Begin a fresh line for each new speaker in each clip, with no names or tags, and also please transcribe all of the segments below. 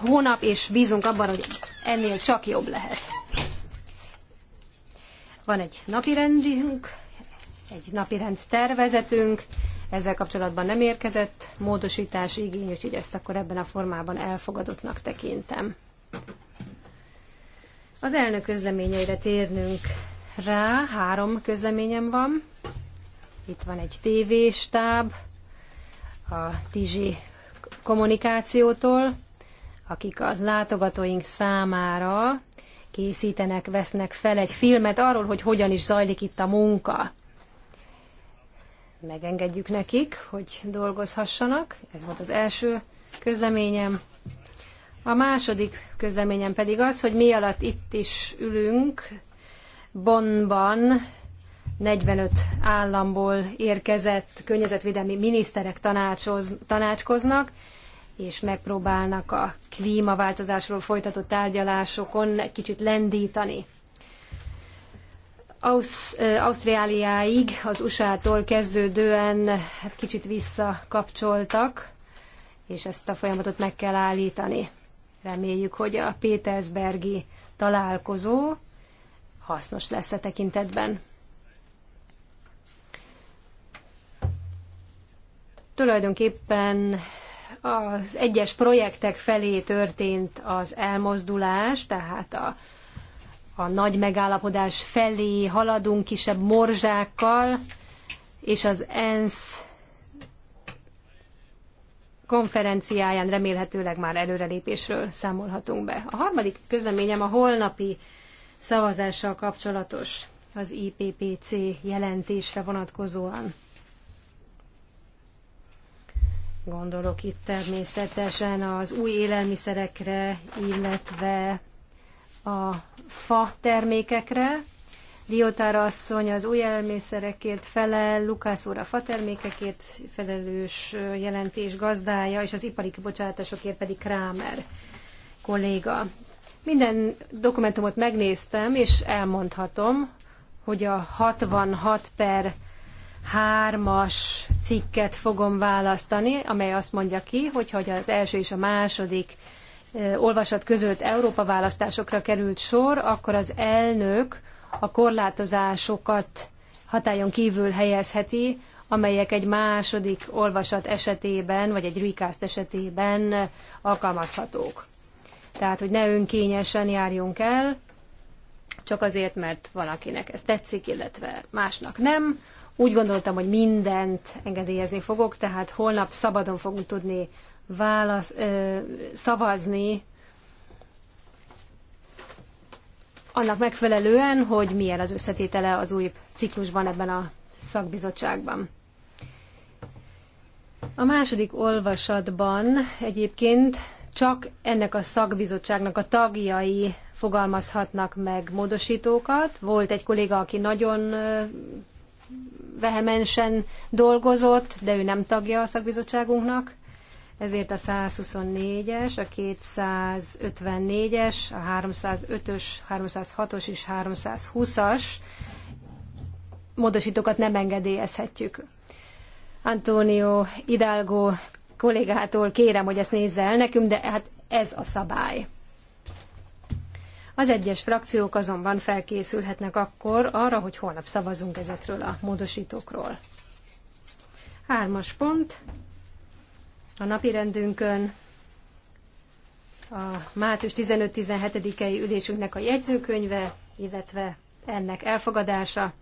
hónap, és bízunk abban, hogy ennél csak jobb lehet. Van egy napirendünk, egy napirend tervezetünk, ezzel kapcsolatban nem érkezett módosítás igény, úgyhogy ezt akkor ebben a formában elfogadottnak tekintem. Az elnök közleményeire térnünk rá, három közleményem van. Itt van egy tévéstáb a Tizsi kommunikációtól, akik a látogatóink számára készítenek, vesznek fel egy filmet arról, hogy hogyan is zajlik itt a munka. Megengedjük nekik, hogy dolgozhassanak. Ez volt az első közleményem. A második közleményem pedig az, hogy mi alatt itt is ülünk, Bonban 45 államból érkezett környezetvédelmi miniszterek tanácsoz, tanácskoznak, és megpróbálnak a klímaváltozásról folytatott tárgyalásokon egy kicsit lendítani. Eh, Ausztráliáig, az USA-tól kezdődően hát kicsit visszakapcsoltak, és ezt a folyamatot meg kell állítani. Reméljük, hogy a Petersbergi találkozó hasznos lesz a e tekintetben. Tulajdonképpen az egyes projektek felé történt az elmozdulás, tehát a, a nagy megállapodás felé haladunk kisebb morzsákkal, és az ENSZ konferenciáján remélhetőleg már előrelépésről számolhatunk be. A harmadik közleményem a holnapi szavazással kapcsolatos az IPPC jelentésre vonatkozóan. Gondolok itt természetesen az új élelmiszerekre, illetve a fa termékekre. Liotár asszony az új élelmiszerekért felel, Lukász úr a fa termékekért felelős jelentés gazdája, és az ipari kibocsátásokért pedig Krámer kolléga. Minden dokumentumot megnéztem, és elmondhatom, hogy a 66 per hármas cikket fogom választani, amely azt mondja ki, hogy ha az első és a második olvasat között Európa választásokra került sor, akkor az elnök a korlátozásokat hatályon kívül helyezheti, amelyek egy második olvasat esetében, vagy egy recast esetében alkalmazhatók. Tehát, hogy ne önkényesen járjunk el, csak azért, mert valakinek ez tetszik, illetve másnak nem, úgy gondoltam, hogy mindent engedélyezni fogok, tehát holnap szabadon fogunk tudni válasz, ö, szavazni annak megfelelően, hogy milyen az összetétele az új ciklusban ebben a szakbizottságban. A második olvasatban egyébként csak ennek a szakbizottságnak a tagjai fogalmazhatnak meg módosítókat. Volt egy kolléga, aki nagyon vehemensen dolgozott, de ő nem tagja a szakbizottságunknak, ezért a 124-es, a 254-es, a 305-ös, 306-os és 320-as módosítókat nem engedélyezhetjük. Antonio Hidalgo kollégától kérem, hogy ezt nézze el nekünk, de hát ez a szabály. Az egyes frakciók azonban felkészülhetnek akkor arra, hogy holnap szavazunk ezekről a módosítókról. Hármas pont a napirendünkön a március 15-17-i ülésünknek a jegyzőkönyve, illetve ennek elfogadása.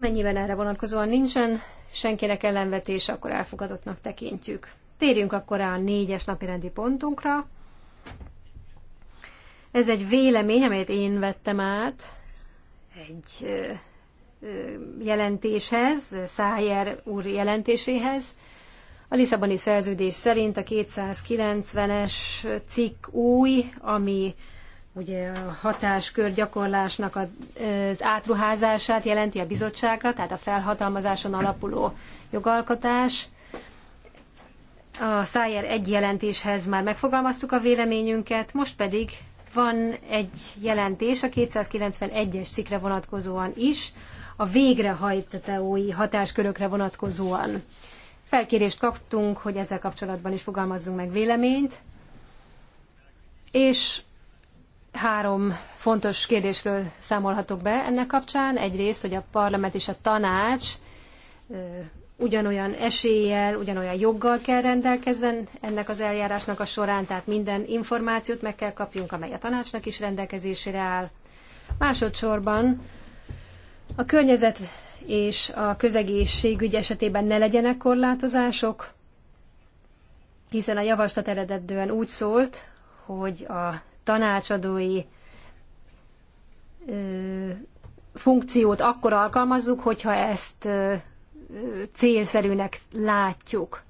Mennyiben erre vonatkozóan nincsen senkinek ellenvetés, akkor elfogadottnak tekintjük. Térjünk akkor a négyes napirendi pontunkra, ez egy vélemény, amelyet én vettem át egy jelentéshez, Szájer úr jelentéséhez. A Lisszaboni szerződés szerint a 290-es cikk új, ami ugye a hatáskör gyakorlásnak az átruházását jelenti a bizottságra, tehát a felhatalmazáson alapuló jogalkotás. A Szájer egy jelentéshez már megfogalmaztuk a véleményünket, most pedig van egy jelentés a 291-es cikre vonatkozóan is, a végrehajtatói hatáskörökre vonatkozóan. Felkérést kaptunk, hogy ezzel kapcsolatban is fogalmazzunk meg véleményt, és három fontos kérdésről számolhatok be ennek kapcsán. Egyrészt, hogy a parlament és a tanács ugyanolyan eséllyel, ugyanolyan joggal kell rendelkezzen ennek az eljárásnak a során, tehát minden információt meg kell kapjunk, amely a tanácsnak is rendelkezésére áll. Másodszorban a környezet és a közegészségügy esetében ne legyenek korlátozások, hiszen a javaslat eredetően úgy szólt, hogy a tanácsadói ö, funkciót akkor alkalmazzuk, hogyha ezt célszerűnek látjuk.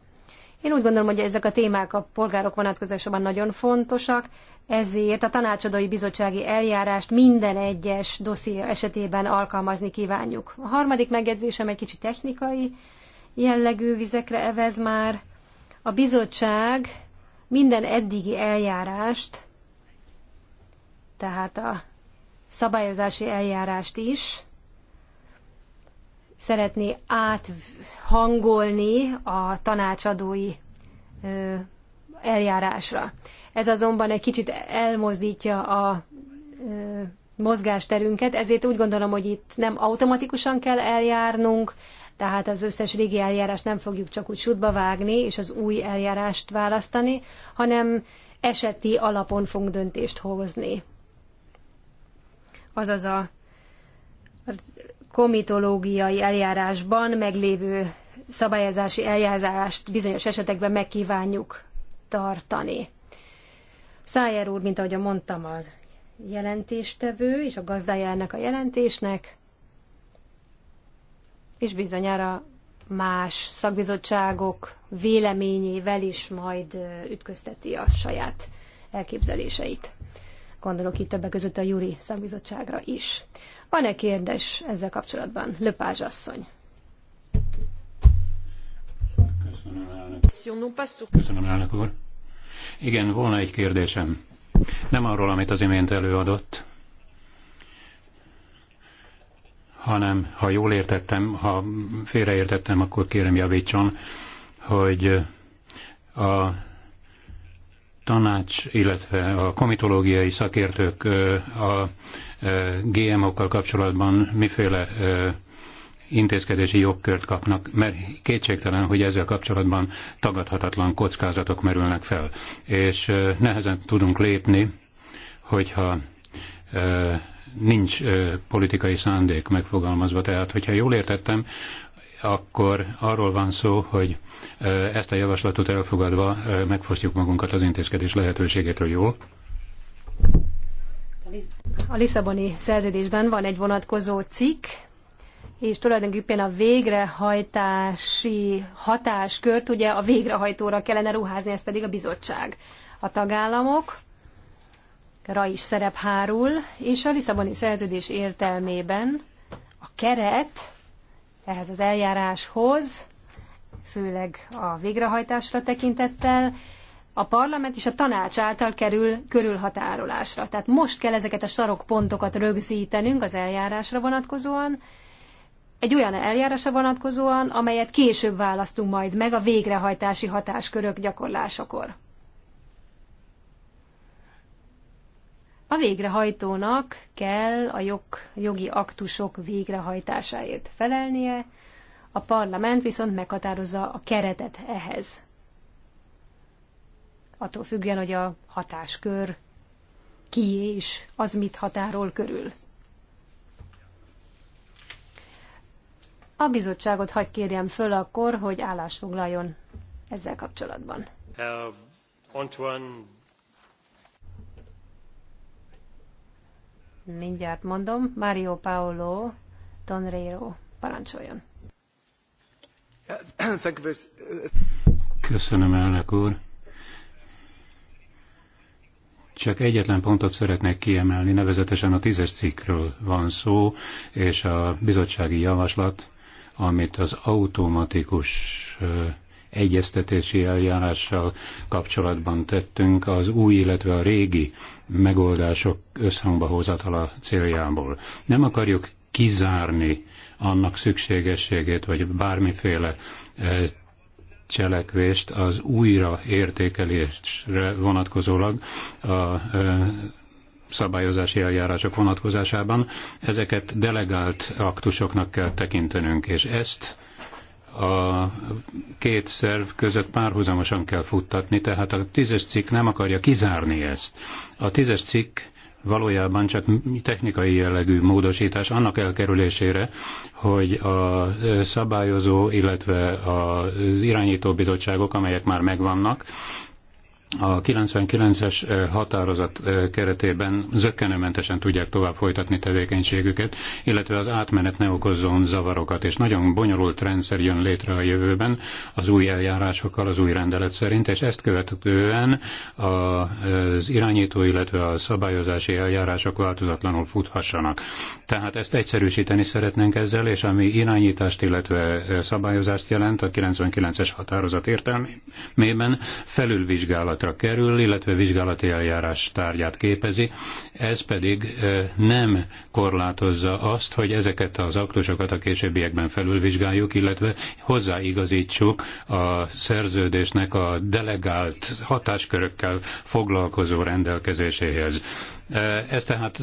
Én úgy gondolom, hogy ezek a témák a polgárok vonatkozásában nagyon fontosak, ezért a tanácsadói bizottsági eljárást minden egyes dosszia esetében alkalmazni kívánjuk. A harmadik megjegyzésem egy kicsit technikai jellegű vizekre evez már. A bizottság minden eddigi eljárást, tehát a szabályozási eljárást is szeretné áthangolni a tanácsadói eljárásra. Ez azonban egy kicsit elmozdítja a mozgásterünket, ezért úgy gondolom, hogy itt nem automatikusan kell eljárnunk, tehát az összes régi eljárást nem fogjuk csak úgy sútba vágni, és az új eljárást választani, hanem eseti alapon fogunk döntést hozni. Azaz a komitológiai eljárásban meglévő szabályozási eljárást bizonyos esetekben megkívánjuk tartani. Szájer úr, mint ahogy mondtam, az jelentéstevő és a gazdája ennek a jelentésnek, és bizonyára más szakbizottságok véleményével is majd ütközteti a saját elképzeléseit. Gondolok itt többek között a Júri szakbizottságra is. Van-e kérdés ezzel kapcsolatban? Löpázs asszony.
Köszönöm elnök. Köszönöm, elnök úr. Igen, volna egy kérdésem. Nem arról, amit az imént előadott, hanem ha jól értettem, ha félreértettem, akkor kérem javítson, hogy a tanács, illetve a komitológiai szakértők a GMO-kkal kapcsolatban miféle intézkedési jogkört kapnak, mert kétségtelen, hogy ezzel kapcsolatban tagadhatatlan kockázatok merülnek fel. És nehezen tudunk lépni, hogyha nincs politikai szándék megfogalmazva. Tehát, hogyha jól értettem, akkor arról van szó, hogy ezt a javaslatot elfogadva megfosztjuk magunkat az intézkedés lehetőségétől, jól?
A Lisszaboni szerződésben van egy vonatkozó cikk, és tulajdonképpen a végrehajtási hatáskört ugye a végrehajtóra kellene ruházni, ez pedig a bizottság. A tagállamok ra is szerep hárul, és a Lisszaboni szerződés értelmében a keret ehhez az eljáráshoz, főleg a végrehajtásra tekintettel, a parlament és a tanács által kerül körülhatárolásra. Tehát most kell ezeket a sarokpontokat rögzítenünk az eljárásra vonatkozóan, egy olyan eljárásra vonatkozóan, amelyet később választunk majd meg a végrehajtási hatáskörök gyakorlásakor. A végrehajtónak kell a jog, jogi aktusok végrehajtásáért felelnie, a parlament viszont meghatározza a keretet ehhez attól függően, hogy a hatáskör kié és az mit határol körül. A bizottságot hagy kérjem föl akkor, hogy állás foglaljon ezzel kapcsolatban.
Uh, Antoine...
Mindjárt mondom, Mario Paolo Tonreiro parancsoljon.
Köszönöm, elnök úr. Csak egyetlen pontot szeretnék kiemelni, nevezetesen a tízes cikkről van szó, és a bizottsági javaslat, amit az automatikus egyeztetési eljárással kapcsolatban tettünk az új, illetve a régi megoldások összhangba hozatala céljából. Nem akarjuk kizárni annak szükségességét, vagy bármiféle cselekvést az újraértékelésre vonatkozólag a szabályozási eljárások vonatkozásában. Ezeket delegált aktusoknak kell tekintenünk, és ezt a két szerv között párhuzamosan kell futtatni, tehát a tízes cikk nem akarja kizárni ezt. A tízes cikk valójában csak technikai jellegű módosítás annak elkerülésére, hogy a szabályozó, illetve az irányító bizottságok, amelyek már megvannak, a 99-es határozat keretében zöggenőmentesen tudják tovább folytatni tevékenységüket, illetve az átmenet ne okozzon zavarokat, és nagyon bonyolult rendszer jön létre a jövőben az új eljárásokkal, az új rendelet szerint, és ezt követően az irányító, illetve a szabályozási eljárások változatlanul futhassanak. Tehát ezt egyszerűsíteni szeretnénk ezzel, és ami irányítást, illetve szabályozást jelent a 99-es határozat értelmében, felülvizsgálat vizsgálatra kerül, illetve vizsgálati eljárás tárgyát képezi. Ez pedig nem korlátozza azt, hogy ezeket az aktusokat a későbbiekben felülvizsgáljuk, illetve hozzáigazítsuk a szerződésnek a delegált hatáskörökkel foglalkozó rendelkezéséhez. Ez tehát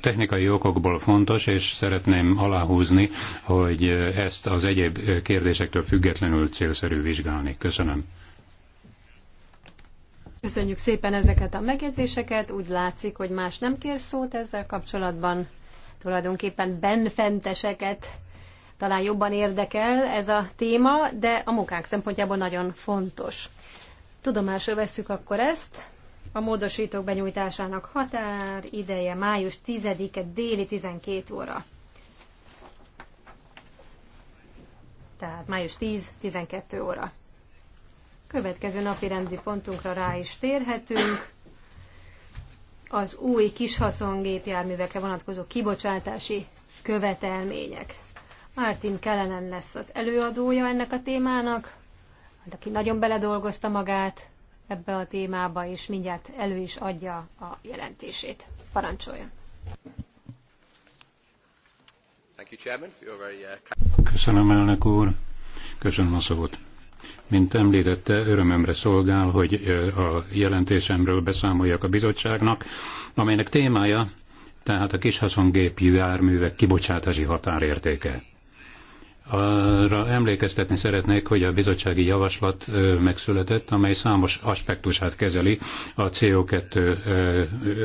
technikai okokból fontos, és szeretném aláhúzni, hogy ezt az egyéb kérdésektől függetlenül célszerű vizsgálni. Köszönöm.
Köszönjük szépen ezeket a megjegyzéseket. Úgy látszik, hogy más nem kér szót ezzel kapcsolatban. Tulajdonképpen benfenteseket talán jobban érdekel ez a téma, de a munkánk szempontjából nagyon fontos. Tudomásra vesszük akkor ezt. A módosítók benyújtásának határ ideje május 10-e déli 12 óra. Tehát május 10-12 óra. Következő napi rendi pontunkra rá is térhetünk. Az új kishaszongépjárművekre vonatkozó kibocsátási követelmények. Martin Kellenen lesz az előadója ennek a témának, aki nagyon beledolgozta magát ebbe a témába, és mindjárt elő is adja a jelentését. Parancsoljon!
Uh, Köszönöm,
elnök úr! Köszönöm a szót! Mint említette, örömömre szolgál, hogy a jelentésemről beszámoljak a bizottságnak, amelynek témája tehát a kishaszongépű járművek kibocsátási határértéke. Arra emlékeztetni szeretnék, hogy a bizottsági javaslat megszületett, amely számos aspektusát kezeli a CO2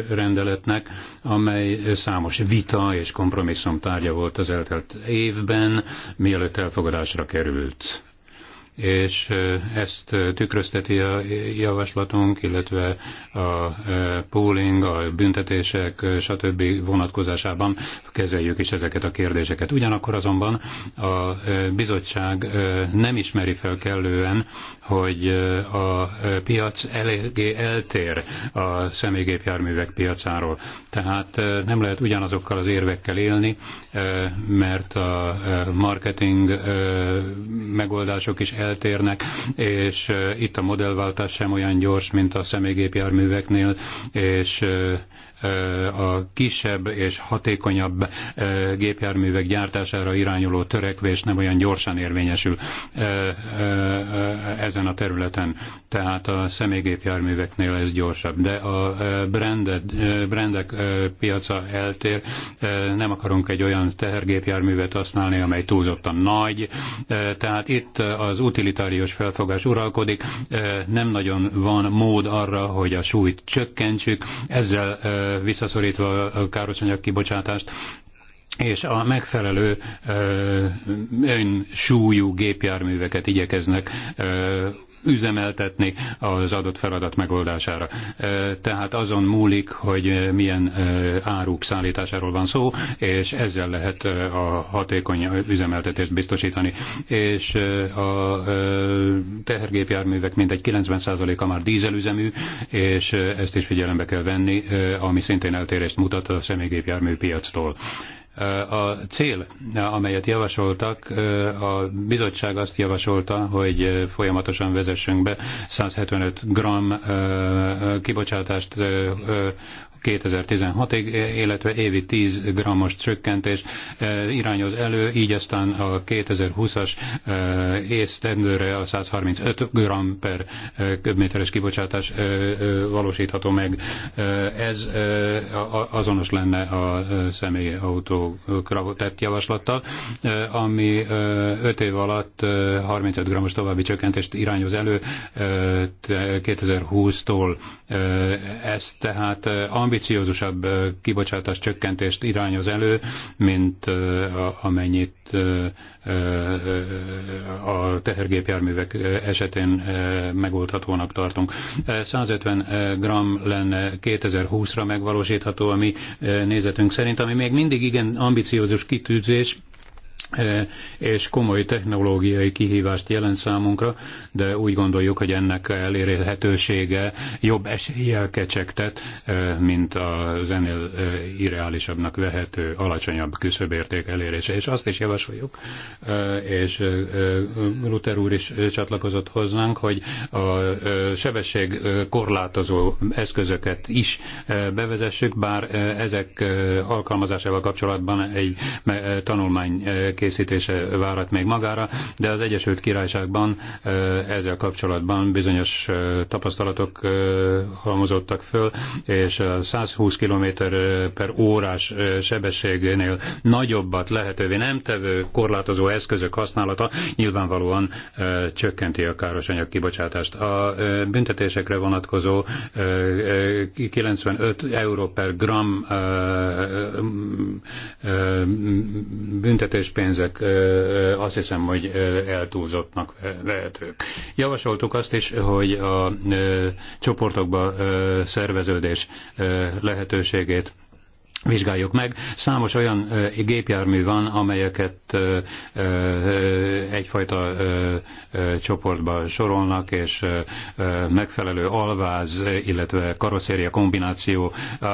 rendeletnek, amely számos vita és kompromisszum tárgya volt az eltelt évben, mielőtt elfogadásra került és ezt tükrözteti a javaslatunk, illetve a pooling, a büntetések, stb. vonatkozásában kezeljük is ezeket a kérdéseket. Ugyanakkor azonban a bizottság nem ismeri fel kellően, hogy a piac eléggé eltér a személygépjárművek piacáról. Tehát nem lehet ugyanazokkal az érvekkel élni, mert a marketing megoldások is eltérnek, és itt a modellváltás sem olyan gyors, mint a személygépjárműveknél, és a kisebb és hatékonyabb gépjárművek gyártására irányuló törekvés nem olyan gyorsan érvényesül ezen a területen. Tehát a személygépjárműveknél ez gyorsabb. De a branded, brandek piaca eltér. Nem akarunk egy olyan tehergépjárművet használni, amely túlzottan nagy. Tehát itt az utilitárius felfogás uralkodik. Nem nagyon van mód arra, hogy a súlyt csökkentsük. Ezzel visszaszorítva a károsanyag kibocsátást, és a megfelelő önsúlyú gépjárműveket igyekeznek üzemeltetni az adott feladat megoldására. Tehát azon múlik, hogy milyen áruk szállításáról van szó, és ezzel lehet a hatékony üzemeltetést biztosítani. És a tehergépjárművek mintegy 90%-a már dízelüzemű, és ezt is figyelembe kell venni, ami szintén eltérést mutat a személygépjármű piactól. A cél, amelyet javasoltak, a bizottság azt javasolta, hogy folyamatosan vezessünk be 175 gram kibocsátást 2016-ig, illetve évi 10 grammos csökkentés eh, irányoz elő, így aztán a 2020-as eh, észtendőre a 135 gram per eh, köbméteres kibocsátás valósítható meg. Ez azonos lenne a személyi autókra tett javaslattal, ami 5 év alatt 35 grammos további csökkentést irányoz elő 2020-tól. Ez tehát ambiciózusabb kibocsátás csökkentést irányoz elő, mint amennyit a tehergépjárművek esetén megoldhatónak tartunk. 150 g lenne 2020-ra megvalósítható a mi nézetünk szerint, ami még mindig igen ambiciózus kitűzés, és komoly technológiai kihívást jelent számunkra, de úgy gondoljuk, hogy ennek elérhetősége jobb eséllyel kecsegtet, mint az ennél irreálisabbnak vehető alacsonyabb küszöbérték elérése. És azt is javasoljuk, és Luther úr is csatlakozott hozzánk, hogy a sebesség korlátozó eszközöket is bevezessük, bár ezek alkalmazásával kapcsolatban egy tanulmány készítése várat még magára, de az Egyesült Királyságban eh, ezzel kapcsolatban bizonyos eh, tapasztalatok eh, halmozottak föl, és a 120 km per órás sebességénél nagyobbat lehetővé nem tevő korlátozó eszközök használata nyilvánvalóan csökkenti a károsanyag kibocsátást. A büntetésekre vonatkozó 95 euró per gram büntetéspénz pénzek azt hiszem, hogy eltúlzottnak lehetők. Javasoltuk azt is, hogy a csoportokba szerveződés lehetőségét vizsgáljuk meg. Számos olyan ö, gépjármű van, amelyeket ö, ö, egyfajta ö, ö, csoportba sorolnak, és ö, megfelelő alváz, illetve karosszéria kombináció ö,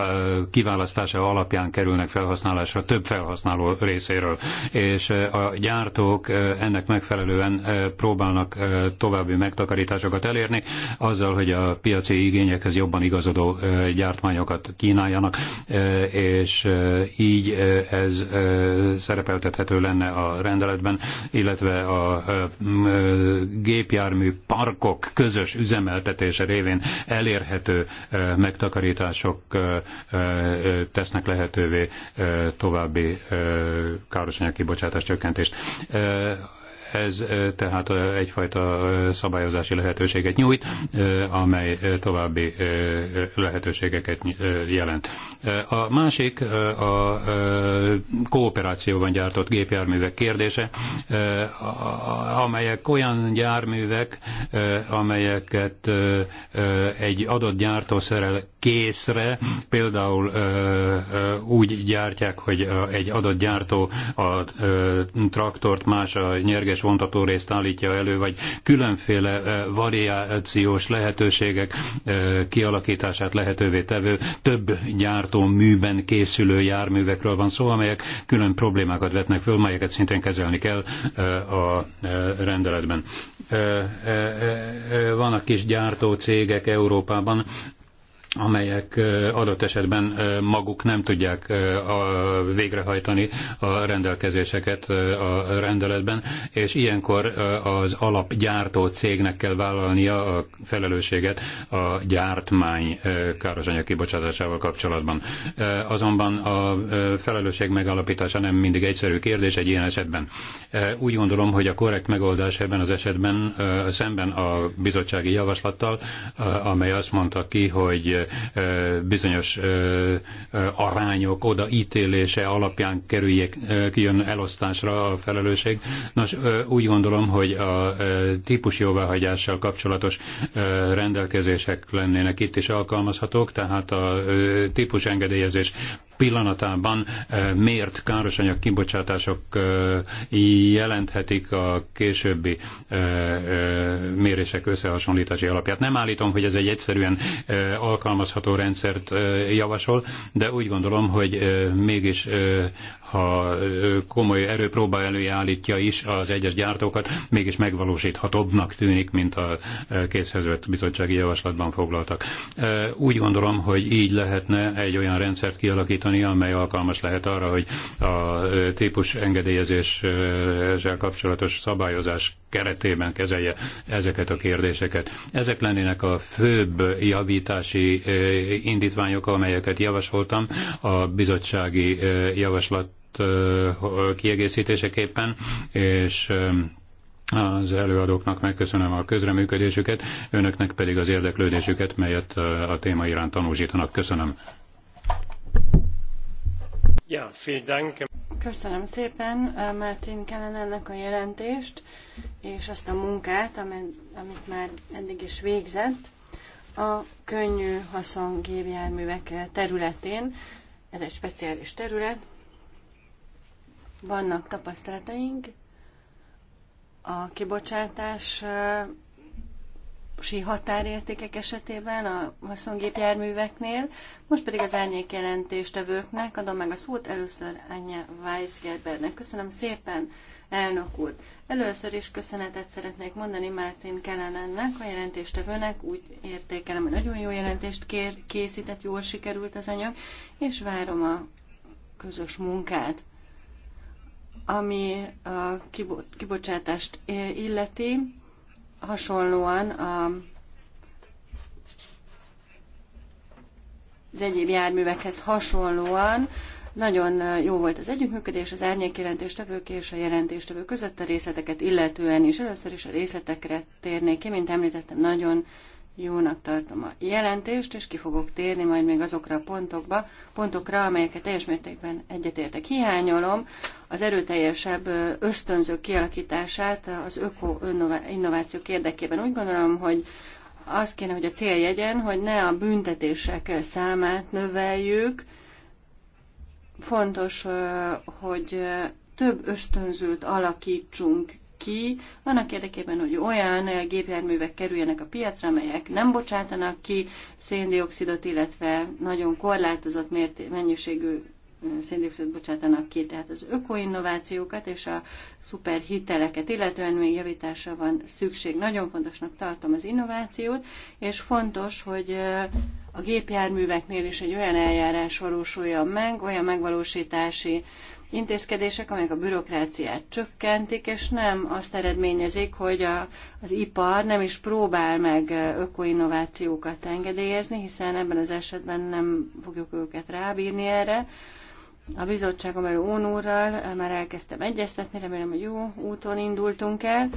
kiválasztása alapján kerülnek felhasználásra több felhasználó részéről. És ö, a gyártók ö, ennek megfelelően ö, próbálnak ö, további megtakarításokat elérni, azzal, hogy a piaci igényekhez jobban igazodó ö, gyártmányokat kínáljanak, ö, és és így ez szerepeltethető lenne a rendeletben, illetve a gépjármű parkok közös üzemeltetése révén elérhető megtakarítások tesznek lehetővé további károsanyag kibocsátás csökkentést. Ez tehát egyfajta szabályozási lehetőséget nyújt, amely további lehetőségeket jelent. A másik a kooperációban gyártott gépjárművek kérdése, amelyek olyan járművek, amelyeket egy adott gyártó szerel készre, például úgy gyártják, hogy egy adott gyártó a traktort más a nyerges és vontató részt állítja elő, vagy különféle variációs lehetőségek kialakítását lehetővé tevő több gyártó műben készülő járművekről van szó, amelyek külön problémákat vetnek föl, melyeket szintén kezelni kell a rendeletben. Vannak kis gyártó cégek Európában, amelyek adott esetben maguk nem tudják végrehajtani a rendelkezéseket a rendeletben, és ilyenkor az alapgyártó cégnek kell vállalnia a felelősséget a gyártmány károsanyag kibocsátásával kapcsolatban. Azonban a felelősség megalapítása nem mindig egyszerű kérdés egy ilyen esetben. Úgy gondolom, hogy a korrekt megoldás ebben az esetben szemben a bizottsági javaslattal, amely azt mondta ki, hogy bizonyos arányok odaítélése alapján kerüljék, kijön elosztásra a felelősség. Nos, úgy gondolom, hogy a típus jóváhagyással kapcsolatos rendelkezések lennének itt is alkalmazhatók, tehát a típus engedélyezés pillanatában eh, mért károsanyag kibocsátások eh, jelenthetik a későbbi eh, mérések összehasonlítási alapját. Nem állítom, hogy ez egy egyszerűen alkalmazható rendszert javasol, de úgy gondolom, hogy mégis ha komoly erőpróba előállítja is az egyes gyártókat, mégis megvalósíthatóbbnak tűnik, mint a készhez vett bizottsági javaslatban foglaltak. Úgy gondolom, hogy így lehetne egy olyan rendszert kialakítani, amely alkalmas lehet arra, hogy a típus engedélyezéssel kapcsolatos szabályozás keretében kezelje ezeket a kérdéseket. Ezek lennének a főbb javítási indítványok, amelyeket javasoltam a bizottsági javaslat kiegészítéseképpen, és az előadóknak megköszönöm a közreműködésüket, önöknek pedig az érdeklődésüket, melyet a téma iránt tanúsítanak. Köszönöm.
Köszönöm szépen eh, Martin Kellenennek a jelentést, és azt a munkát, amit már eddig is végzett a könnyű haszon gépjárművek eh, területén. Ez egy speciális terület. Vannak tapasztalataink a kibocsátás eh, si határértékek esetében a haszongépjárműveknél. Most pedig az árnyék jelentéstevőknek adom meg a szót először Anya Weisgerbernek. Köszönöm szépen, elnök úr! Először is köszönetet szeretnék mondani Mártin Kellenennek, a jelentéstevőnek. Úgy értékelem, hogy nagyon jó jelentést kér, készített, jól sikerült az anyag, és várom a közös munkát. Ami a kibocsátást illeti, hasonlóan a az egyéb járművekhez hasonlóan nagyon jó volt az együttműködés az árnyékjelentéstevők és a jelentéstevők között a részleteket illetően is. Először is a részletekre térnék ki, mint említettem, nagyon jónak tartom a jelentést, és ki fogok térni majd még azokra a pontokba, pontokra, amelyeket teljes mértékben egyetértek. Hiányolom az erőteljesebb ösztönzők kialakítását az öko-innovációk érdekében. Úgy gondolom, hogy az kéne, hogy a cél jegyen, hogy ne a büntetések számát növeljük. Fontos, hogy több ösztönzőt alakítsunk ki, annak érdekében, hogy olyan gépjárművek kerüljenek a piacra, amelyek nem bocsátanak ki széndiokszidot, illetve nagyon korlátozott mérté- mennyiségű széndiokszidot bocsátanak ki, tehát az ökoinnovációkat és a szuperhiteleket, illetően még javításra van szükség. Nagyon fontosnak tartom az innovációt, és fontos, hogy a gépjárműveknél is egy olyan eljárás valósuljon meg, olyan megvalósítási intézkedések, amelyek a bürokráciát csökkentik, és nem azt eredményezik, hogy a, az ipar nem is próbál meg ökoinnovációkat engedélyezni, hiszen ebben az esetben nem fogjuk őket rábírni erre. A bizottságom elő Ónúrral már elkezdtem egyeztetni, remélem, hogy jó úton indultunk el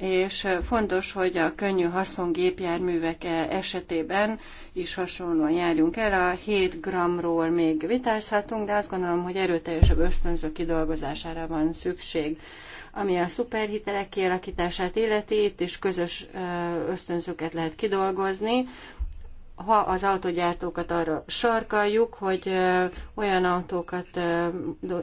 és fontos, hogy a könnyű haszongépjárművek esetében is hasonlóan járjunk el. A 7 gramról még vitázhatunk, de azt gondolom, hogy erőteljesebb ösztönző kidolgozására van szükség. Ami a szuperhitelek kialakítását illeti, itt is közös ösztönzőket lehet kidolgozni, ha az autógyártókat arra sarkaljuk, hogy olyan autókat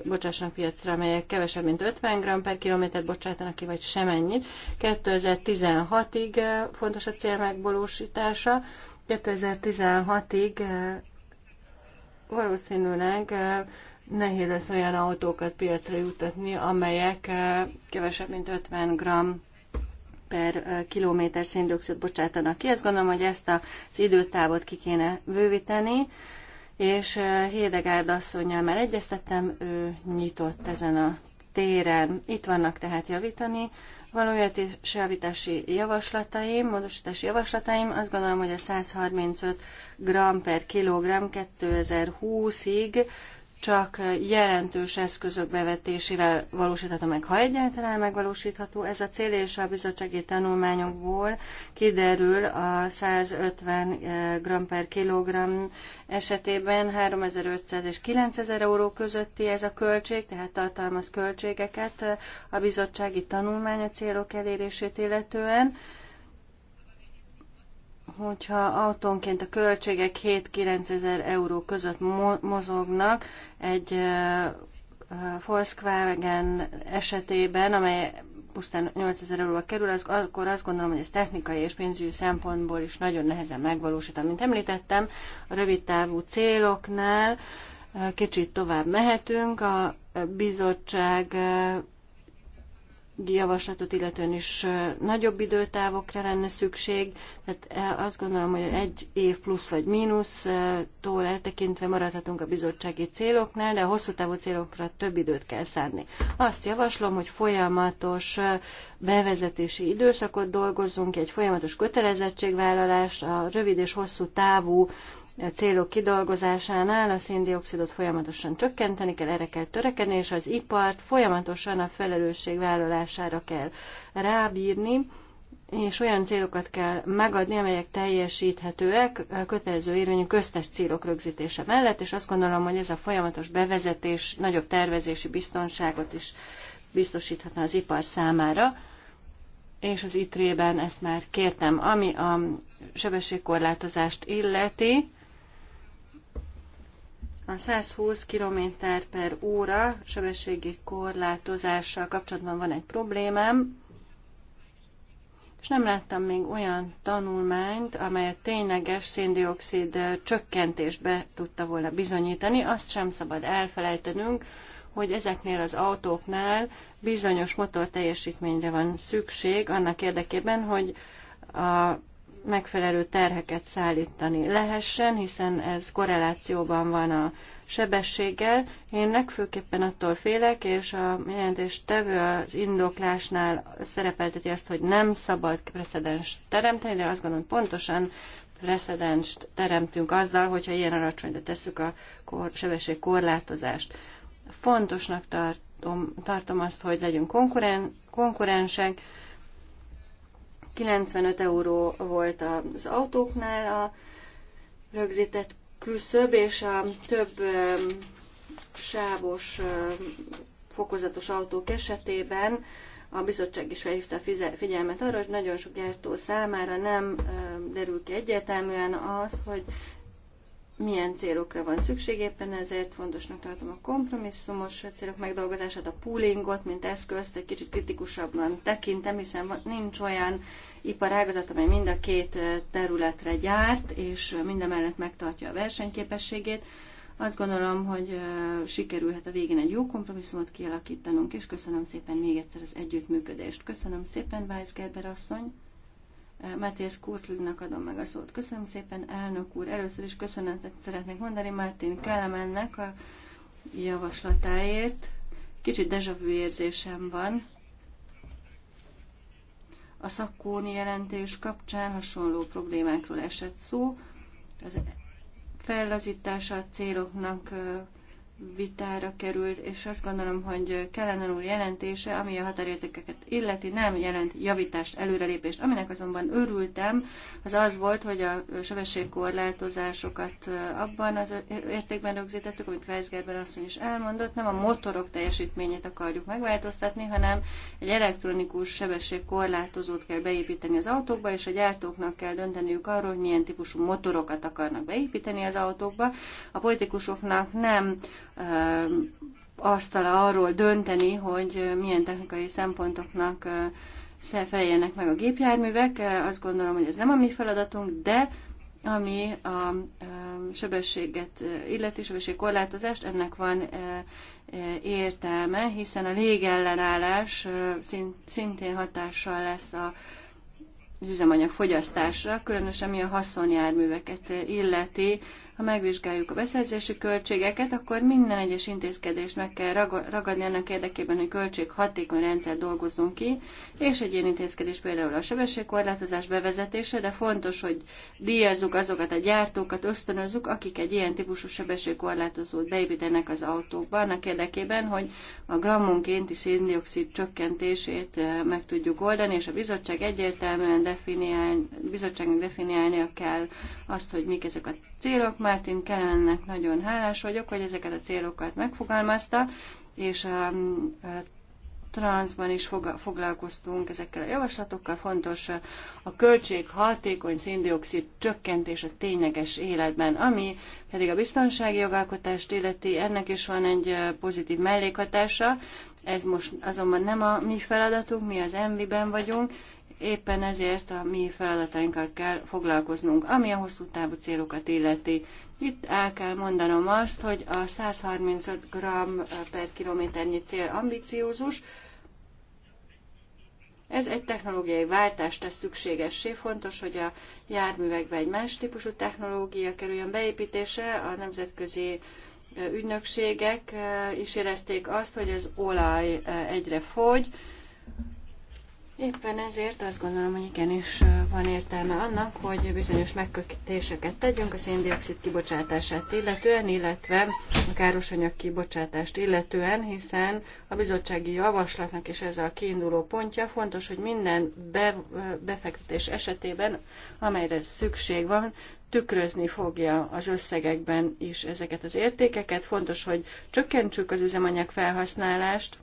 bocsássanak piacra, amelyek kevesebb, mint 50 g per kilométer bocsátanak ki, vagy semennyit. 2016-ig fontos a cél megvalósítása. 2016-ig valószínűleg nehéz lesz olyan autókat piacra jutatni, amelyek kevesebb, mint 50 g per kilométer széndiokszid bocsátanak ki. Ezt gondolom, hogy ezt az időtávot ki kéne bővíteni, és Hédegárd asszonynal már egyeztettem, ő nyitott ezen a téren. Itt vannak tehát javítani valójáti és javítási javaslataim, módosítási javaslataim. Azt gondolom, hogy a 135 g per kilogramm 2020-ig csak jelentős eszközök bevetésével valósítható meg, ha egyáltalán megvalósítható. Ez a cél és a bizottsági tanulmányokból kiderül a 150 eh, g per kilogramm esetében 3500 és 9000 euró közötti ez a költség, tehát tartalmaz költségeket eh, a bizottsági tanulmány a célok elérését illetően hogyha autónként a költségek 7-9 ezer euró között mozognak egy Volkswagen esetében, amely pusztán 8000 euróba kerül, az, akkor azt gondolom, hogy ez technikai és pénzügyi szempontból is nagyon nehezen megvalósítani. Mint említettem, a rövid távú céloknál kicsit tovább mehetünk. A bizottság javaslatot illetően is nagyobb időtávokra lenne szükség, tehát azt gondolom, hogy egy év plusz vagy mínusz eltekintve maradhatunk a bizottsági céloknál, de a hosszú távú célokra több időt kell szánni. Azt javaslom, hogy folyamatos bevezetési időszakot dolgozzunk, egy folyamatos kötelezettségvállalás a rövid és hosszú távú célok kidolgozásánál a széndiokszidot folyamatosan csökkenteni kell, erre kell törekedni, és az ipart folyamatosan a felelősség vállalására kell rábírni, és olyan célokat kell megadni, amelyek teljesíthetőek, kötelező érvényű köztes célok rögzítése mellett, és azt gondolom, hogy ez a folyamatos bevezetés nagyobb tervezési biztonságot is biztosíthatna az ipar számára, és az ITRE-ben ezt már kértem. Ami a sebességkorlátozást illeti, a 120 km per óra sebességi korlátozással kapcsolatban van egy problémám, és nem láttam még olyan tanulmányt, amely a tényleges széndiokszid csökkentést be tudta volna bizonyítani. Azt sem szabad elfelejtenünk, hogy ezeknél az autóknál bizonyos motor teljesítményre van szükség annak érdekében, hogy a megfelelő terheket szállítani lehessen, hiszen ez korrelációban van a sebességgel. Én legfőképpen attól félek, és a tevő az indoklásnál szerepelteti azt, hogy nem szabad precedens teremteni, de azt gondolom, hogy pontosan precedens teremtünk azzal, hogyha ilyen alacsonyra tesszük a kor, korlátozást. Fontosnak tartom, tartom azt, hogy legyünk konkuren, konkurensek, 95 euró volt az autóknál a rögzített küszöb, és a több sávos fokozatos autók esetében a bizottság is felhívta a figyelmet arra, hogy nagyon sok gyártó számára nem derül ki egyértelműen az, hogy milyen célokra van szükség, éppen ezért fontosnak tartom a kompromisszumos célok megdolgozását, a poolingot, mint eszközt egy kicsit kritikusabban tekintem, hiszen nincs olyan iparágazat, amely mind a két területre gyárt, és mindemellett megtartja a versenyképességét. Azt gondolom, hogy sikerülhet a végén egy jó kompromisszumot kialakítanunk, és köszönöm szépen még egyszer az együttműködést. Köszönöm szépen, Gerber asszony! Mátész Kurtlinak adom meg a szót. Köszönöm szépen, elnök úr. Először is köszönetet szeretnék mondani Martin Kelemennek a javaslatáért. Kicsit dejavű érzésem van. A szakkóni jelentés kapcsán hasonló problémákról esett szó. Az fellazítása a céloknak vitára kerül, és azt gondolom, hogy Kellenen úr jelentése, ami a határértékeket illeti, nem jelent javítást, előrelépést. Aminek azonban örültem, az az volt, hogy a sebességkorlátozásokat abban az értékben rögzítettük, amit Weisgerben azt is elmondott, nem a motorok teljesítményét akarjuk megváltoztatni, hanem egy elektronikus sebességkorlátozót kell beépíteni az autókba, és a gyártóknak kell dönteniük arról, hogy milyen típusú motorokat akarnak beépíteni az autókba. A politikusoknak nem asztala arról dönteni, hogy milyen technikai szempontoknak feljenek meg a gépjárművek. Azt gondolom, hogy ez nem a mi feladatunk, de ami a sebességet illeti, sebességkorlátozást, ennek van értelme, hiszen a légellenállás szintén hatással lesz a az üzemanyag fogyasztásra, különösen ami a haszonjárműveket illeti, ha megvizsgáljuk a beszerzési költségeket, akkor minden egyes intézkedés meg kell ragadni annak érdekében, hogy költség hatékony rendszer dolgozzunk ki, és egy ilyen intézkedés például a sebességkorlátozás bevezetése, de fontos, hogy díjazzuk azokat a gyártókat, ösztönözzük, akik egy ilyen típusú sebességkorlátozót beépítenek az autókba, annak érdekében, hogy a grammonkénti széndiokszid csökkentését eh, meg tudjuk oldani, és a bizottság egyértelműen definiál, bizottságnak definiálnia kell azt, hogy mik ezek a célok. Martin Kellennek nagyon hálás vagyok, hogy ezeket a célokat megfogalmazta, és a, a transzban is foglalkoztunk ezekkel a javaslatokkal. Fontos a költség hatékony széndiokszid csökkentés a tényleges életben, ami pedig a biztonsági jogalkotást illeti, ennek is van egy pozitív mellékhatása. Ez most azonban nem a mi feladatunk, mi az envi-ben vagyunk, Éppen ezért a mi feladatainkkal kell foglalkoznunk, ami a hosszú távú célokat illeti. Itt el kell mondanom azt, hogy a 135 g per kilométernyi cél ambiciózus, ez egy technológiai váltást tesz szükségessé. Fontos, hogy a járművekbe egy más típusú technológia kerüljön beépítése. A nemzetközi ügynökségek is érezték azt, hogy az olaj egyre fogy. Éppen ezért azt gondolom, hogy igenis van értelme annak, hogy bizonyos megkötéseket tegyünk a széndiokszid kibocsátását illetően, illetve a károsanyag kibocsátást illetően, hiszen a bizottsági javaslatnak is ez a kiinduló pontja. Fontos, hogy minden befektetés esetében, amelyre szükség van, tükrözni fogja az összegekben is ezeket az értékeket. Fontos, hogy csökkentsük az üzemanyag felhasználást,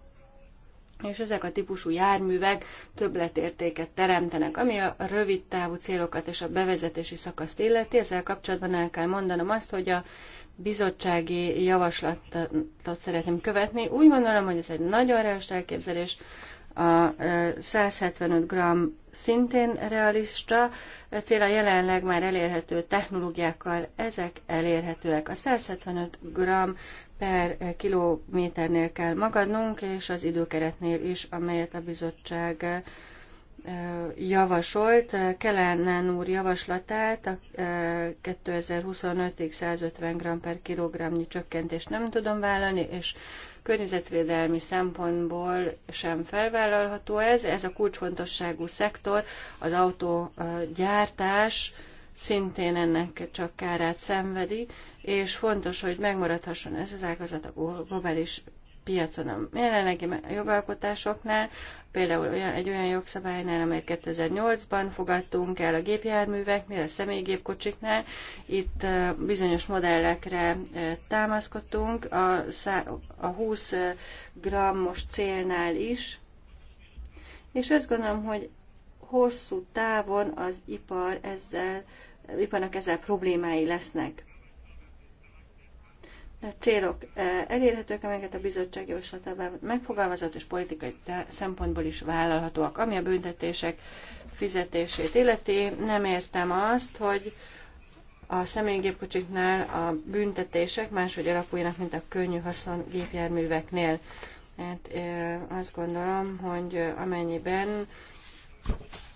és ezek a típusú járművek többletértéket teremtenek. Ami a rövid távú célokat és a bevezetési szakaszt illeti, ezzel kapcsolatban el kell mondanom azt, hogy a bizottsági javaslatot szeretném követni. Úgy gondolom, hogy ez egy nagyon reális elképzelés. A 175 g szintén realista cél a jelenleg már elérhető technológiákkal, ezek elérhetőek. A 175 g per kilométernél kell magadnunk, és az időkeretnél is, amelyet a bizottság javasolt. Kelenen úr javaslatát a 2025-ig 150 g per kilogramnyi csökkentést nem tudom vállalni, és Környezetvédelmi szempontból sem felvállalható ez. Ez a kulcsfontosságú szektor, az autógyártás szintén ennek csak kárát szenvedi, és fontos, hogy megmaradhasson ez az ágazat a globális piacon a jelenlegi jogalkotásoknál, például olyan, egy olyan jogszabálynál, amelyet 2008-ban fogadtunk el a gépjárműveknél, a személygépkocsiknál, itt bizonyos modellekre támaszkodtunk, a, a 20 grammos célnál is, és azt gondolom, hogy hosszú távon az ipar ezzel, iparnak ezzel problémái lesznek célok eh, elérhetők, amelyeket a bizottság javaslatában megfogalmazott, és politikai szempontból is vállalhatóak. Ami a büntetések fizetését illeti, nem értem azt, hogy a személygépkocsiknál a büntetések máshogy alakuljanak, mint a könnyű haszon gépjárműveknél. Hát eh, azt gondolom, hogy amennyiben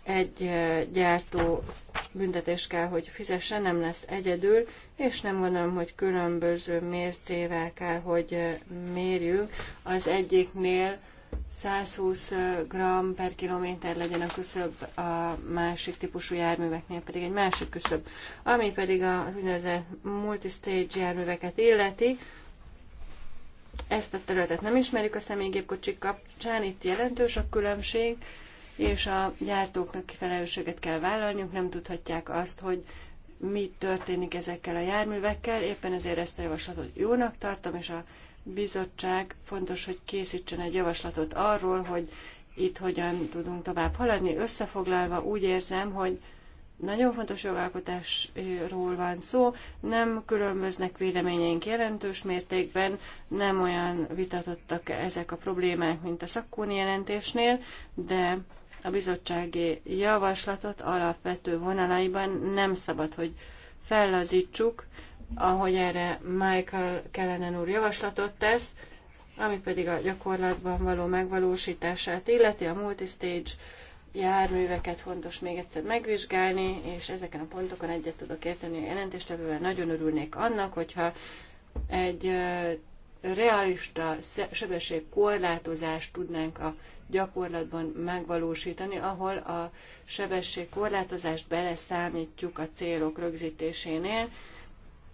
egy eh, gyártó büntetés kell, hogy fizesse, nem lesz egyedül, és nem gondolom, hogy különböző mércével kell, hogy eh, mérjünk. Az egyiknél 120 eh, g per kilométer legyen a küszöb, a másik típusú járműveknél pedig egy másik küszöb. Ami pedig az úgynevezett multistage járműveket illeti, ezt a területet nem ismerjük a személygépkocsik kapcsán, itt jelentős a különbség, és a gyártóknak felelősséget kell vállalniuk, nem tudhatják azt, hogy mi történik ezekkel a járművekkel, éppen ezért ezt a javaslatot jónak tartom, és a bizottság fontos, hogy készítsen egy javaslatot arról, hogy itt hogyan tudunk tovább haladni. Összefoglalva úgy érzem, hogy nagyon fontos jogalkotásról van szó, nem különböznek véleményeink jelentős mértékben, nem olyan vitatottak ezek a problémák, mint a szakkóni jelentésnél, de a bizottsági javaslatot alapvető vonalaiban nem szabad, hogy fellazítsuk, ahogy erre Michael Kellenen úr javaslatot tesz, ami pedig a gyakorlatban való megvalósítását illeti, a multistage járműveket fontos még egyszer megvizsgálni, és ezeken a pontokon egyet tudok érteni a jelentéstevővel. Nagyon örülnék annak, hogyha egy realista sebességkorlátozást tudnánk a gyakorlatban megvalósítani, ahol a sebességkorlátozást beleszámítjuk a célok rögzítésénél.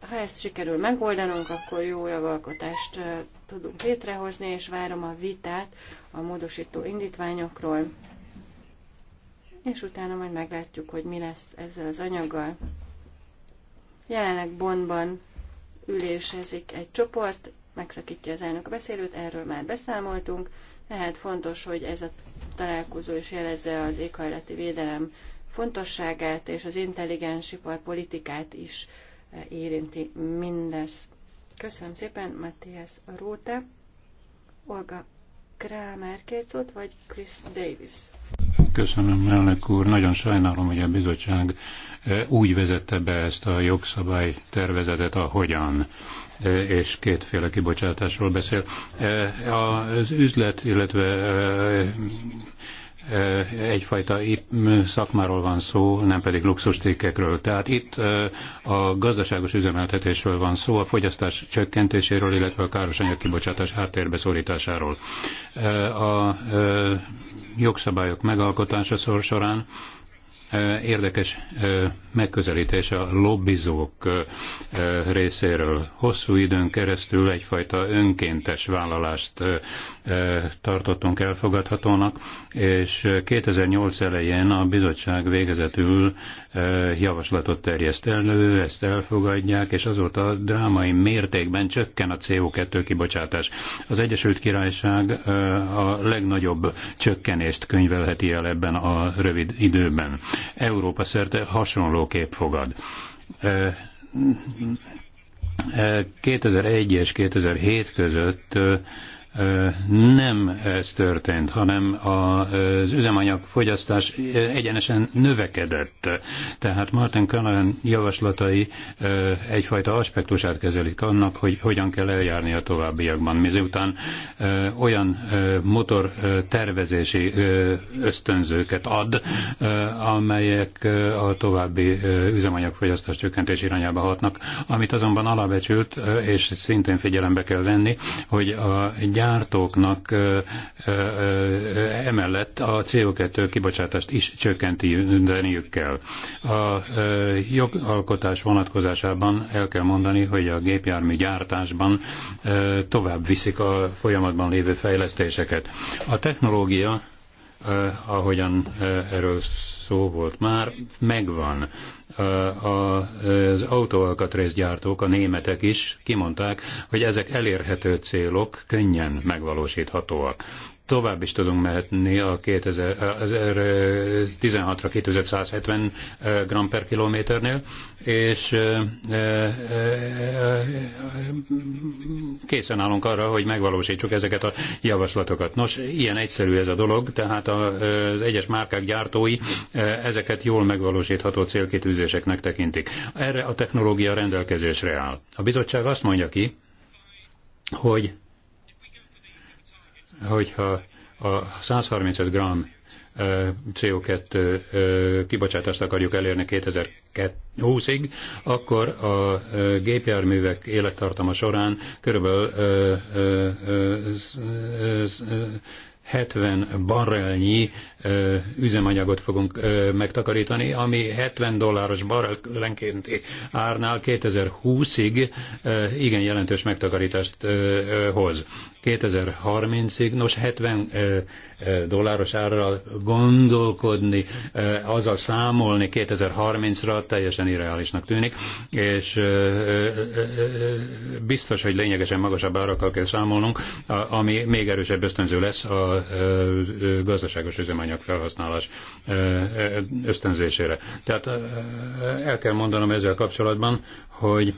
Ha ezt sikerül megoldanunk, akkor jó jogalkotást tudunk létrehozni, és várom a vitát a módosító indítványokról, és utána majd meglátjuk, hogy mi lesz ezzel az anyaggal. Jelenleg bondban ülésezik egy csoport, megszakítja az elnök a beszélőt, erről már beszámoltunk, tehát fontos, hogy ez a találkozó is jelezze az éghajlati védelem fontosságát és az intelligens iparpolitikát is eh, érinti mindez. Köszönöm szépen, Matthias Róte, Olga Kramer két szót, vagy Chris Davis?
Köszönöm, elnök úr. Nagyon sajnálom, hogy a bizottság eh, úgy vezette be ezt a jogszabálytervezetet, ahogyan és kétféle kibocsátásról beszél. Az üzlet, illetve egyfajta szakmáról van szó, nem pedig luxuscikkekről. Tehát itt a gazdaságos üzemeltetésről van szó, a fogyasztás csökkentéséről, illetve a káros kibocsátás háttérbe szorításáról. A jogszabályok megalkotása során érdekes megközelítés a lobbizók részéről. Hosszú időn keresztül egyfajta önkéntes vállalást tartottunk elfogadhatónak, és 2008 elején a bizottság végezetül javaslatot terjeszt elő, ezt elfogadják, és azóta drámai mértékben csökken a CO2 kibocsátás. Az Egyesült Királyság a legnagyobb csökkenést könyvelheti el ebben a rövid időben. Európa szerte hasonló kép fogad. 2001 és 2007 között nem ez történt, hanem az üzemanyag fogyasztás egyenesen növekedett. Tehát Martin Callahan javaslatai egyfajta aspektusát kezelik annak, hogy hogyan kell eljárni a továbbiakban. Miután olyan motor tervezési ösztönzőket ad, amelyek a további üzemanyagfogyasztás csökkentés irányába hatnak, amit azonban alábecsült, és szintén figyelembe kell venni, hogy a gyár gyártóknak emellett a CO2 kibocsátást is csökkenteniük kell. A jogalkotás vonatkozásában el kell mondani, hogy a gépjármű gyártásban tovább viszik a folyamatban lévő fejlesztéseket. A technológia ahogyan erről szó volt már, megvan az autóalkatrészgyártók, a németek is kimondták, hogy ezek elérhető célok, könnyen megvalósíthatóak tovább is tudunk mehetni a 2016-ra 2170 eh, gram per kilométernél, és eh, eh, készen állunk arra, hogy megvalósítsuk ezeket a javaslatokat. Nos, ilyen egyszerű ez a dolog, tehát az egyes márkák gyártói ezeket jól megvalósítható célkitűzéseknek tekintik. Erre a technológia rendelkezésre áll. A bizottság azt mondja ki, hogy hogyha a 135 g CO2 kibocsátást akarjuk elérni 2020-ig, akkor a gépjárművek élettartama során körülbelül 70 barrelnyi üzemanyagot fogunk megtakarítani, ami 70 dolláros barrelenkénti árnál 2020-ig igen jelentős megtakarítást hoz. 2030-ig, nos 70 dolláros árral gondolkodni, azzal számolni 2030-ra teljesen irreálisnak tűnik, és biztos, hogy lényegesen magasabb árakkal kell számolnunk, ami még erősebb ösztönző lesz a gazdaságos üzemanyag hatékonyabb felhasználás ösztönzésére. Tehát el kell mondanom ezzel kapcsolatban, hogy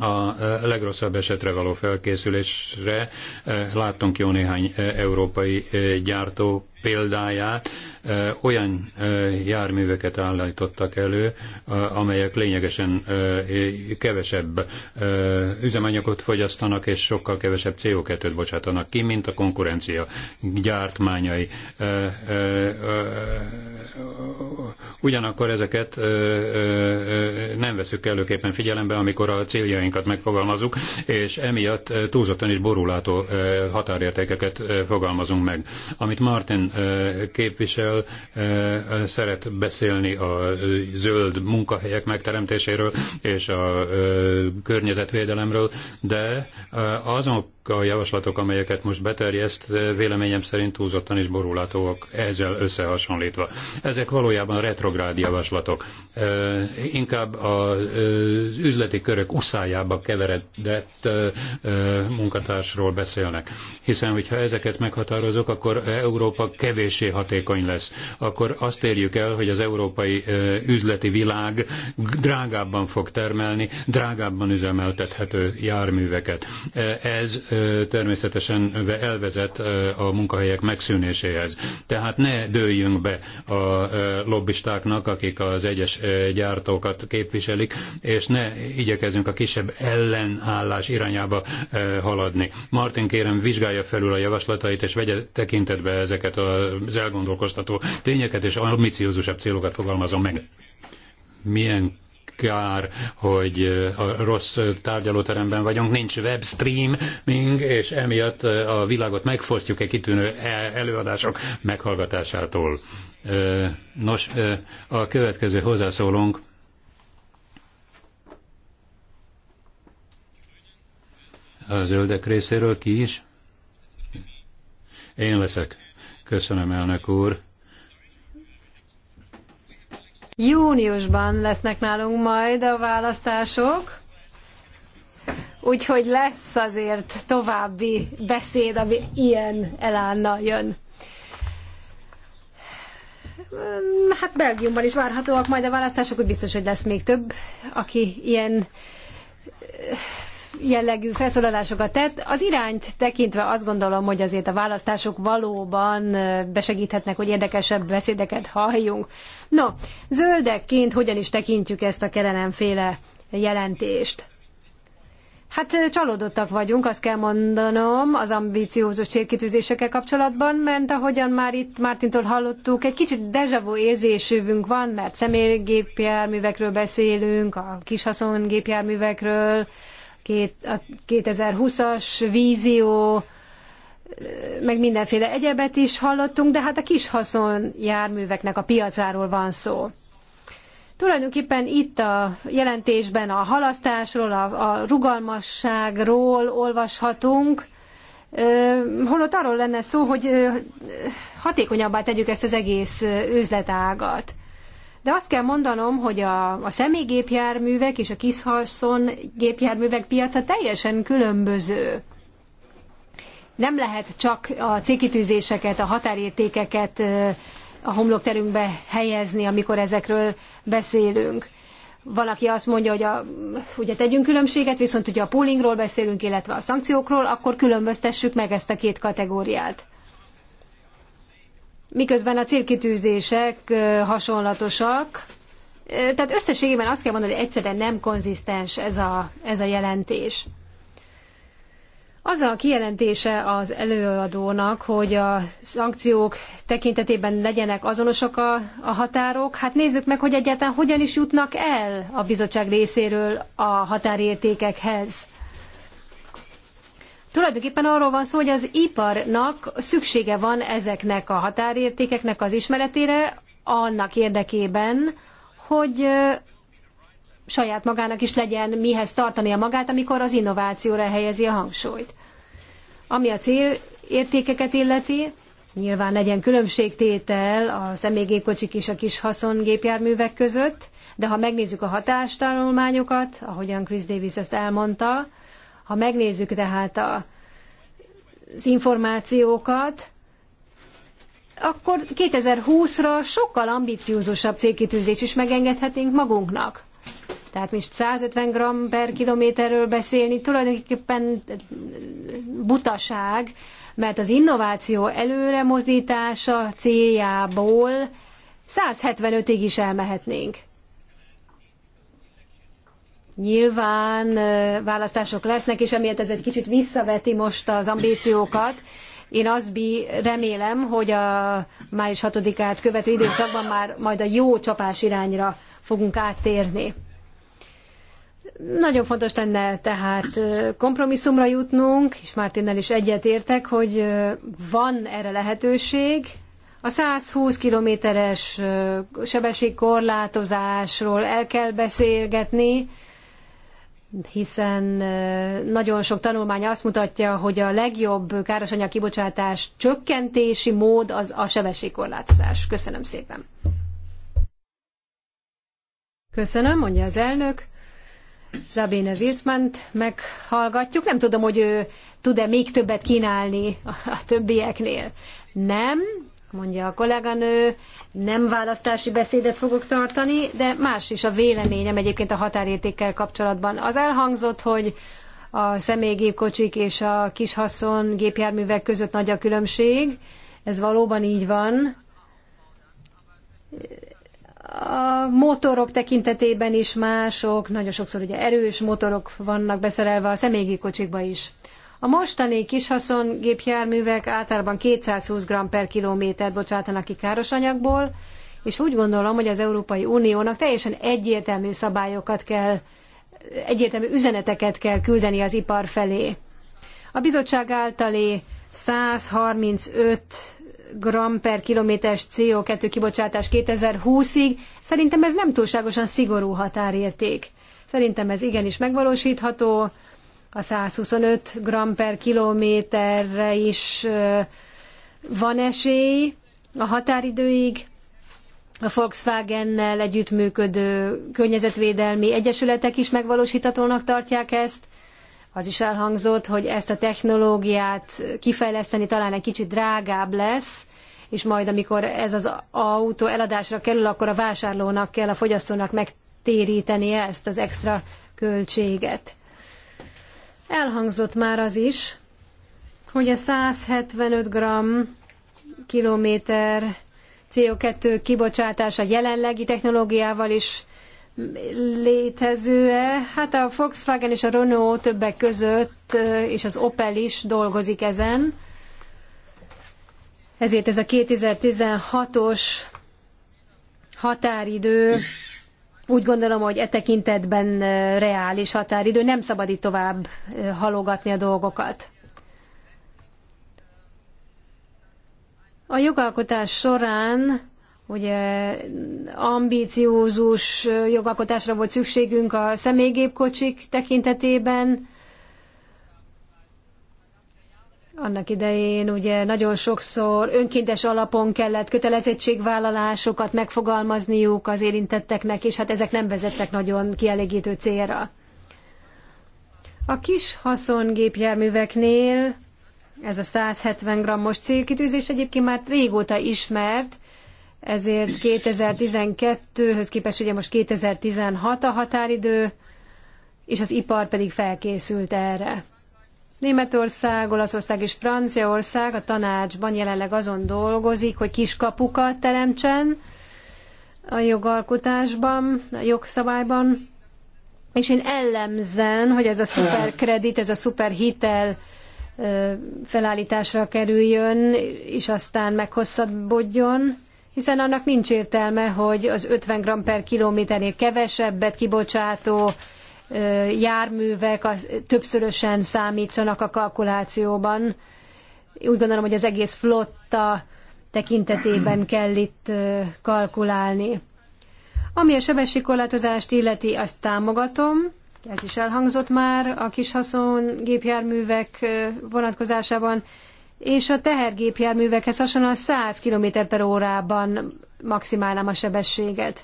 a legrosszabb esetre való felkészülésre láttunk jó néhány európai gyártó példáját, olyan járműveket állítottak elő, amelyek lényegesen kevesebb üzemanyagot fogyasztanak, és sokkal kevesebb CO2-t bocsátanak ki, mint a konkurencia gyártmányai. Ugyanakkor ezeket nem veszük előképpen figyelembe, amikor a céljainkat megfogalmazunk, és emiatt túlzottan is borulátó határértékeket fogalmazunk meg. Amit Martin képvisel, erről szeret beszélni a zöld munkahelyek megteremtéséről és a környezetvédelemről, de azon a javaslatok, amelyeket most beterjeszt, véleményem szerint túlzottan is borulátóak ezzel összehasonlítva. Ezek valójában retrográd javaslatok. Inkább az üzleti körök uszájába keveredett munkatársról beszélnek. Hiszen, hogyha ezeket meghatározok, akkor Európa kevéssé hatékony lesz. Akkor azt érjük el, hogy az európai üzleti világ drágábban fog termelni, drágábban üzemeltethető járműveket. Ez természetesen elvezet a munkahelyek megszűnéséhez. Tehát ne dőljünk be a lobbistáknak, akik az egyes gyártókat képviselik, és ne igyekezzünk a kisebb ellenállás irányába haladni. Martin kérem vizsgálja felül a javaslatait, és vegye tekintetbe ezeket az elgondolkoztató tényeket, és ambiciózusabb célokat fogalmazom meg milyen kár, hogy a rossz tárgyalóteremben vagyunk, nincs webstreaming, és emiatt a világot megfosztjuk egy kitűnő e-, előadások meghallgatásától. Nos, a következő hozzászólónk a zöldek részéről ki is? Én leszek. Köszönöm, elnök úr.
Júniusban lesznek nálunk majd a választások, úgyhogy lesz azért további beszéd, ami ilyen elánnal jön. Mm, hát Belgiumban is várhatóak majd a választások, úgy biztos, hogy lesz még több, aki ilyen jellegű felszólalásokat tett. Az irányt tekintve azt gondolom, hogy azért a választások valóban besegíthetnek, hogy érdekesebb beszédeket halljunk. No, zöldekként hogyan is tekintjük ezt a kerelemféle jelentést? Hát csalódottak vagyunk, azt kell mondanom, az ambiciózus célkitűzésekkel kapcsolatban, mert ahogyan már itt Mártintól hallottuk, egy kicsit dejavó érzésünk van, mert személygépjárművekről beszélünk, a kishaszon gépjárművekről, két, a 2020-as vízió, meg mindenféle egyebet is hallottunk, de hát a kis haszon járműveknek a piacáról van szó. Tulajdonképpen itt a jelentésben a halasztásról, a, a rugalmasságról olvashatunk, holott arról lenne szó, hogy hatékonyabbá tegyük ezt az egész üzletágat. De azt kell mondanom, hogy a, a személygépjárművek és a kiszhasszon gépjárművek piaca teljesen különböző. Nem lehet csak a cikitűzéseket, a határértékeket a homlokterünkbe helyezni, amikor ezekről beszélünk aki azt mondja, hogy a, ugye tegyünk különbséget, viszont ugye a poolingról beszélünk, illetve a szankciókról, akkor különböztessük meg ezt a két kategóriát miközben a célkitűzések hasonlatosak. Tehát összességében azt kell mondani, hogy egyszerűen nem konzisztens ez a, ez a jelentés. Az a kijelentése az előadónak, hogy a szankciók tekintetében legyenek azonosak a, a határok, hát nézzük meg, hogy egyáltalán hogyan is jutnak el a bizottság részéről a határértékekhez. Tulajdonképpen arról van szó, hogy az iparnak szüksége van ezeknek a határértékeknek az ismeretére, annak érdekében, hogy saját magának is legyen mihez tartania magát, amikor az innovációra helyezi a hangsúlyt. Ami a célértékeket illeti, nyilván legyen különbségtétel a személygépkocsik és a kis haszongépjárművek között, de ha megnézzük a hatástanulmányokat, ahogyan Chris Davis ezt elmondta, ha megnézzük tehát a, az információkat, akkor 2020-ra sokkal ambiciózusabb célkitűzés is megengedhetnénk magunknak. Tehát most 150 g per kilométerről beszélni tulajdonképpen butaság, mert az innováció előre mozdítása céljából 175-ig is elmehetnénk. Nyilván választások lesznek, és emiatt ez egy kicsit visszaveti most az ambíciókat. Én azt remélem, hogy a május 6-át követő időszakban már majd a jó csapás irányra fogunk áttérni. Nagyon fontos lenne tehát kompromisszumra jutnunk, és Mártinnel is egyetértek, hogy van erre lehetőség. A 120 kilométeres sebességkorlátozásról el kell beszélgetni, hiszen nagyon sok tanulmány azt mutatja, hogy a legjobb károsanyag kibocsátás csökkentési mód az a sebességkorlátozás. Köszönöm szépen. Köszönöm, mondja az elnök. Zabine Wilcmant meghallgatjuk. Nem tudom, hogy ő tud-e még többet kínálni a többieknél. Nem, mondja a kolléganő, nem választási beszédet fogok tartani, de más is a véleményem egyébként a határértékkel kapcsolatban. Az elhangzott, hogy a személygépkocsik és a kishaszon gépjárművek között nagy a különbség. Ez valóban így van. A motorok tekintetében is mások, nagyon sokszor ugye erős motorok vannak beszerelve a személygépkocsikba is. A mostani kishaszongépjárművek gépjárművek általában 220 g per kilométer bocsátanak ki káros anyagból, és úgy gondolom, hogy az Európai Uniónak teljesen egyértelmű szabályokat kell, egyértelmű üzeneteket kell küldeni az ipar felé. A bizottság általi 135 g per kilométeres CO2 kibocsátás 2020-ig, szerintem ez nem túlságosan szigorú határérték. Szerintem ez igenis megvalósítható, a 125 g per kilométerre is van esély a határidőig. A Volkswagen-nel együttműködő környezetvédelmi egyesületek is megvalósítatónak tartják ezt. Az is elhangzott, hogy ezt a technológiát kifejleszteni talán egy kicsit drágább lesz, és majd amikor ez az autó eladásra kerül, akkor a vásárlónak kell, a fogyasztónak megtéríteni ezt az extra költséget. Elhangzott már az is, hogy a 175 g kilométer CO2 kibocsátása jelenlegi technológiával is létező-e? Hát a Volkswagen és a Renault többek között, és az Opel is dolgozik ezen. Ezért ez a 2016-os határidő úgy gondolom, hogy e tekintetben reális határidő, nem szabad itt tovább halogatni a dolgokat. A jogalkotás során ugye ambíciózus jogalkotásra volt szükségünk a személygépkocsik tekintetében, annak idején ugye nagyon sokszor önkéntes alapon kellett kötelezettségvállalásokat megfogalmazniuk az érintetteknek, és hát ezek nem vezettek nagyon kielégítő célra. A kis haszongépjárműveknél ez a 170 g-os célkitűzés egyébként már régóta ismert, ezért 2012-höz képest ugye most 2016 a határidő, és az ipar pedig felkészült erre. Németország, Olaszország és Franciaország a tanácsban jelenleg azon dolgozik, hogy kiskapukat teremtsen a jogalkotásban, a jogszabályban, és én ellenzem, hogy ez a szuperkredit, ez a szuperhitel felállításra kerüljön, és aztán meghosszabbodjon, hiszen annak nincs értelme, hogy az 50 g per kilométernél kevesebbet kibocsátó járművek az, többszörösen számítsanak a kalkulációban. Úgy gondolom, hogy az egész flotta tekintetében kell itt kalkulálni. Ami a sebességkorlátozást illeti, azt támogatom. Ez is elhangzott már a kis haszon gépjárművek vonatkozásában, és a tehergépjárművekhez hasonlóan 100 km per órában maximálnám a sebességet.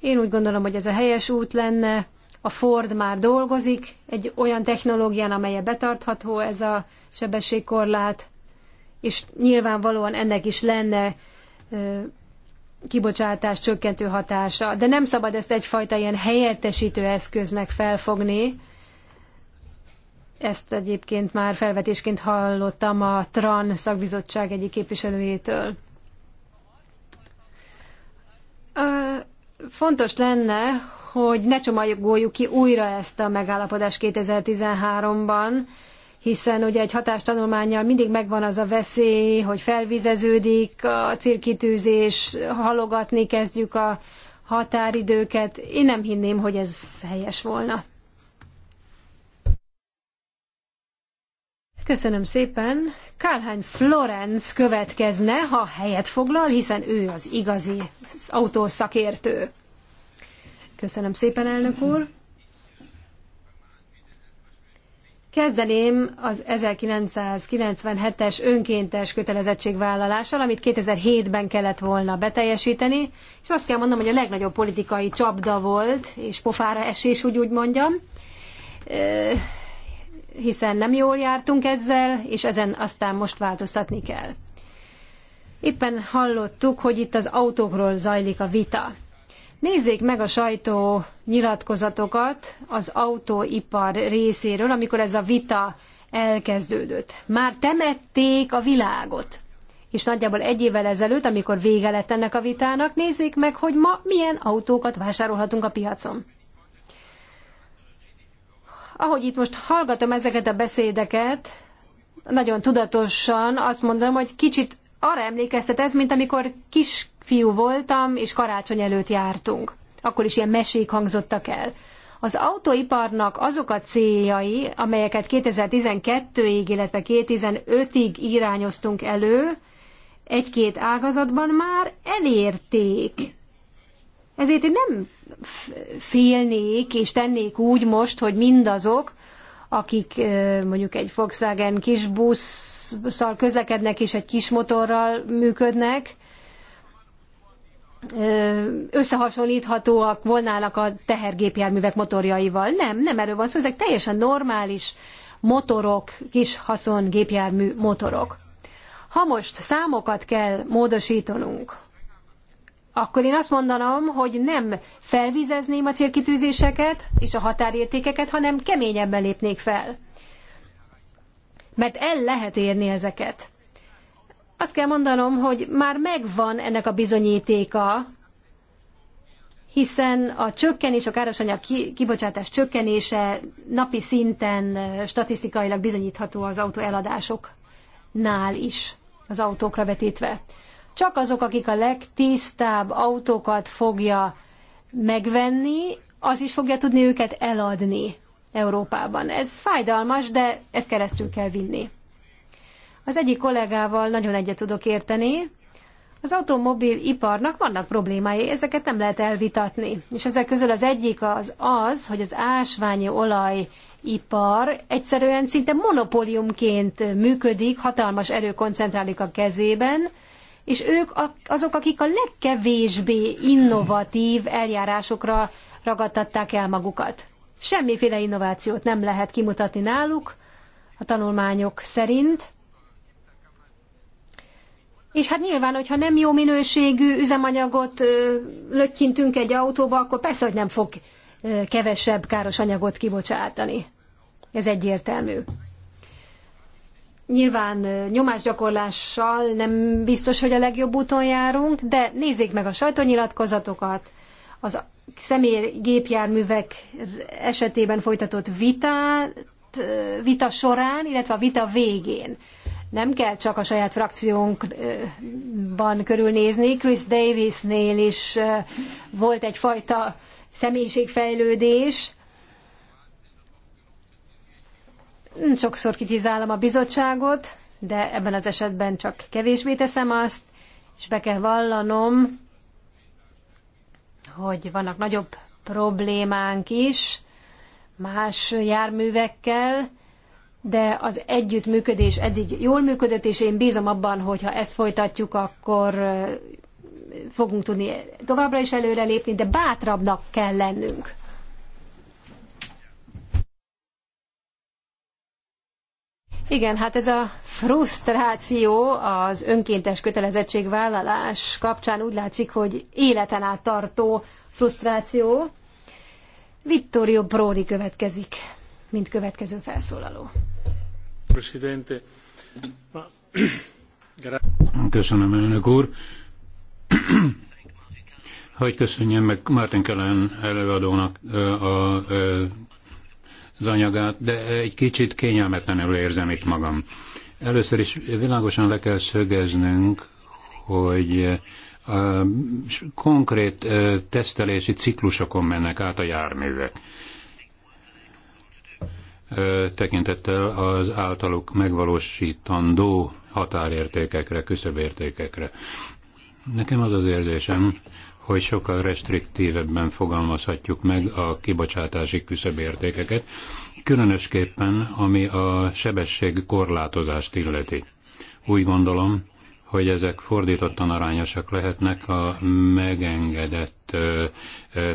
Én úgy gondolom, hogy ez a helyes út lenne, a Ford már dolgozik egy olyan technológián, amelye betartható ez a sebességkorlát, és nyilvánvalóan ennek is lenne kibocsátás csökkentő hatása, de nem szabad ezt egyfajta ilyen helyettesítő eszköznek felfogni. Ezt egyébként már felvetésként hallottam a TRAN szakbizottság egyik képviselőjétől. Fontos lenne, hogy ne csomagoljuk ki újra ezt a megállapodást 2013-ban, hiszen ugye egy hatástanulmányjal mindig megvan az a veszély, hogy felvizeződik a cirkitűzés, halogatni kezdjük a határidőket. Én nem hinném, hogy ez helyes volna. Köszönöm szépen. Kálhány Florence következne, ha helyet foglal, hiszen ő az igazi autószakértő. Köszönöm szépen, elnök úr. Kezdeném az 1997-es önkéntes kötelezettségvállalással, amit 2007-ben kellett volna beteljesíteni, és azt kell mondanom, hogy a legnagyobb politikai csapda volt, és pofára esés, úgy úgy mondjam, hiszen nem jól jártunk ezzel, és ezen aztán most változtatni kell. Éppen hallottuk, hogy itt az autókról zajlik a vita. Nézzék meg a sajtó nyilatkozatokat az autóipar részéről, amikor ez a vita elkezdődött. Már temették a világot. És nagyjából egy évvel ezelőtt, amikor vége lett ennek a vitának, nézzék meg, hogy ma milyen autókat vásárolhatunk a piacon. Ahogy itt most hallgatom ezeket a beszédeket, nagyon tudatosan azt mondom, hogy kicsit arra emlékeztet ez, mint amikor kisfiú voltam, és karácsony előtt jártunk. Akkor is ilyen mesék hangzottak el. Az autóiparnak azok a céljai, amelyeket 2012-ig, illetve 2015-ig irányoztunk elő, egy-két ágazatban már elérték. Ezért én nem félnék és tennék úgy most, hogy mindazok, akik mondjuk egy Volkswagen kis busszal közlekednek és egy kis motorral működnek, összehasonlíthatóak volnának a tehergépjárművek motorjaival. Nem, nem erről van szó, ezek teljesen normális motorok, kis haszon gépjármű motorok. Ha most számokat kell módosítanunk, akkor én azt mondanom, hogy nem felvizezném a célkitűzéseket és a határértékeket, hanem keményebben lépnék fel. Mert el lehet érni ezeket. Azt kell mondanom, hogy már megvan ennek a bizonyítéka, hiszen a csökkenés, a károsanyag kibocsátás csökkenése napi szinten statisztikailag bizonyítható az autó eladásoknál is, az autókra vetítve csak azok, akik a legtisztább autókat fogja megvenni, az is fogja tudni őket eladni Európában. Ez fájdalmas, de ezt keresztül kell vinni. Az egyik kollégával nagyon egyet tudok érteni. Az automobil iparnak vannak problémái, ezeket nem lehet elvitatni. És ezek közül az egyik az az, hogy az ásványi olajipar egyszerűen szinte monopóliumként működik, hatalmas erő koncentrálik a kezében, és ők azok, akik a legkevésbé innovatív eljárásokra ragadtatták el magukat. Semmiféle innovációt nem lehet kimutatni náluk, a tanulmányok szerint. És hát nyilván, hogyha nem jó minőségű üzemanyagot lötyintünk egy autóba, akkor persze, hogy nem fog kevesebb káros anyagot kibocsátani. Ez egyértelmű. Nyilván nyomásgyakorlással nem biztos, hogy a legjobb úton járunk, de nézzék meg a sajtónyilatkozatokat, az személygépjárművek esetében folytatott vitát, vita során, illetve a vita végén. Nem kell csak a saját frakciónkban körülnézni. Chris Davisnél is volt egyfajta személyiségfejlődés, Sokszor kritizálom a bizottságot, de ebben az esetben csak kevésbé teszem azt, és be kell vallanom, hogy vannak nagyobb problémánk is más járművekkel, de az együttműködés eddig jól működött, és én bízom abban, hogy ha ezt folytatjuk, akkor eh, fogunk tudni továbbra is előrelépni, de bátrabbnak kell lennünk. Igen, hát ez a frusztráció az önkéntes kötelezettségvállalás kapcsán úgy látszik, hogy életen át tartó frusztráció. Vittorio Prodi következik, mint következő felszólaló.
Köszönöm, elnök úr. Hogy köszönjem meg Martin Kellen előadónak a az anyagát, de egy kicsit kényelmetlenül érzem itt magam. Először is világosan le kell szögeznünk, hogy a konkrét tesztelési ciklusokon mennek át a járművek. Tekintettel az általuk megvalósítandó határértékekre, küszöbértékekre. Nekem az az érzésem, hogy sokkal restriktívebben fogalmazhatjuk meg a kibocsátási küszöbértékeket, különösképpen ami a sebesség korlátozást illeti. Úgy gondolom, hogy ezek fordítottan arányosak lehetnek a megengedett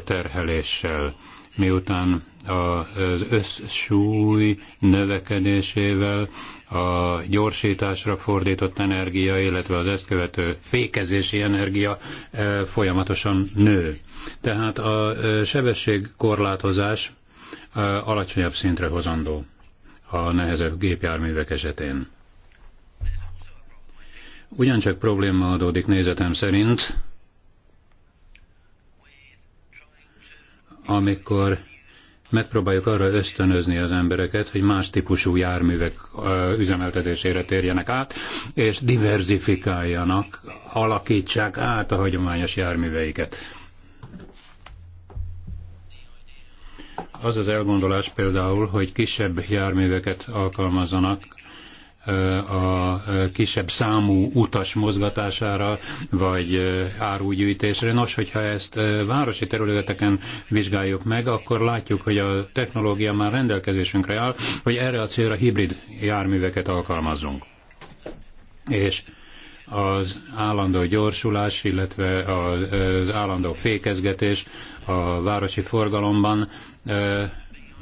terheléssel miután az összsúly növekedésével a gyorsításra fordított energia, illetve az ezt követő fékezési energia e, folyamatosan nő. Tehát a e, sebességkorlátozás e, alacsonyabb szintre hozandó a nehezebb gépjárművek esetén. Ugyancsak probléma adódik nézetem szerint amikor megpróbáljuk arra ösztönözni az embereket, hogy más típusú járművek üzemeltetésére térjenek át, és diverzifikáljanak, alakítsák át a hagyományos járműveiket. Az az elgondolás például, hogy kisebb járműveket alkalmazzanak, a kisebb számú utas mozgatására, vagy árugyűjtésre. Nos, hogyha ezt városi területeken vizsgáljuk meg, akkor látjuk, hogy a technológia már rendelkezésünkre áll, hogy erre a célra hibrid járműveket alkalmazzunk. És az állandó gyorsulás, illetve az állandó fékezgetés a városi forgalomban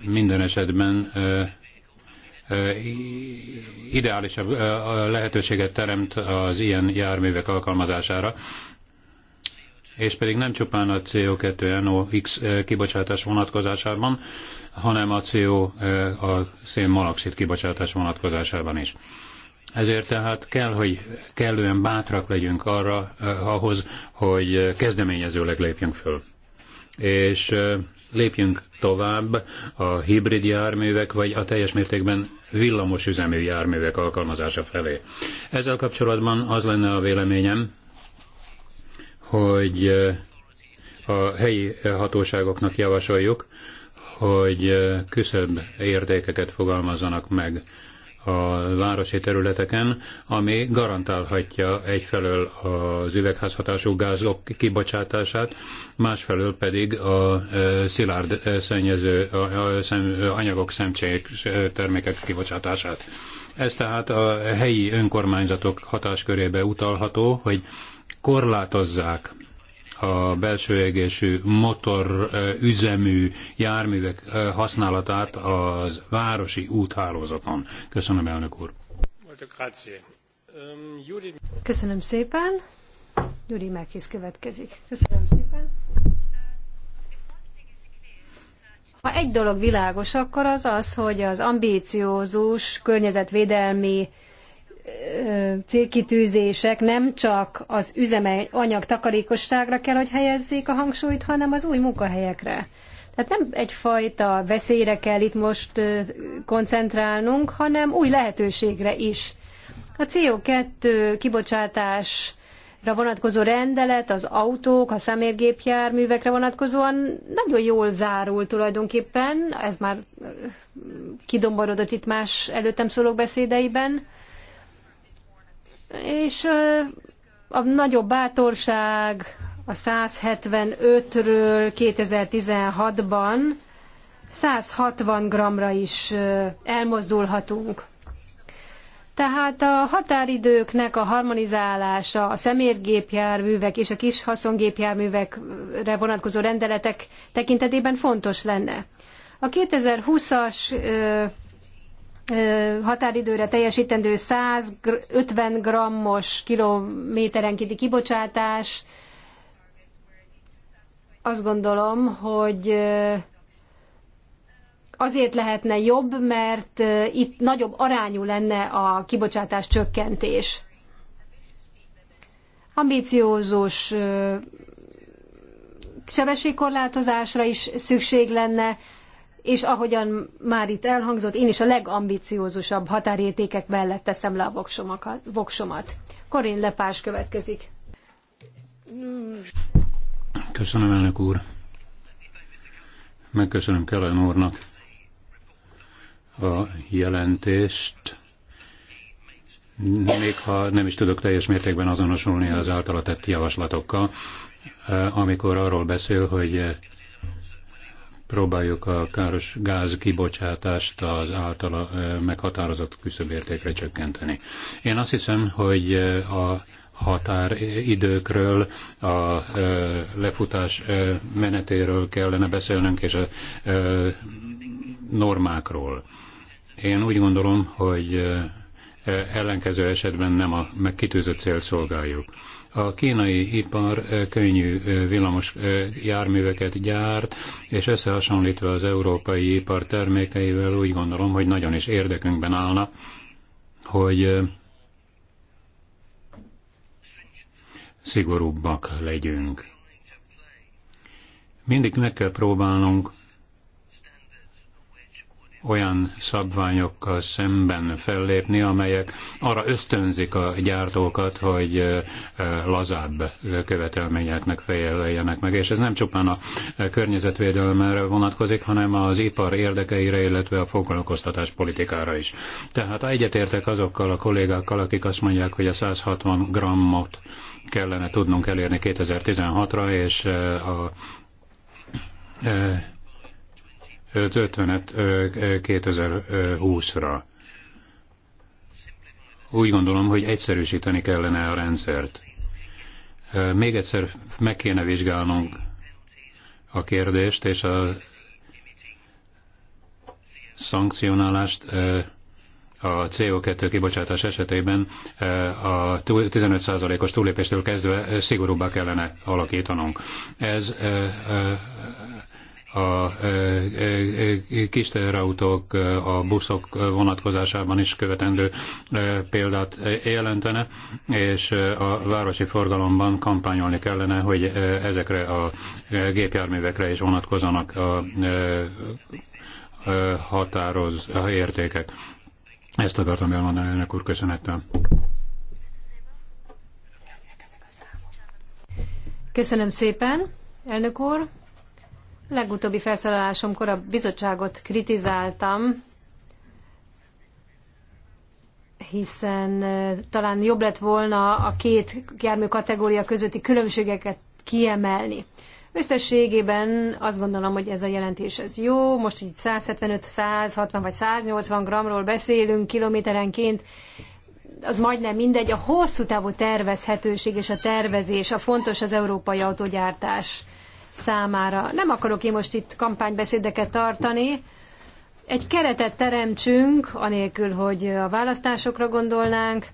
minden esetben ideálisabb lehetőséget teremt az ilyen járművek alkalmazására, és pedig nem csupán a CO2NOx kibocsátás vonatkozásában, hanem a CO, a szénmonoxid kibocsátás vonatkozásában is. Ezért tehát kell, hogy kellően bátrak legyünk arra, ahhoz, hogy kezdeményezőleg lépjünk föl és lépjünk tovább a hibrid járművek, vagy a teljes mértékben villamos üzemű járművek alkalmazása felé. Ezzel kapcsolatban az lenne a véleményem, hogy a helyi hatóságoknak javasoljuk, hogy küszöbb értékeket fogalmazzanak meg a városi területeken, ami garantálhatja egyfelől az üvegházhatású gázok kibocsátását, másfelől pedig a e, szilárd e, szennyező a szem, anyagok szemcsék termékek kibocsátását. Ez tehát a helyi önkormányzatok hatáskörébe utalható, hogy korlátozzák a belső égésű üzemű járművek használatát az városi úthálózaton. Köszönöm, elnök úr.
Köszönöm szépen. Gyuri Mekis következik. Köszönöm szépen. Ha egy dolog világos, akkor az az, hogy az ambíciózus környezetvédelmi célkitűzések nem csak az üzemanyag takarékosságra kell, hogy helyezzék a hangsúlyt, hanem az új munkahelyekre. Tehát nem egyfajta veszélyre kell itt most koncentrálnunk, hanem új lehetőségre is. A CO2 kibocsátásra vonatkozó rendelet, az autók, a személygépjárművekre vonatkozóan nagyon jól zárul tulajdonképpen, ez már kidomborodott itt más előttem szólók beszédeiben, és a nagyobb bátorság a 175-ről 2016-ban 160 g-ra is elmozdulhatunk. Tehát a határidőknek a harmonizálása a szemérgépjárművek és a kis haszongépjárművekre vonatkozó rendeletek tekintetében fontos lenne. A 2020-as határidőre teljesítendő 150 grammos kilométerenkénti kibocsátás. Azt gondolom, hogy azért lehetne jobb, mert itt nagyobb arányú lenne a kibocsátás csökkentés. Ambiciózus sebességkorlátozásra is szükség lenne, és ahogyan már itt elhangzott, én is a legambiciózusabb határértékek mellett teszem le a voksomat. Korin Lepás következik.
Köszönöm, elnök úr. Megköszönöm Kellen úrnak a jelentést, még ha nem is tudok teljes mértékben azonosulni az általa tett javaslatokkal, eh, amikor arról beszél, hogy próbáljuk a káros gáz kibocsátást az általa meghatározott küszöbértékre csökkenteni. Én azt hiszem, hogy a határidőkről, a lefutás menetéről kellene beszélnünk, és a normákról. Én úgy gondolom, hogy ellenkező esetben nem a megkitűzött cél szolgáljuk. A kínai ipar könnyű villamos járműveket gyárt, és összehasonlítva az európai ipar termékeivel úgy gondolom, hogy nagyon is érdekünkben állna, hogy szigorúbbak legyünk. Mindig meg kell próbálnunk olyan szabványokkal szemben fellépni, amelyek arra ösztönzik a gyártókat, hogy lazább követelményeknek fejeljenek meg. És ez nem csupán a környezetvédelemre vonatkozik, hanem az ipar érdekeire, illetve a foglalkoztatás politikára is. Tehát egyetértek azokkal a kollégákkal, akik azt mondják, hogy a 160 grammot kellene tudnunk elérni 2016-ra, és a 55 2020-ra. Úgy gondolom, hogy egyszerűsíteni kellene a rendszert. Még egyszer meg kéne vizsgálnunk a kérdést, és a szankcionálást a CO2 kibocsátás esetében a 15%-os túlépéstől kezdve szigorúbbá kellene alakítanunk. Ez a e, e, e, kis teherautók, a buszok vonatkozásában is követendő példát jelentene, és a városi forgalomban kampányolni kellene, hogy ezekre a gépjárművekre is vonatkozanak a határoz a értékek. Ezt akartam elmondani, önök úr, köszönettel.
Köszönöm szépen, elnök úr. Legutóbbi felszólalásomkor a bizottságot kritizáltam, hiszen talán jobb lett volna a két jármű kategória közötti különbségeket kiemelni. Összességében azt gondolom, hogy ez a jelentés ez jó. Most így 175, 160 vagy 180 gramról beszélünk kilométerenként, az majdnem mindegy. A hosszú távú tervezhetőség és a tervezés, a fontos az európai autogyártás számára. Nem akarok én most itt kampánybeszédeket tartani. Egy keretet teremtsünk, anélkül, hogy a választásokra gondolnánk,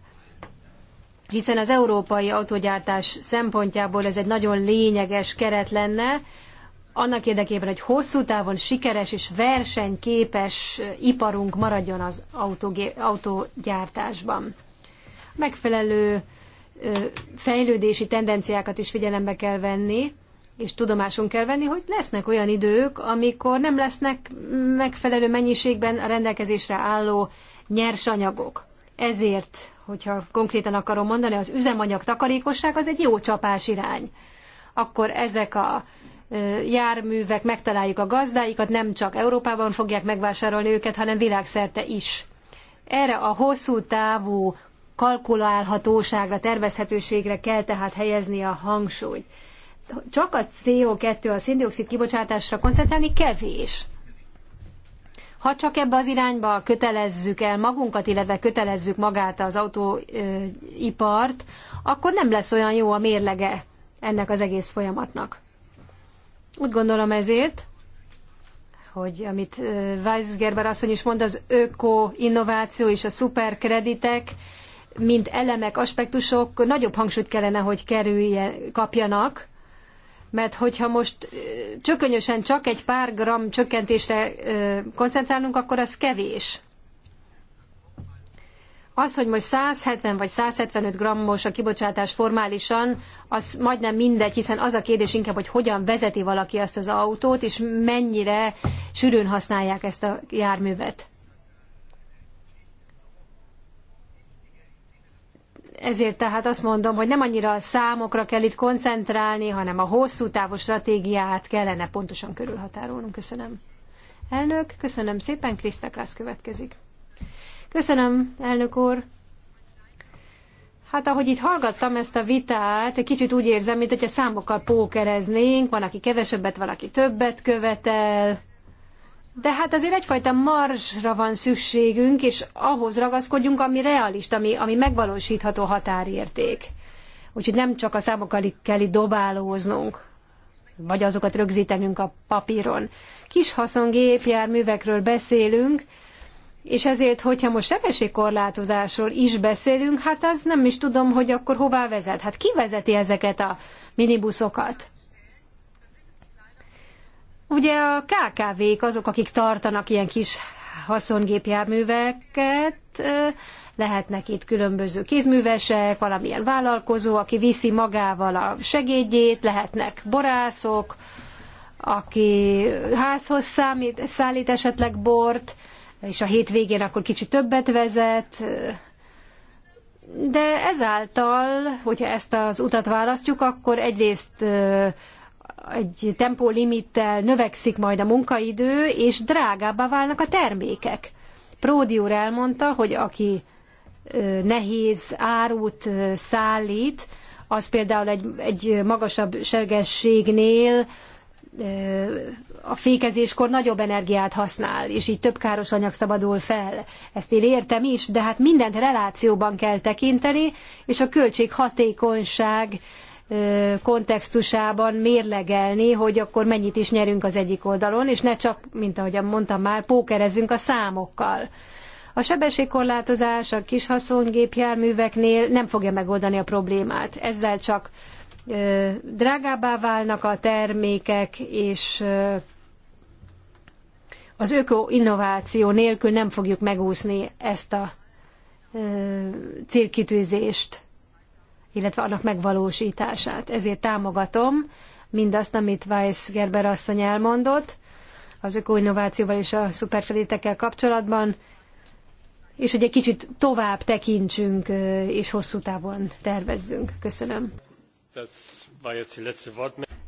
hiszen az európai autogyártás szempontjából ez egy nagyon lényeges keret lenne, annak érdekében, hogy hosszú távon sikeres és versenyképes iparunk maradjon az autogyártásban. Megfelelő fejlődési tendenciákat is figyelembe kell venni, és tudomásunk kell venni, hogy lesznek olyan idők, amikor nem lesznek megfelelő mennyiségben a rendelkezésre álló nyersanyagok. Ezért, hogyha konkrétan akarom mondani, az üzemanyag takarékosság az egy jó csapás irány. Akkor ezek a járművek, megtaláljuk a gazdáikat, nem csak Európában fogják megvásárolni őket, hanem világszerte is. Erre a hosszú távú kalkulálhatóságra, tervezhetőségre kell tehát helyezni a hangsúlyt csak a CO2, a széndiokszid kibocsátásra koncentrálni kevés. Ha csak ebbe az irányba kötelezzük el magunkat, illetve kötelezzük magát az autóipart, akkor nem lesz olyan jó a mérlege ennek az egész folyamatnak. Úgy gondolom ezért, hogy amit Gerber asszony is mond, az öko-innováció és a szuperkreditek, mint elemek, aspektusok nagyobb hangsúlyt kellene, hogy kerüljen kapjanak, mert hogyha most csökönyösen csak egy pár gram csökkentésre koncentrálunk, akkor az kevés. Az, hogy most 170 vagy 175 grammos a kibocsátás formálisan, az majdnem mindegy, hiszen az a kérdés inkább, hogy hogyan vezeti valaki azt az autót, és mennyire sűrűn használják ezt a járművet. ezért tehát azt mondom, hogy nem annyira a számokra kell itt koncentrálni, hanem a hosszú távú stratégiát kellene pontosan körülhatárolnunk. Köszönöm. Elnök, köszönöm szépen, Krista következik. Köszönöm, elnök úr. Hát ahogy itt hallgattam ezt a vitát, egy kicsit úgy érzem, mint számokkal pókereznénk, van, aki kevesebbet, valaki többet követel, de hát azért egyfajta marsra van szükségünk, és ahhoz ragaszkodjunk, ami realista, ami, ami megvalósítható határérték. Úgyhogy nem csak a számokkal kell itt dobálóznunk, vagy azokat rögzítenünk a papíron. Kis haszongépjárművekről beszélünk, és ezért, hogyha most sebességkorlátozásról is beszélünk, hát az nem is tudom, hogy akkor hová vezet. Hát ki vezeti ezeket a minibuszokat? Ugye a KKV-k azok, akik tartanak ilyen kis haszongépjárműveket, lehetnek itt különböző kézművesek, valamilyen vállalkozó, aki viszi magával a segédjét, lehetnek borászok, aki házhoz számít, szállít esetleg bort, és a hétvégén akkor kicsit többet vezet, de ezáltal, hogyha ezt az utat választjuk, akkor egyrészt egy tempólimittel növekszik majd a munkaidő, és drágábbá válnak a termékek. Pródi úr elmondta, hogy aki nehéz árut szállít, az például egy, egy magasabb sebességnél a fékezéskor nagyobb energiát használ, és így több káros anyag szabadul fel. Ezt én értem is, de hát mindent relációban kell tekinteni, és a költség hatékonyság kontextusában mérlegelni, hogy akkor mennyit is nyerünk az egyik oldalon, és ne csak, mint ahogy mondtam már, pókerezzünk a számokkal. A sebességkorlátozás a kis haszongépjárműveknél nem fogja megoldani a problémát. Ezzel csak drágábbá válnak a termékek, és az öko-innováció nélkül nem fogjuk megúszni ezt a célkitűzést illetve annak megvalósítását. Ezért támogatom mindazt, amit Weiss Gerber asszony elmondott, az ökoinnovációval és a szuperkreditekkel kapcsolatban, és hogy egy kicsit tovább tekintsünk és hosszú távon
tervezzünk. Köszönöm.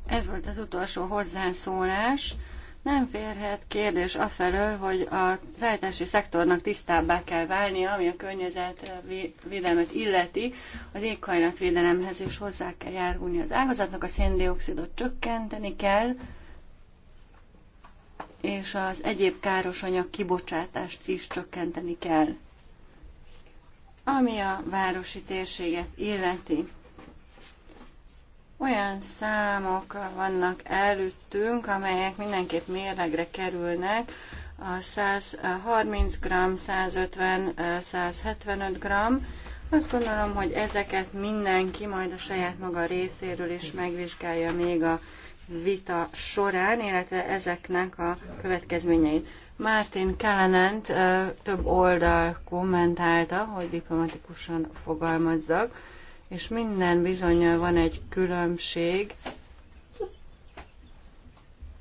Ez volt az utolsó hozzászólás. Nem férhet kérdés afelől, hogy a szállítási szektornak tisztábbá kell válnia, ami a környezetvédelmet eh, illeti, az éghajlatvédelemhez is hozzá kell járulni az ágazatnak, a széndiokszidot csökkenteni kell, és az egyéb káros anyag kibocsátást is csökkenteni kell. Ami a városi térséget illeti, olyan számok vannak előttünk, amelyek mindenképp mérlegre kerülnek, a 130 g, 150, 175 g. Azt gondolom, hogy ezeket mindenki majd a saját maga részéről is megvizsgálja még a vita során, illetve ezeknek a következményeit. Mártin Kellenent több oldal kommentálta, hogy diplomatikusan fogalmazzak és minden bizonyal van egy különbség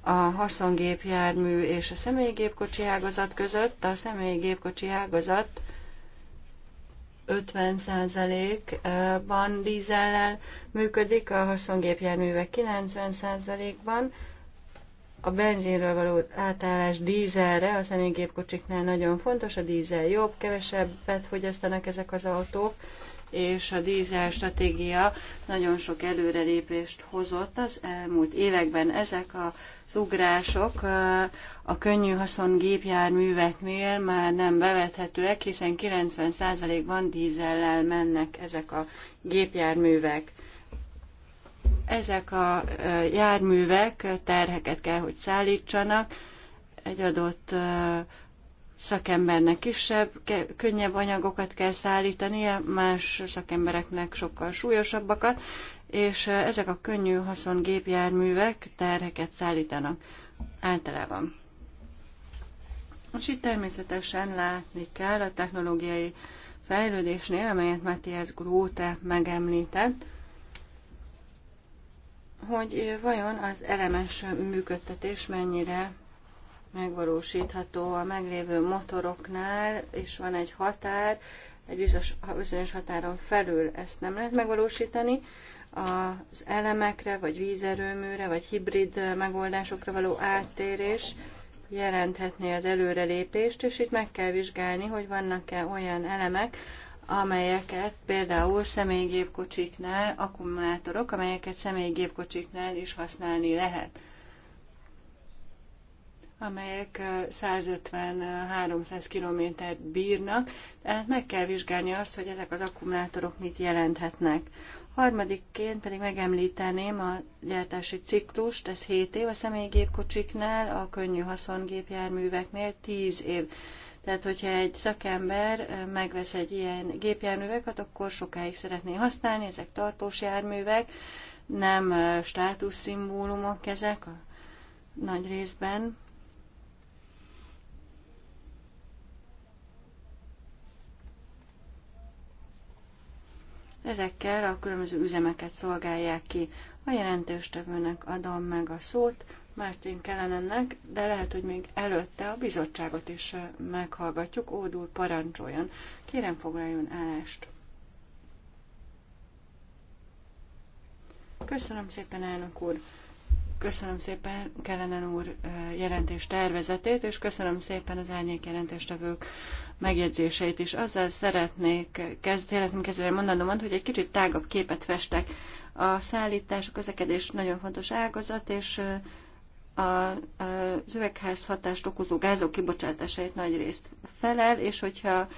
a haszongépjármű és a személygépkocsi ágazat között. A személygépkocsi ágazat 50%-ban dízellel működik, a haszongépjárművek 90%-ban. A benzinről való átállás dízelre a személygépkocsiknál nagyon fontos, a dízel jobb, kevesebbet fogyasztanak ezek az autók, és a dízel stratégia nagyon sok előrelépést hozott az elmúlt években. Ezek a ugrások eh, a könnyű haszon gépjárműveknél már nem bevethetőek, hiszen 90%-ban dízellel mennek ezek a gépjárművek. Ezek a eh, járművek terheket kell, hogy szállítsanak, egy adott eh, szakembernek kisebb, könnyebb anyagokat kell szállítania, más szakembereknek sokkal súlyosabbakat, és ezek a könnyű haszon gépjárművek terheket szállítanak általában. És itt természetesen látni kell a technológiai fejlődésnél, amelyet Matthias Gróte megemlített, hogy vajon az elemes működtetés mennyire megvalósítható a meglévő motoroknál, és van egy határ, egy bizonyos, bizonyos határon felül ezt nem lehet megvalósítani. Az elemekre, vagy vízerőműre, vagy hibrid megoldásokra való áttérés jelenthetné az előrelépést, és itt meg kell vizsgálni, hogy vannak-e olyan elemek, amelyeket például személygépkocsiknál, akkumulátorok, amelyeket személygépkocsiknál is használni lehet amelyek 150-300 km-t bírnak, tehát meg kell vizsgálni azt, hogy ezek az akkumulátorok mit jelenthetnek. Harmadikként pedig megemlíteném a gyártási ciklust, ez 7 év a személygépkocsiknál, a könnyű haszongépjárműveknél 10 év. Tehát, hogyha egy szakember megvesz egy ilyen gépjárműveket, akkor sokáig szeretné használni, ezek tartós járművek, nem státuszszimbólumok ezek a nagy részben. Ezekkel a különböző üzemeket szolgálják ki. A jelentőstevőnek adom meg a szót, Mártin Kellenennek, de lehet, hogy még előtte a bizottságot is meghallgatjuk. Ódul parancsoljon. Kérem foglaljon állást. Köszönöm szépen, elnök úr. Köszönöm szépen Kellenen úr jelentés tervezetét, és köszönöm szépen az árnyék jelentéstevők megjegyzéseit is. Azzal szeretnék kezdeni, kezdeni mondanom, hogy egy kicsit tágabb képet festek. A szállítás, a közlekedés nagyon fontos ágazat, és a, az üvegház hatást okozó gázok kibocsátásait nagy részt felel, és hogyha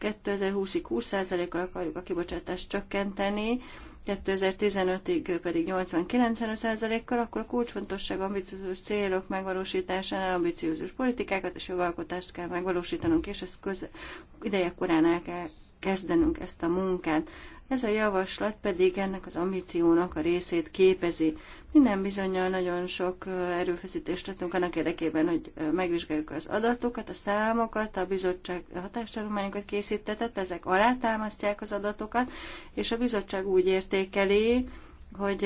2020-ig 20%-kal akarjuk a kibocsátást csökkenteni, 2015-ig pedig 89%-kal, akkor a kulcsfontosság ambiciózus célok megvalósításánál ambiciózus politikákat és jogalkotást kell megvalósítanunk, és ezt köze, ideje korán el kell kezdenünk ezt a munkát. Ez a javaslat pedig ennek az ambíciónak a részét képezi. Minden bizonyal nagyon sok erőfeszítést tettünk annak érdekében, hogy megvizsgáljuk az adatokat, a számokat, a bizottság hatástanulmányokat készítetett, ezek alátámasztják az adatokat, és a bizottság úgy értékeli, hogy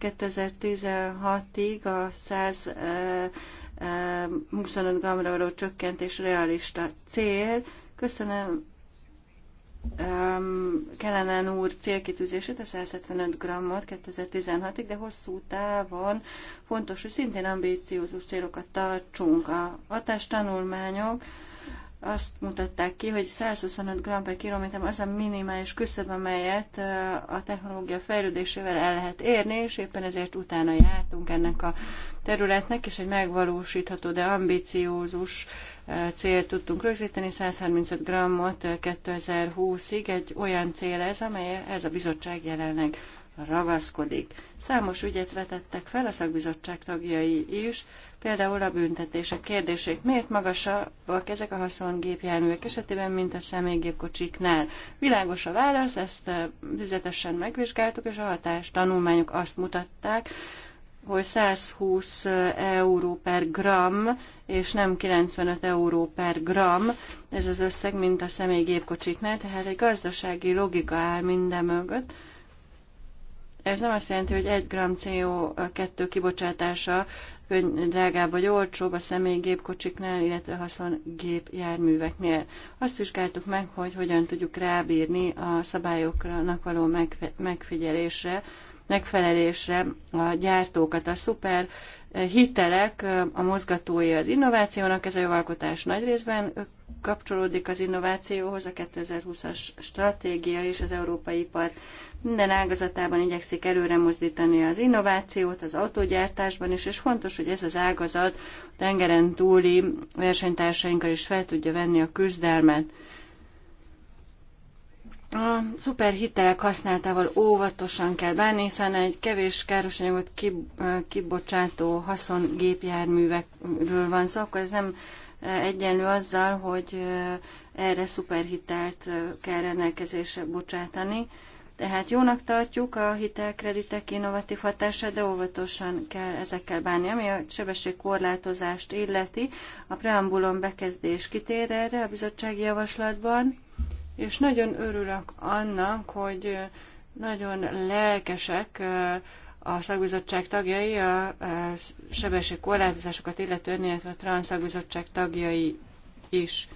2016-ig a 100 25 gramra való csökkentés realista cél. Köszönöm um, Kellenen úr célkitűzését, a 175 grammot 2016-ig, de hosszú távon fontos, hogy szintén ambíciózus célokat tartsunk. A hatástanulmányok azt mutatták ki, hogy 125 gram per kilométer az a minimális küszöb, amelyet eh, a technológia fejlődésével el lehet érni, és éppen ezért utána jártunk ennek a területnek, és egy megvalósítható, de ambiciózus célt tudtunk rögzíteni, 135 grammot 2020-ig, eh, egy olyan cél ez, amely ez a bizottság jelenleg ragaszkodik. Számos ügyet vetettek fel a szakbizottság tagjai is, például a büntetések kérdését. Miért magasabbak ezek a haszongépjárművek esetében, mint a személygépkocsiknál? Világos a válasz, ezt eh, üzletesen megvizsgáltuk, és a hatás tanulmányok azt mutatták, hogy 120 euró per gram, és nem 95 euró per gram, ez az összeg, mint a személygépkocsiknál, tehát egy gazdasági logika áll minden mögött. Ez nem azt jelenti, hogy 1 gram CO2 kibocsátása drágább vagy olcsóbb a személygépkocsiknál, illetve gépjárműveknél. Azt vizsgáltuk meg, hogy hogyan tudjuk rábírni a szabályoknak való megfigyelésre megfelelésre a gyártókat. A szuper hitelek a mozgatói az innovációnak, ez a jogalkotás nagy részben kapcsolódik az innovációhoz, a 2020-as stratégia és az európai ipar minden ágazatában igyekszik előre mozdítani az innovációt, az autógyártásban is, és fontos, hogy ez az ágazat tengeren túli versenytársainkkal is fel tudja venni a küzdelmet. A szuperhitelek használatával óvatosan kell bánni, hiszen egy kevés károsanyagot kibocsátó haszongépjárművekről van szó, szóval akkor ez nem egyenlő azzal, hogy erre szuperhitelt kell rendelkezésre bocsátani. Tehát jónak tartjuk a hitelkreditek innovatív hatását, de óvatosan kell ezekkel bánni. Ami a sebességkorlátozást illeti, a preambulon bekezdés kitér erre a bizottsági javaslatban és nagyon örülök annak, hogy nagyon lelkesek a szakbizottság tagjai, a sebességkorlátozásokat illetően, illetve a transzakbizottság tagjai is.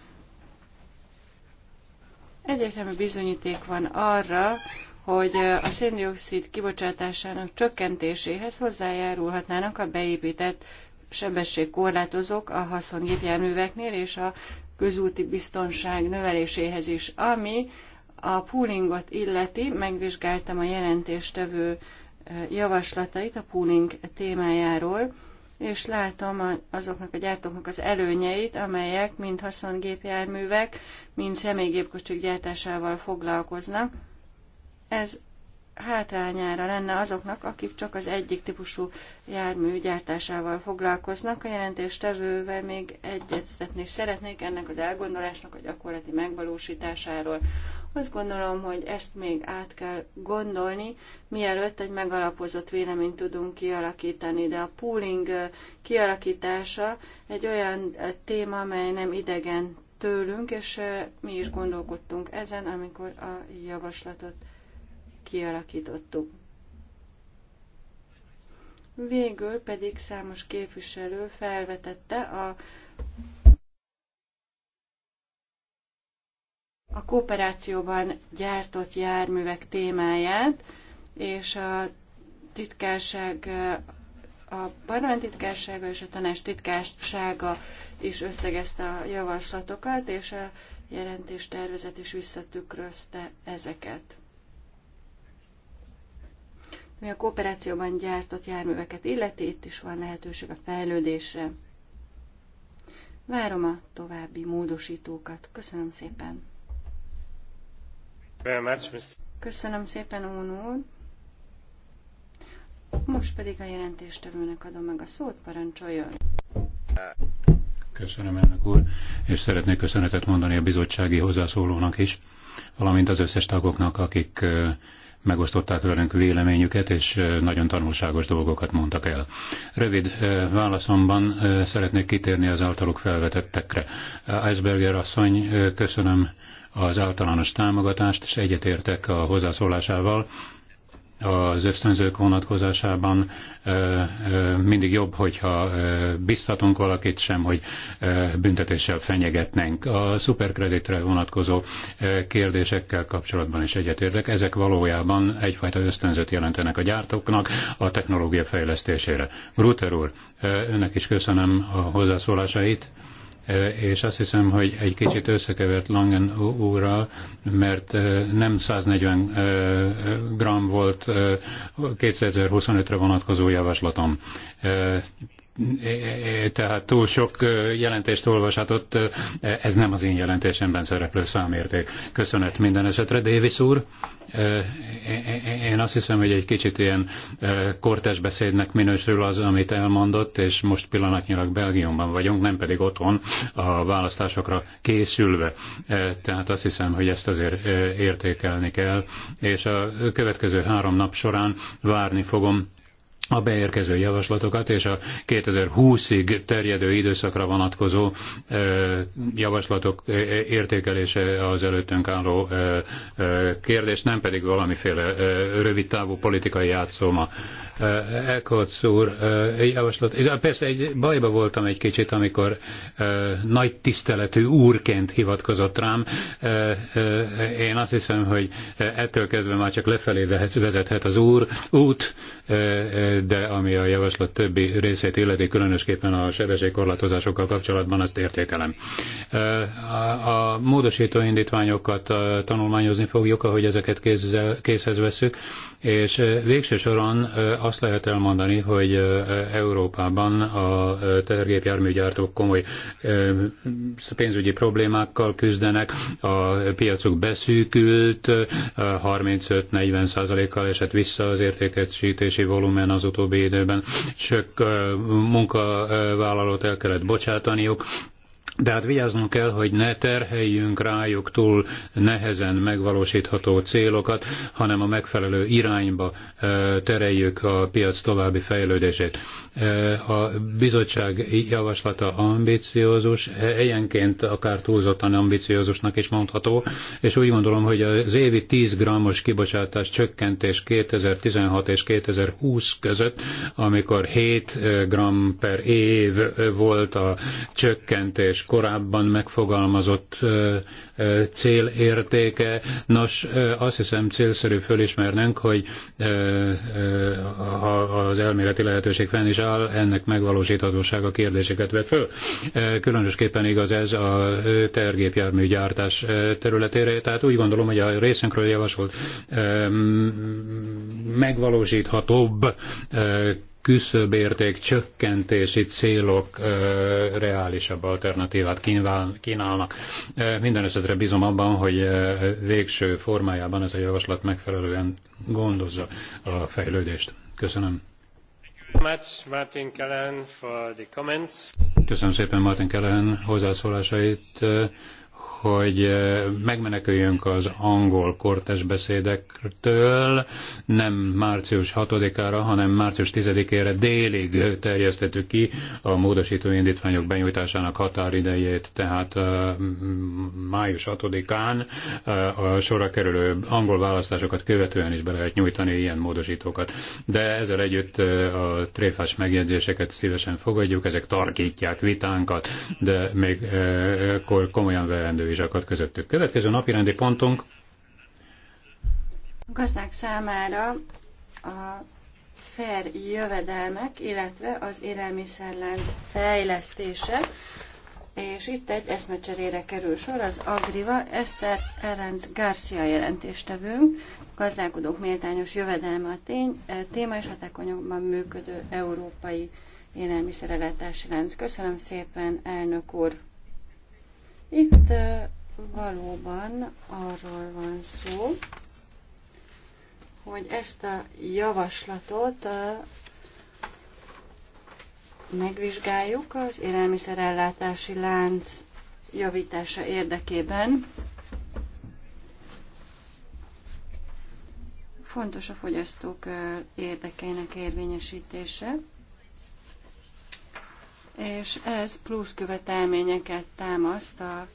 Egyértelmű bizonyíték van arra, hogy a széndiokszid kibocsátásának csökkentéséhez hozzájárulhatnának a beépített sebességkorlátozók a haszongépjárműveknél és a közúti biztonság növeléséhez is. Ami a poolingot illeti, megvizsgáltam a jelentéstevő javaslatait a pooling témájáról, és látom azoknak a gyártóknak az előnyeit, amelyek mind haszongépjárművek, mind személygépkocsik gyártásával foglalkoznak. Ez hátrányára lenne azoknak, akik csak az egyik típusú jármű gyártásával foglalkoznak. A jelentéstevővel még egyeztetni szeretnék ennek az elgondolásnak a gyakorlati megvalósításáról. Azt gondolom, hogy ezt még át kell gondolni, mielőtt egy megalapozott véleményt tudunk kialakítani, de a pooling kialakítása egy olyan téma, amely nem idegen tőlünk, és mi is gondolkodtunk ezen, amikor a javaslatot kialakítottuk. Végül pedig számos képviselő felvetette a a kooperációban gyártott járművek témáját, és a titkárság, a parlament titkársága és a tanács titkársága is összegezte a javaslatokat, és a jelentés tervezet is visszatükrözte ezeket. Ami a kooperációban gyártott járműveket illeti, itt is van lehetőség a fejlődésre. Várom a további módosítókat. Köszönöm szépen. Köszönöm szépen, Ónó. Most pedig a jelentéstevőnek adom meg a szót, parancsoljon.
Köszönöm, elnök úr, és szeretnék köszönetet mondani a bizottsági hozzászólónak is, valamint az összes tagoknak, akik megosztották velünk véleményüket, és nagyon tanulságos dolgokat mondtak el. Rövid válaszomban szeretnék kitérni az általuk felvetettekre. Eisberger asszony, köszönöm az általános támogatást, és egyetértek a hozzászólásával, az ösztönzők vonatkozásában mindig jobb, hogyha biztatunk valakit sem, hogy büntetéssel fenyegetnénk. A szuperkreditre vonatkozó kérdésekkel kapcsolatban is egyetértek. Ezek valójában egyfajta ösztönzőt jelentenek a gyártóknak a technológia fejlesztésére. Ruter úr, önnek is köszönöm a hozzászólásait és azt hiszem, hogy egy kicsit összekevert Langen úrral, mert nem 140 gram volt 2025-re vonatkozó javaslatom. E, e, e, tehát túl sok jelentést olvashatott, ez nem az én jelentésemben szereplő számérték. Köszönet minden esetre, Davis úr. Én azt hiszem, hogy egy kicsit ilyen kortes beszédnek minősül az, amit elmondott, és most pillanatnyilag Belgiumban vagyunk, nem pedig otthon a választásokra készülve. Tehát azt hiszem, hogy ezt azért értékelni kell, és a következő három nap során várni fogom a beérkező javaslatokat és a 2020-ig terjedő időszakra vonatkozó javaslatok értékelése az előttünk álló kérdés, nem pedig valamiféle rövidtávú politikai játszóma. Ekolc úr, javaslat. Persze egy bajba voltam egy kicsit, amikor nagy tiszteletű úrként hivatkozott rám. Én azt hiszem, hogy ettől kezdve már csak lefelé vezethet az úr út de ami a javaslat többi részét illeti, különösképpen a sebességkorlátozásokkal kapcsolatban, azt értékelem. A módosító indítványokat tanulmányozni fogjuk, ahogy ezeket készhez veszük, és végső soron azt lehet elmondani, hogy Európában a tehergépjárműgyártók komoly pénzügyi problémákkal küzdenek, a piacuk beszűkült, 35-40 százalékkal esett vissza az értékesítési volumen az az utóbbi időben. Sok munkavállalót el kellett bocsátaniuk, de hát vigyáznunk kell, hogy ne terheljünk rájuk túl nehezen megvalósítható célokat, hanem a megfelelő irányba e, tereljük a piac további fejlődését. E, a bizottság javaslata ambiciózus, egyenként akár túlzottan ambiciózusnak is mondható, és úgy gondolom, hogy az évi 10 grammos kibocsátás csökkentés 2016 és 2020 között, amikor 7 e, gram per év volt a csökkentés korábban megfogalmazott cél értéke. Nos, azt hiszem célszerű fölismernünk, hogy ha az elméleti lehetőség fenn is áll, ennek megvalósíthatósága kérdéseket vet föl. Különösképpen igaz ez a tergépjármű gyártás területére, tehát úgy gondolom, hogy a részünkről javasolt megvalósíthatóbb küszöbérték csökkentési célok ö, reálisabb alternatívát kínál, kínálnak. Minden esetre bízom abban, hogy végső formájában ez a javaslat megfelelően gondozza a fejlődést. Köszönöm. Köszönöm szépen Martin Kellen hozzászólásait hogy megmeneküljünk az angol kortes beszédektől, nem március 6-ára, hanem március 10-ére délig terjesztettük ki a módosító indítványok benyújtásának határidejét, tehát május 6-án a sorra kerülő angol választásokat követően is be lehet nyújtani ilyen módosítókat. De ezzel együtt a tréfás megjegyzéseket szívesen fogadjuk, ezek tarkítják vitánkat, de még komolyan ve teendő vizsgákat közöttük. Következő napi rendi pontunk.
A gazdák számára a fair jövedelmek, illetve az élelmiszerlánc fejlesztése. És itt egy eszmecserére kerül sor az Agriva Eszter Erenc Garcia jelentéstevőnk, gazdálkodók méltányos jövedelme a tény, e, téma és hatákonyokban működő európai élelmiszerelátási lánc. Köszönöm szépen, elnök úr! Itt valóban arról van szó, hogy ezt a javaslatot megvizsgáljuk az élelmiszerellátási lánc javítása érdekében. Fontos a fogyasztók érdekeinek érvényesítése és ez plusz követelményeket támaszt a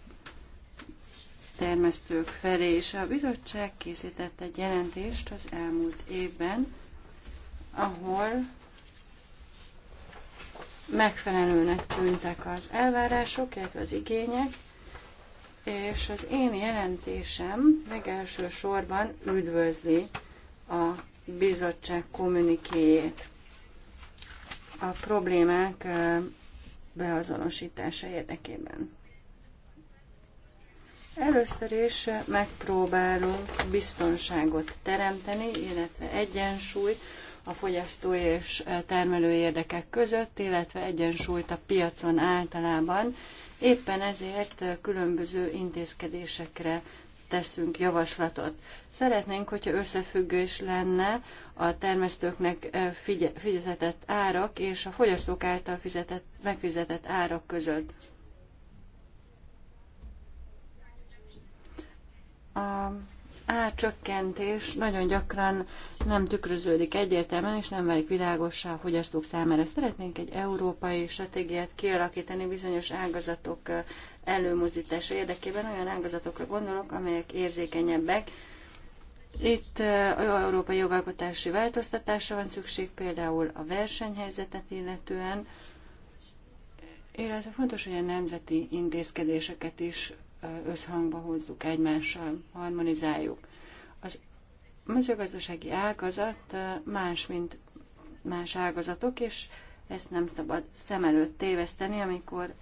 termesztők felé, és a bizottság készített egy jelentést az elmúlt évben, ahol megfelelőnek tűntek az elvárások, illetve az igények, és az én jelentésem legelső sorban üdvözli a bizottság kommunikéjét. A problémák beazonosítása érdekében. Először is megpróbálunk biztonságot teremteni, illetve egyensúly a fogyasztói és termelő érdekek között, illetve egyensúlyt a piacon általában. Éppen ezért különböző intézkedésekre teszünk javaslatot. Szeretnénk, hogyha összefüggés lenne a termesztőknek eh, fizetett árak és a fogyasztók által fizetett, megfizetett árak között. A árcsökkentés nagyon gyakran nem tükröződik egyértelműen, és nem válik világossá a fogyasztók számára. Szeretnénk egy európai stratégiát kialakítani bizonyos ágazatok előmozdítása érdekében. Olyan ágazatokra gondolok, amelyek érzékenyebbek. Itt a európai jogalkotási változtatásra van szükség, például a versenyhelyzetet illetően, illetve fontos, hogy a nemzeti intézkedéseket is összhangba hozzuk egymással, harmonizáljuk. Az mezőgazdasági ágazat más, mint más ágazatok, és ezt nem szabad szem előtt téveszteni, amikor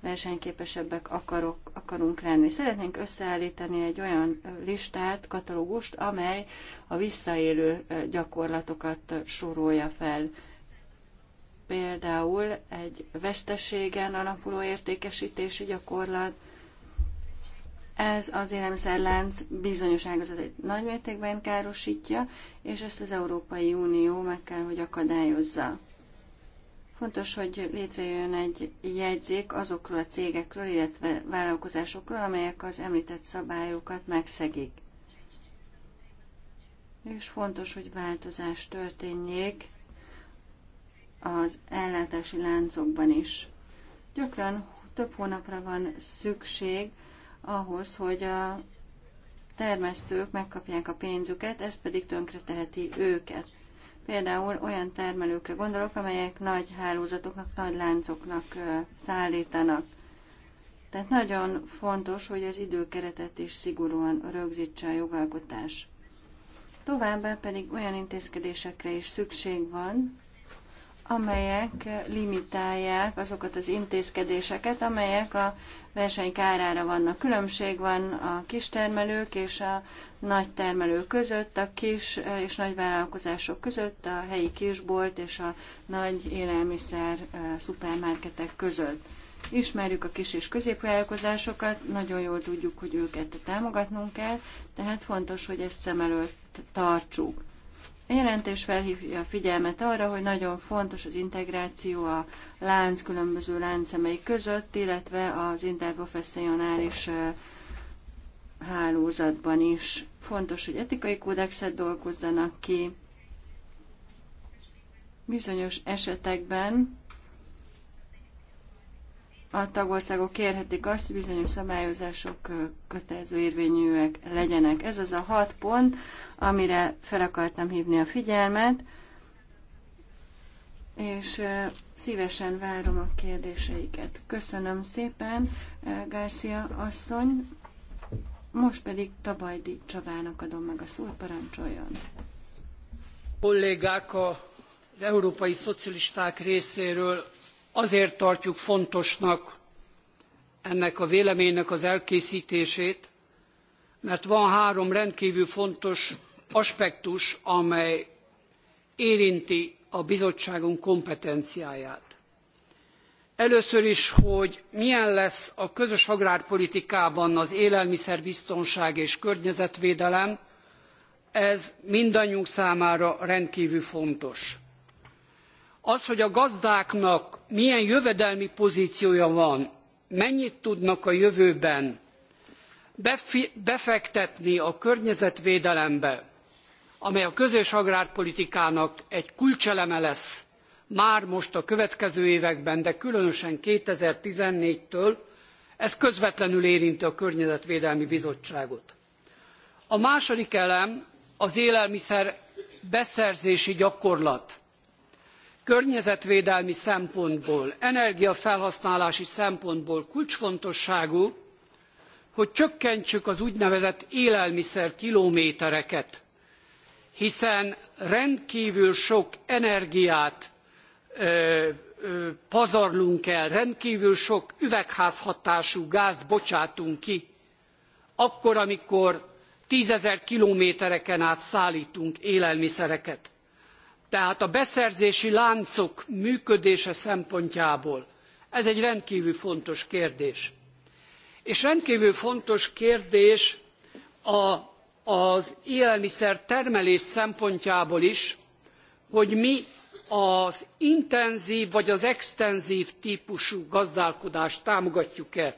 versenyképesebbek akarok, akarunk lenni. Szeretnénk összeállítani egy olyan listát, katalógust, amely a visszaélő gyakorlatokat sorolja fel. Például egy veszteségen alapuló értékesítési gyakorlat, ez az élelmiszerlánc bizonyos ágazatait nagymértékben károsítja, és ezt az Európai Unió meg kell, hogy akadályozza. Fontos, hogy létrejön egy jegyzék azokról a cégekről, illetve vállalkozásokról, amelyek az említett szabályokat megszegik. És fontos, hogy változás történjék az ellátási láncokban is. Gyakran több hónapra van szükség, ahhoz, hogy a termesztők megkapják a pénzüket, ez pedig tönkreteheti őket. Például olyan termelőkre gondolok, amelyek nagy hálózatoknak, nagy láncoknak szállítanak. Tehát nagyon fontos, hogy az időkeretet is szigorúan rögzítse a jogalkotás. Továbbá pedig olyan intézkedésekre is szükség van, amelyek limitálják azokat az intézkedéseket, amelyek a verseny kárára vannak. Különbség van a kistermelők és a nagy termelők között, a kis eh, és nagy vállalkozások között, a helyi kisbolt és a nagy élelmiszer eh, szupermarketek között. Ismerjük a kis és középvállalkozásokat, nagyon jól tudjuk, hogy őket támogatnunk kell, tehát fontos, hogy ezt szem előtt tartsuk. A jelentés felhívja a figyelmet arra, hogy nagyon fontos az integráció a lánc különböző láncemei között, illetve az interprofessionális hálózatban is. Fontos, hogy etikai kódexet dolgozzanak ki. Bizonyos esetekben a tagországok kérhetik azt, hogy bizonyos szabályozások kötelező érvényűek legyenek. Ez az a hat pont, amire fel akartam hívni a figyelmet, és szívesen várom a kérdéseiket. Köszönöm szépen, Garcia asszony. Most pedig Tabajdi Csavának adom meg a szót, parancsoljon.
Kollégák az európai szocialisták részéről Azért tartjuk fontosnak ennek a véleménynek az elkészítését, mert van három rendkívül fontos aspektus, amely érinti a bizottságunk kompetenciáját. Először is, hogy milyen lesz a közös agrárpolitikában az élelmiszerbiztonság és környezetvédelem, ez mindannyiunk számára rendkívül fontos. Az, hogy a gazdáknak milyen jövedelmi pozíciója van, mennyit tudnak a jövőben befektetni a környezetvédelembe, amely a közös agrárpolitikának egy kulcseleme lesz már most a következő években, de különösen 2014-től, ez közvetlenül érinti a Környezetvédelmi Bizottságot. A második elem az élelmiszer beszerzési gyakorlat környezetvédelmi szempontból, energiafelhasználási szempontból kulcsfontosságú, hogy csökkentsük az úgynevezett élelmiszer kilométereket, hiszen rendkívül sok energiát pazarlunk el, rendkívül sok üvegházhatású gázt bocsátunk ki, akkor, amikor tízezer kilométereken át szállítunk élelmiszereket. Tehát a beszerzési láncok működése szempontjából ez egy rendkívül fontos kérdés. És rendkívül fontos kérdés a, az élelmiszer termelés szempontjából is, hogy mi az intenzív vagy az extenzív típusú gazdálkodást támogatjuk-e.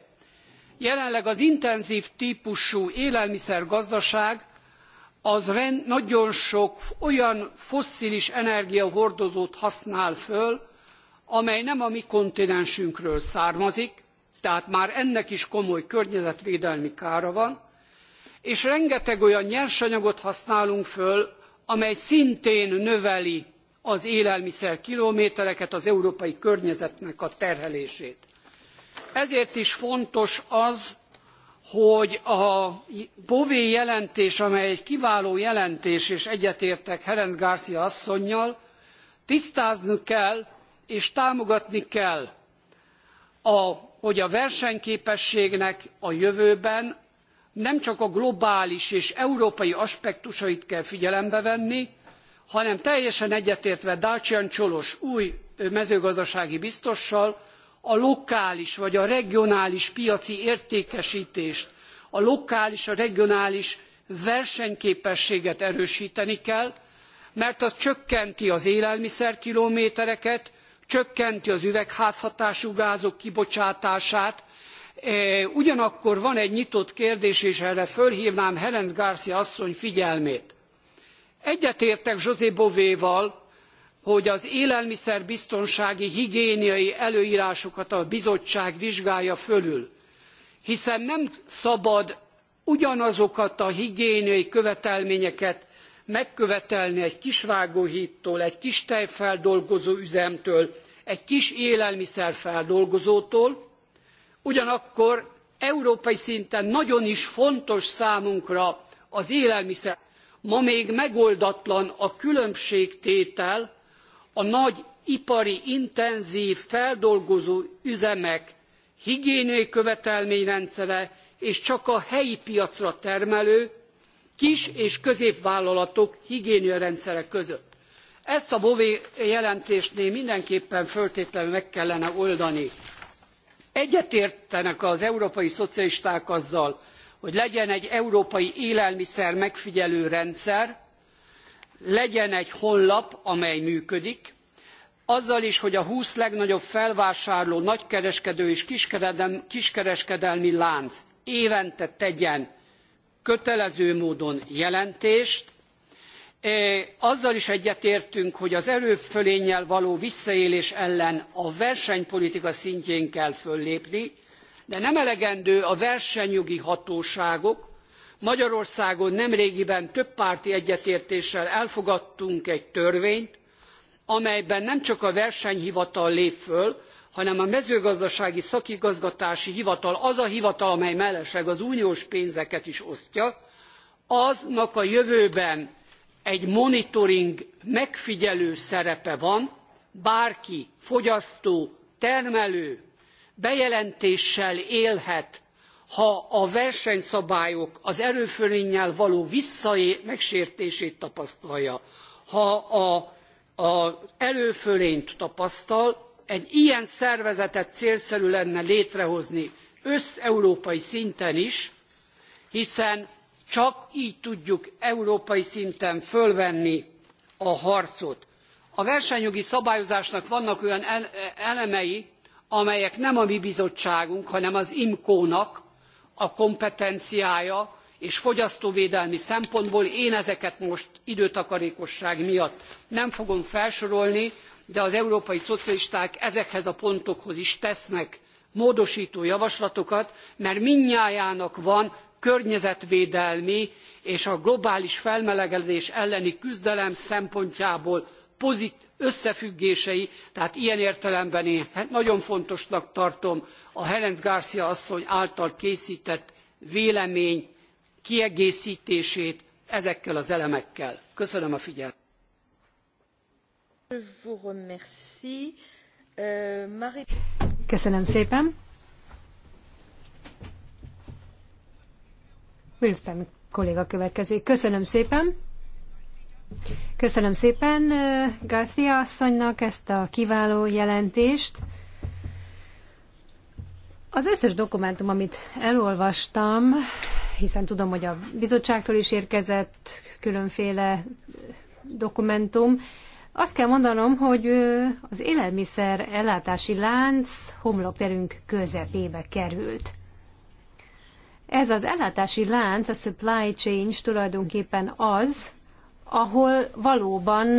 Jelenleg az intenzív típusú élelmiszergazdaság az nagyon sok olyan fosszilis energiahordozót használ föl, amely nem a mi kontinensünkről származik, tehát már ennek is komoly környezetvédelmi kára van, és rengeteg olyan nyersanyagot használunk föl, amely szintén növeli az élelmiszer kilométereket, az európai környezetnek a terhelését. Ezért is fontos az, hogy a Bové jelentés, amely egy kiváló jelentés, és egyetértek Herenc Garcia asszonynal, tisztázni kell és támogatni kell, a, hogy a versenyképességnek a jövőben nem csak a globális és európai aspektusait kell figyelembe venni, hanem teljesen egyetértve Dacian Csolos új mezőgazdasági biztossal, a lokális vagy a regionális piaci értékesítést, a lokális, a regionális versenyképességet erősíteni kell, mert az csökkenti az élelmiszerkilométereket, csökkenti az üvegházhatású gázok kibocsátását. E, ugyanakkor van egy nyitott kérdés, és erre fölhívnám Herenc garca asszony figyelmét. Egyetértek José Bovéval, hogy az élelmiszerbiztonsági higiéniai előrásokat a bizottság vizsgálja fölül hiszen nem szabad ugyanazokat a higiéniai követelményeket megkövetelni egy kis egy kis tejfeldolgozó üzemtől, egy kis élelmiszerfeldolgozótól, ugyanakkor európai szinten nagyon is fontos számunkra az élelmiszer. Ma még megoldatlan a különbségtétel a nagy ipari intenzív feldolgozó üzemek higiéniai követelményrendszere és csak a helyi piacra termelő kis és középvállalatok rendszere között. ezt a bové jelentésnél mindenképpen föltétlenül meg kellene oldani. egyetértenek az európai szocialisták azzal hogy legyen egy európai élelmiszer megfigyelő rendszer legyen egy honlap, amely működik, azzal is, hogy a 20 legnagyobb felvásárló nagykereskedő és kiskereskedelmi lánc évente tegyen kötelező módon jelentést, e, azzal is egyetértünk, hogy az erőfölénnyel való visszaélés ellen a versenypolitika szintjén kell föllépni, de nem elegendő a versenyjogi hatóságok, magyarországon nemrégiben többpárti egyetértéssel elfogadtunk egy törvényt amelyben nemcsak a versenyhivatal lép föl hanem a mezőgazdasági szakigazgatási hivatal az a hivatal amely mellesleg az uniós pénzeket is osztja aznak a jövőben egy monitoring megfigyelő szerepe van bárki fogyasztó termelő bejelentéssel élhet ha a versenyszabályok az erőfölénnyel való megsértését tapasztalja, ha az erőfölényt tapasztal, egy ilyen szervezetet célszerű lenne létrehozni összeurópai szinten is, hiszen csak így tudjuk európai szinten fölvenni a harcot. A versenyjogi szabályozásnak vannak olyan elemei, amelyek nem a mi bizottságunk, hanem az IMCO-nak, a kompetenciája, és fogyasztóvédelmi szempontból én ezeket most időtakarékosság miatt nem fogom felsorolni, de az európai szocialisták ezekhez a pontokhoz is tesznek módosító javaslatokat, mert minnyájának van környezetvédelmi és a globális felmelegedés elleni küzdelem szempontjából pozit, összefüggései, tehát ilyen értelemben én hát nagyon fontosnak tartom a Herenc garca asszony által készített vélemény kiegésztését ezekkel az elemekkel. Köszönöm a figyelmet.
Euh,
Köszönöm szépen. Wilson kolléga következik. Köszönöm szépen. Köszönöm szépen García asszonynak ezt a kiváló jelentést. Az összes dokumentum, amit elolvastam, hiszen tudom, hogy a bizottságtól is érkezett különféle dokumentum, azt kell mondanom, hogy az élelmiszer ellátási lánc homlokterünk közepébe került. Ez az ellátási lánc, a supply chain tulajdonképpen az, ahol valóban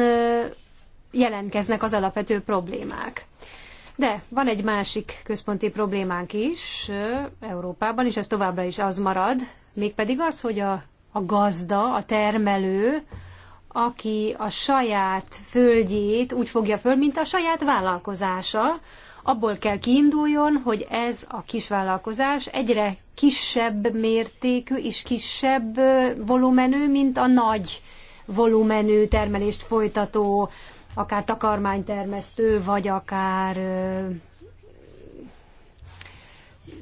jelentkeznek az alapvető problémák. De van egy másik központi problémánk is Európában, és ez továbbra is az marad, mégpedig az, hogy a, a gazda, a termelő, aki a saját földjét úgy fogja föl, mint a saját vállalkozása, abból kell kiinduljon, hogy ez a kisvállalkozás egyre kisebb mértékű és kisebb volumenű, mint a nagy volumenű termelést folytató, akár takarmánytermesztő, vagy akár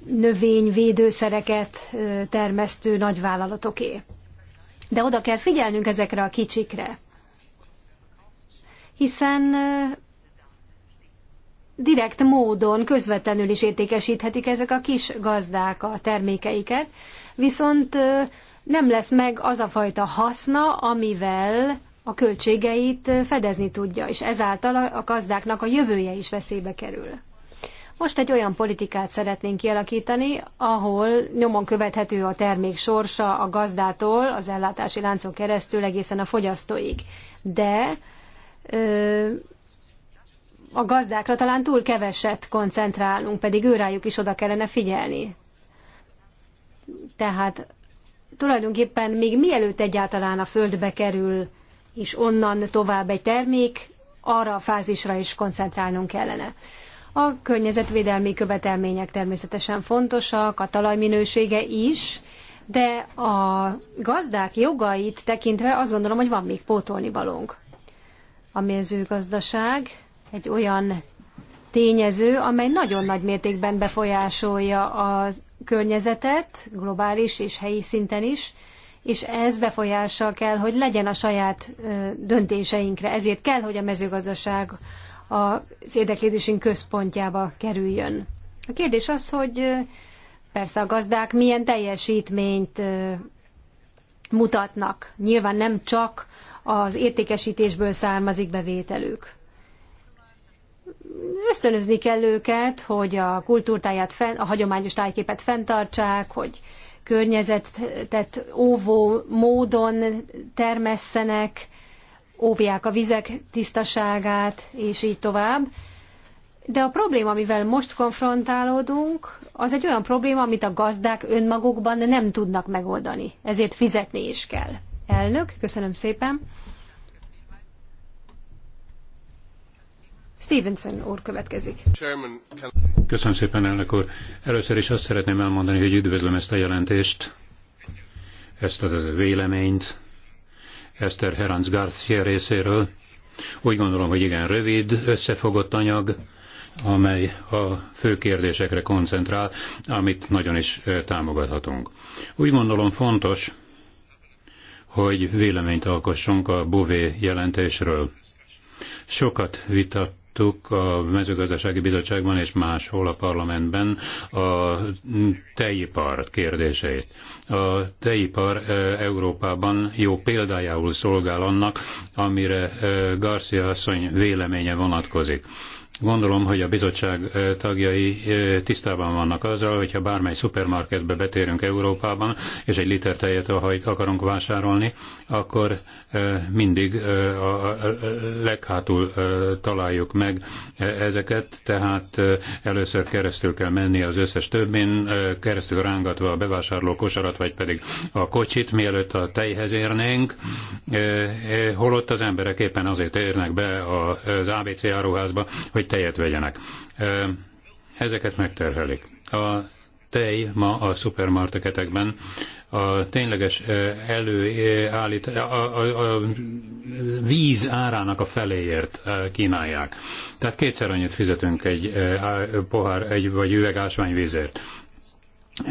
növényvédőszereket termesztő nagyvállalatoké. De oda kell figyelnünk ezekre a kicsikre, hiszen direkt módon közvetlenül is értékesíthetik ezek a kis gazdák a termékeiket, viszont nem lesz meg az a fajta haszna, amivel a költségeit fedezni tudja, és ezáltal a gazdáknak a jövője is veszélybe kerül. Most egy olyan politikát szeretnénk kialakítani, ahol nyomon követhető a termék sorsa a gazdától, az ellátási láncon keresztül egészen a fogyasztóig. De ö, a gazdákra talán túl keveset koncentrálunk, pedig őrájuk is oda kellene figyelni. Tehát tulajdonképpen még mielőtt egyáltalán a földbe kerül, és onnan tovább egy termék, arra a fázisra is koncentrálnunk kellene. A környezetvédelmi követelmények természetesen fontosak, a talajminősége is, de a gazdák jogait tekintve azt gondolom, hogy van még pótolni valónk. A mezőgazdaság egy olyan tényező, amely nagyon nagy mértékben befolyásolja a környezetet, globális és helyi szinten is, és ez befolyással kell, hogy legyen a saját döntéseinkre. Ezért kell, hogy a mezőgazdaság az érdeklődésünk központjába kerüljön. A kérdés az, hogy persze a gazdák milyen teljesítményt mutatnak. Nyilván nem csak az értékesítésből származik bevételük ösztönözni kell őket, hogy a kultúrtáját, fenn, a hagyományos tájképet fenntartsák, hogy környezetet óvó módon termesszenek, óvják a vizek tisztaságát, és így tovább. De a probléma, amivel most konfrontálódunk, az egy olyan probléma, amit a gazdák önmagukban nem tudnak megoldani. Ezért fizetni is kell. Elnök, köszönöm szépen. Stevenson úr következik.
Köszönöm szépen, elnök úr. Először is azt szeretném elmondani, hogy üdvözlöm ezt a jelentést, ezt az, az a véleményt, Eszter Heranz Garcia részéről. Úgy gondolom, hogy igen rövid, összefogott anyag, amely a fő kérdésekre koncentrál, amit nagyon is támogathatunk. Úgy gondolom fontos, hogy véleményt alkossunk a Bové jelentésről. Sokat vitat láttuk a mezőgazdasági bizottságban és máshol a parlamentben a tejipar kérdéseit. A tejipar Európában jó példájául szolgál annak, amire Garcia asszony véleménye vonatkozik. Gondolom, hogy a bizottság tagjai tisztában vannak azzal, hogyha bármely szupermarketbe betérünk Európában, és egy liter tejet akarunk vásárolni, akkor mindig a leghátul találjuk meg ezeket, tehát először keresztül kell menni az összes többin, keresztül rángatva a bevásárló kosarat, vagy pedig a kocsit, mielőtt a tejhez érnénk, holott az emberek éppen azért érnek be az ABC áruházba, hogy tejet vegyenek. Ezeket megterhelik. A tej ma a szupermarketekben a tényleges előállít, a, a, a víz árának a feléért kínálják. Tehát kétszer annyit fizetünk egy pohár, egy vagy üveg ásványvízért.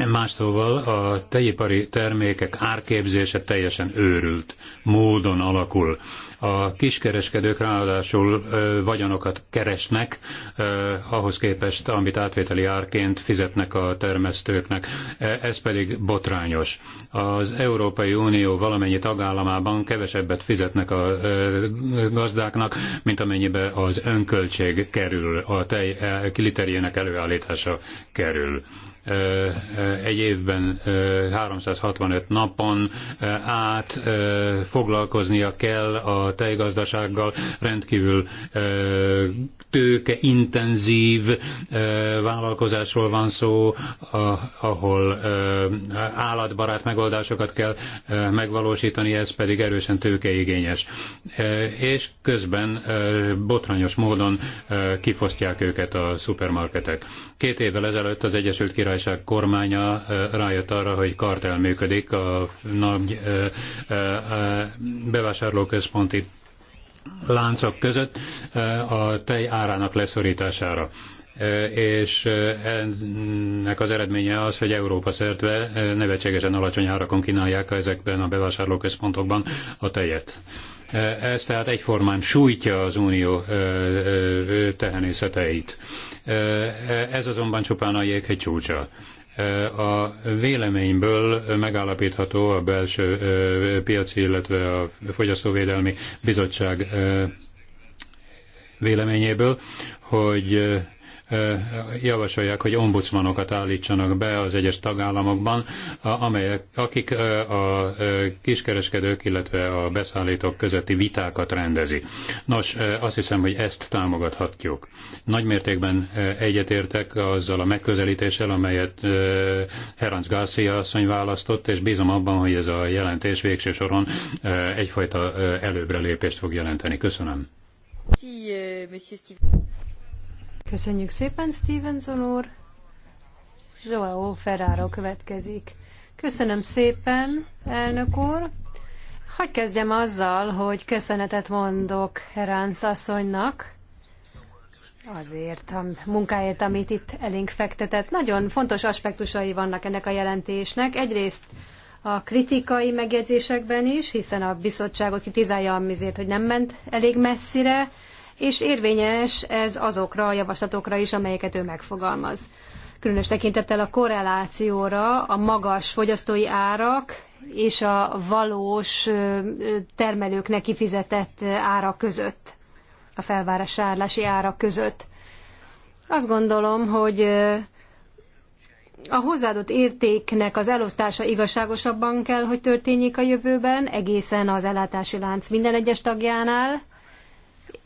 Más szóval a tejipari termékek árképzése teljesen őrült módon alakul. A kiskereskedők ráadásul ö, vagyonokat keresnek ö, ahhoz képest, amit átvételi árként fizetnek a termesztőknek. E, ez pedig botrányos. Az Európai Unió valamennyi tagállamában kevesebbet fizetnek a ö, gazdáknak, mint amennyibe az önköltség kerül, a tej ö, e, kiliterjének előállítása kerül egy évben 365 napon át foglalkoznia kell a tejgazdasággal, rendkívül intenzív vállalkozásról van szó, ahol állatbarát megoldásokat kell megvalósítani, ez pedig erősen tőkeigényes. És közben botrányos módon kifosztják őket a szupermarketek. Két évvel ezelőtt az Egyesült Királyság kormánya rájött arra, hogy kartel működik a nagy bevásárlóközponti láncok között a tej árának leszorítására és ennek az eredménye az, hogy Európa szerte nevetségesen alacsony árakon kínálják ezekben a bevásárlóközpontokban a tejet. Ez tehát egyformán sújtja az unió tehenészeteit. Ez azonban csupán a jéghegy csúcsa a véleményből megállapítható a belső piaci, illetve a fogyasztóvédelmi bizottság véleményéből, hogy javasolják, hogy ombudsmanokat állítsanak be az egyes tagállamokban, amelyek, akik a kiskereskedők, illetve a beszállítók közötti vitákat rendezi. Nos, azt hiszem, hogy ezt támogathatjuk. Nagymértékben egyetértek azzal a megközelítéssel, amelyet Herranc Garcia asszony választott, és bízom abban, hogy ez a jelentés végső soron egyfajta előbrelépést fog jelenteni. Köszönöm.
Euh, Köszönjük szépen, Stevenson úr. Joao Ferraro következik. Köszönöm szépen, elnök úr. kezdjem azzal, hogy köszönetet mondok Heránsz asszonynak azért a munkáért, amit itt elénk fektetett. Nagyon fontos aspektusai vannak ennek a jelentésnek. Egyrészt a kritikai megjegyzésekben is, hiszen a bizottságot kritizálja amizért, hogy nem ment elég messzire, és érvényes ez azokra a javaslatokra is, amelyeket ő megfogalmaz. Különös tekintettel a korrelációra a magas fogyasztói árak és a valós termelőknek kifizetett árak között, a felvásárlási árak között. Azt gondolom, hogy a hozzáadott értéknek az elosztása igazságosabban kell, hogy történjék a jövőben, egészen az ellátási lánc minden egyes tagjánál,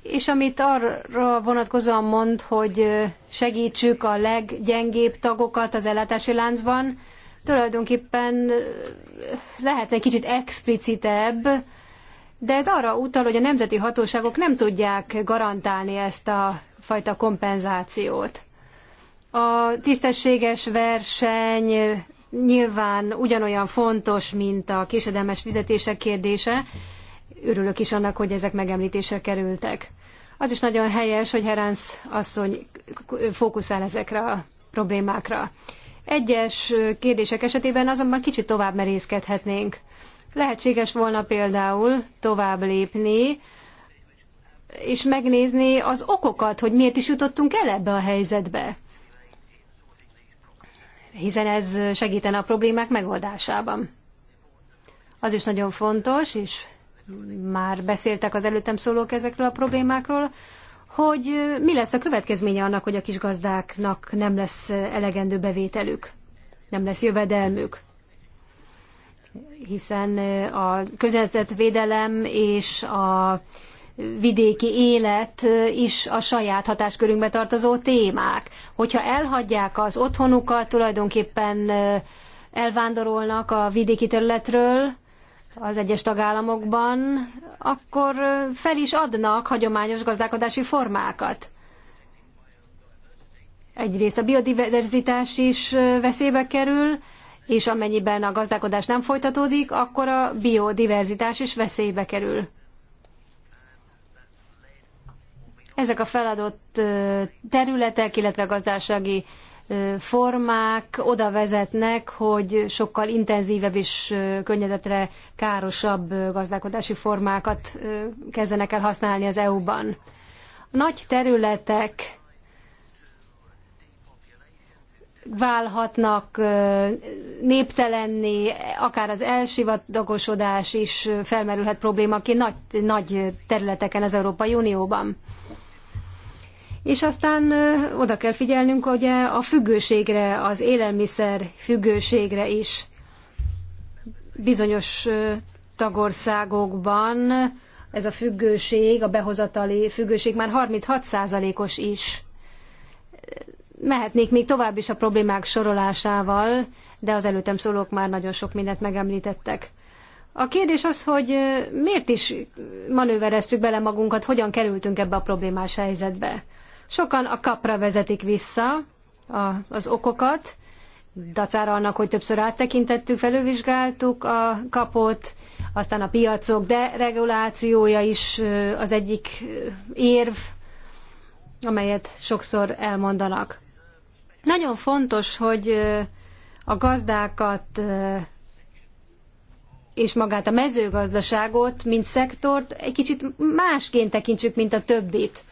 és amit arra vonatkozóan mond, hogy segítsük a leggyengébb tagokat az ellátási láncban, tulajdonképpen lehetne kicsit explicitebb, de ez arra utal, hogy a nemzeti hatóságok nem tudják garantálni ezt a fajta kompenzációt. A tisztességes verseny nyilván ugyanolyan fontos, mint a késedelmes fizetések kérdése, örülök is annak, hogy ezek megemlítésre kerültek. Az is nagyon helyes, hogy Heránsz asszony fókuszál ezekre a problémákra. Egyes kérdések esetében azonban kicsit tovább merészkedhetnénk. Lehetséges volna például tovább lépni, és megnézni az okokat, hogy miért is jutottunk el ebbe a helyzetbe. Hiszen ez segítene a problémák megoldásában. Az is nagyon fontos, és már beszéltek az előttem szólók ezekről a problémákról, hogy mi lesz a következménye annak, hogy a kis gazdáknak nem lesz elegendő bevételük, nem lesz jövedelmük, hiszen a közelzetvédelem és a vidéki élet is a saját hatáskörünkbe tartozó témák. Hogyha elhagyják az otthonukat, tulajdonképpen elvándorolnak a vidéki területről, az egyes tagállamokban, akkor fel is adnak hagyományos gazdálkodási formákat. Egyrészt a biodiverzitás is veszélybe kerül, és amennyiben a gazdálkodás nem folytatódik, akkor a biodiverzitás is veszélybe kerül. Ezek a feladott területek, illetve gazdasági formák oda vezetnek, hogy sokkal intenzívebb és környezetre károsabb gazdálkodási formákat kezdenek el használni az EU-ban. A nagy területek válhatnak néptelenni, akár az elsivatagosodás is felmerülhet problémaként nagy, nagy területeken az Európai Unióban és aztán oda kell figyelnünk hogy a függőségre, az élelmiszer függőségre is. Bizonyos tagországokban ez a függőség, a behozatali függőség már 36%-os is. Mehetnék még tovább is a problémák sorolásával, de az előttem szólók már nagyon sok mindent megemlítettek. A kérdés az, hogy miért is manővereztük bele magunkat, hogyan kerültünk ebbe a problémás helyzetbe. Sokan a kapra vezetik vissza a, az okokat, dacára annak, hogy többször áttekintettük, felülvizsgáltuk a kapot, aztán a piacok deregulációja is az egyik érv, amelyet sokszor elmondanak. Nagyon fontos, hogy a gazdákat és magát a mezőgazdaságot, mint szektort egy kicsit másként tekintsük, mint a többit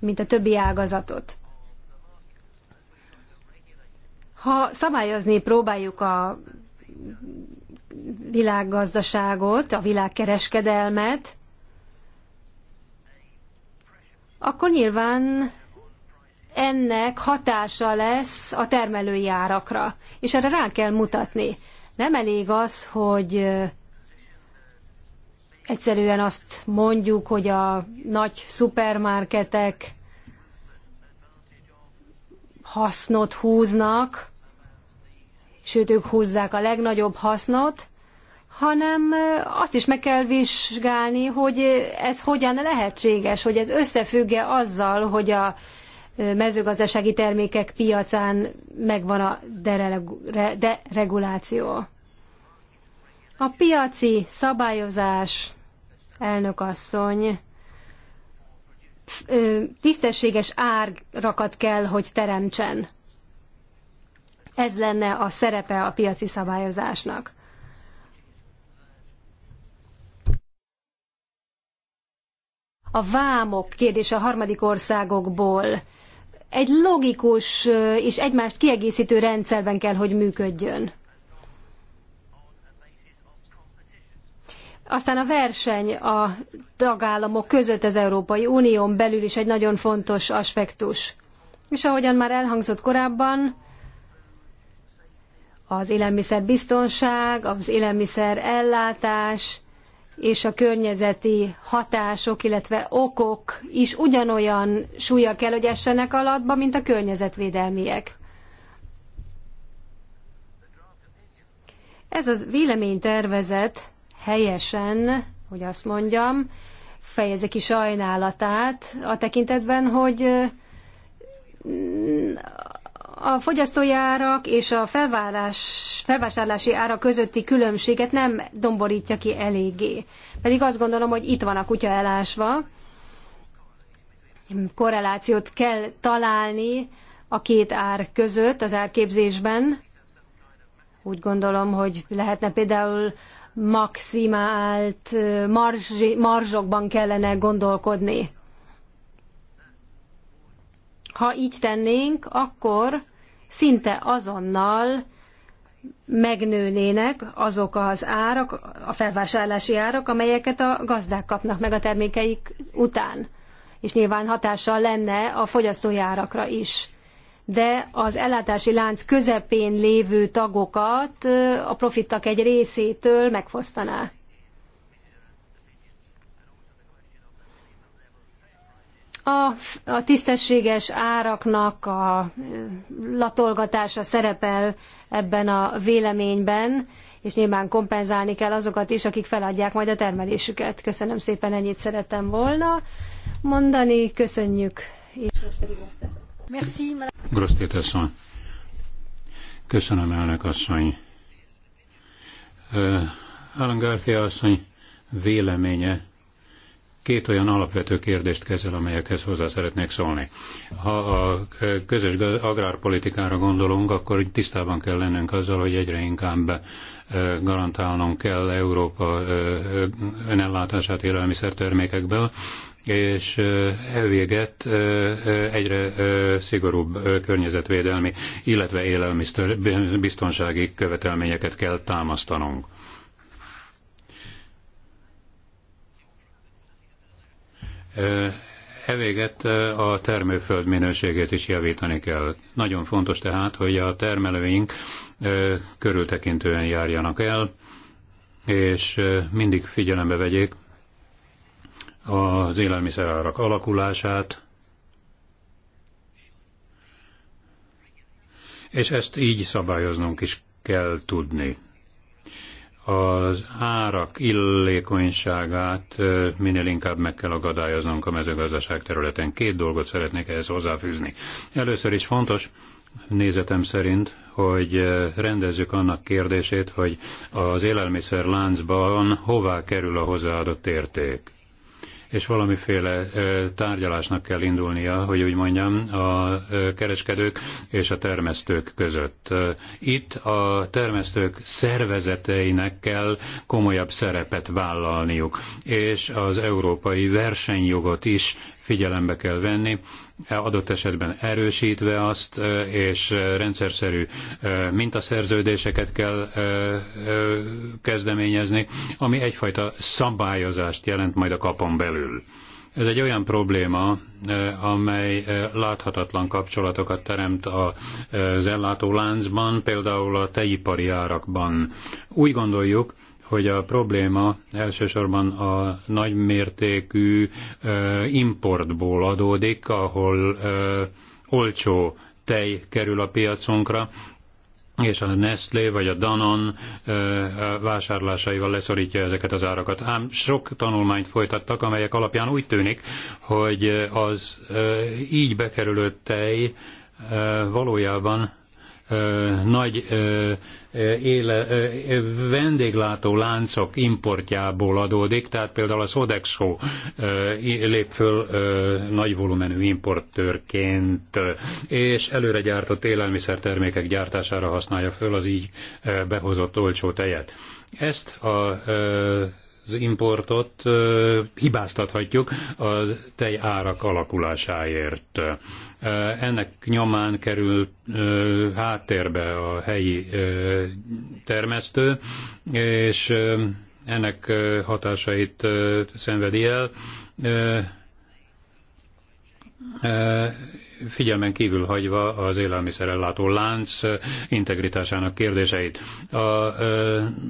mint a többi ágazatot. Ha szabályozni próbáljuk a világgazdaságot, a világkereskedelmet, akkor nyilván ennek hatása lesz a termelői árakra, és erre rá kell mutatni. Nem elég az, hogy egyszerűen azt mondjuk, hogy a nagy szupermarketek hasznot húznak, sőt ők húzzák a legnagyobb hasznot, hanem azt is meg kell vizsgálni, hogy ez hogyan lehetséges, hogy ez összefügge azzal, hogy a mezőgazdasági termékek piacán megvan a dereguláció. A piaci szabályozás elnök asszony, tisztességes árakat kell, hogy teremtsen. Ez lenne a szerepe a piaci szabályozásnak. A vámok kérdése a harmadik országokból egy logikus és egymást kiegészítő rendszerben kell, hogy működjön. Aztán a verseny a tagállamok között az Európai Unión belül is egy nagyon fontos aspektus. És ahogyan már elhangzott korábban, az élelmiszerbiztonság, az élelmiszer ellátás és a környezeti hatások, illetve okok is ugyanolyan súlya kell, hogy essenek alatba, mint a környezetvédelmiek. Ez az véleménytervezet helyesen, hogy azt mondjam, fejezi ki sajnálatát a tekintetben, hogy a fogyasztói árak és a felvárás, felvásárlási ára közötti különbséget nem domborítja ki eléggé. Pedig azt gondolom, hogy itt van a kutya elásva. Korrelációt kell találni a két ár között az árképzésben. Úgy gondolom, hogy lehetne például maximált marzs, marzsokban kellene gondolkodni. Ha így tennénk, akkor szinte azonnal megnőnének azok az árak, a felvásárlási árak, amelyeket a gazdák kapnak meg a termékeik után. És nyilván hatással lenne a fogyasztói árakra is de az ellátási lánc közepén lévő tagokat a profittak egy részétől megfosztaná. A, a tisztességes áraknak a latolgatása szerepel ebben a véleményben, és nyilván kompenzálni kell azokat is, akik feladják majd a termelésüket. Köszönöm szépen, ennyit szerettem volna mondani. Köszönjük. És most pedig azt teszem. Merci, Grosztét
Köszönöm, elnök asszony. Alan Garcia asszony véleménye két olyan alapvető kérdést kezel, amelyekhez hozzá szeretnék szólni. Ha a közös agrárpolitikára gondolunk, akkor tisztában kell lennünk azzal, hogy egyre inkább garantálnunk kell Európa önellátását élelmiszertermékekből, és elvégett egyre szigorúbb környezetvédelmi, illetve élelmiszerbiztonsági követelményeket kell támasztanunk. Evéget a termőföld minőségét is javítani kell. Nagyon fontos tehát, hogy a termelőink körültekintően járjanak el, és mindig figyelembe vegyék az élelmiszerárak alakulását, és ezt így szabályoznunk is kell tudni. Az árak illékonyságát minél inkább meg kell agadályoznunk a mezőgazdaság területen. Két dolgot szeretnék ehhez hozzáfűzni. Először is fontos, nézetem szerint, hogy rendezzük annak kérdését, hogy az élelmiszer láncban hová kerül a hozzáadott érték és valamiféle tárgyalásnak kell indulnia, hogy úgy mondjam, a kereskedők és a termesztők között. Itt a termesztők szervezeteinek kell komolyabb szerepet vállalniuk, és az európai versenyjogot is figyelembe kell venni, adott esetben erősítve azt, és rendszerszerű mintaszerződéseket kell kezdeményezni, ami egyfajta szabályozást jelent majd a kapon belül. Ez egy olyan probléma, amely láthatatlan kapcsolatokat teremt az láncban, például a tejipari árakban. Úgy gondoljuk, hogy a probléma elsősorban a nagymértékű importból adódik, ahol olcsó tej kerül a piacunkra, és a Nestlé vagy a Danon vásárlásaival leszorítja ezeket az árakat. Ám sok tanulmányt folytattak, amelyek alapján úgy tűnik, hogy az így bekerülő tej valójában nagy éle, vendéglátó láncok importjából adódik, tehát például a Sodexo lép föl nagy volumenű importőrként, és előre gyártott élelmiszertermékek gyártására használja föl az így behozott olcsó tejet. Ezt a az importot hibáztathatjuk a tej árak alakulásáért. Ennek nyomán kerül háttérbe a helyi termesztő, és ennek hatásait szenvedi el figyelmen kívül hagyva az élelmiszerellátó lánc integritásának kérdéseit. A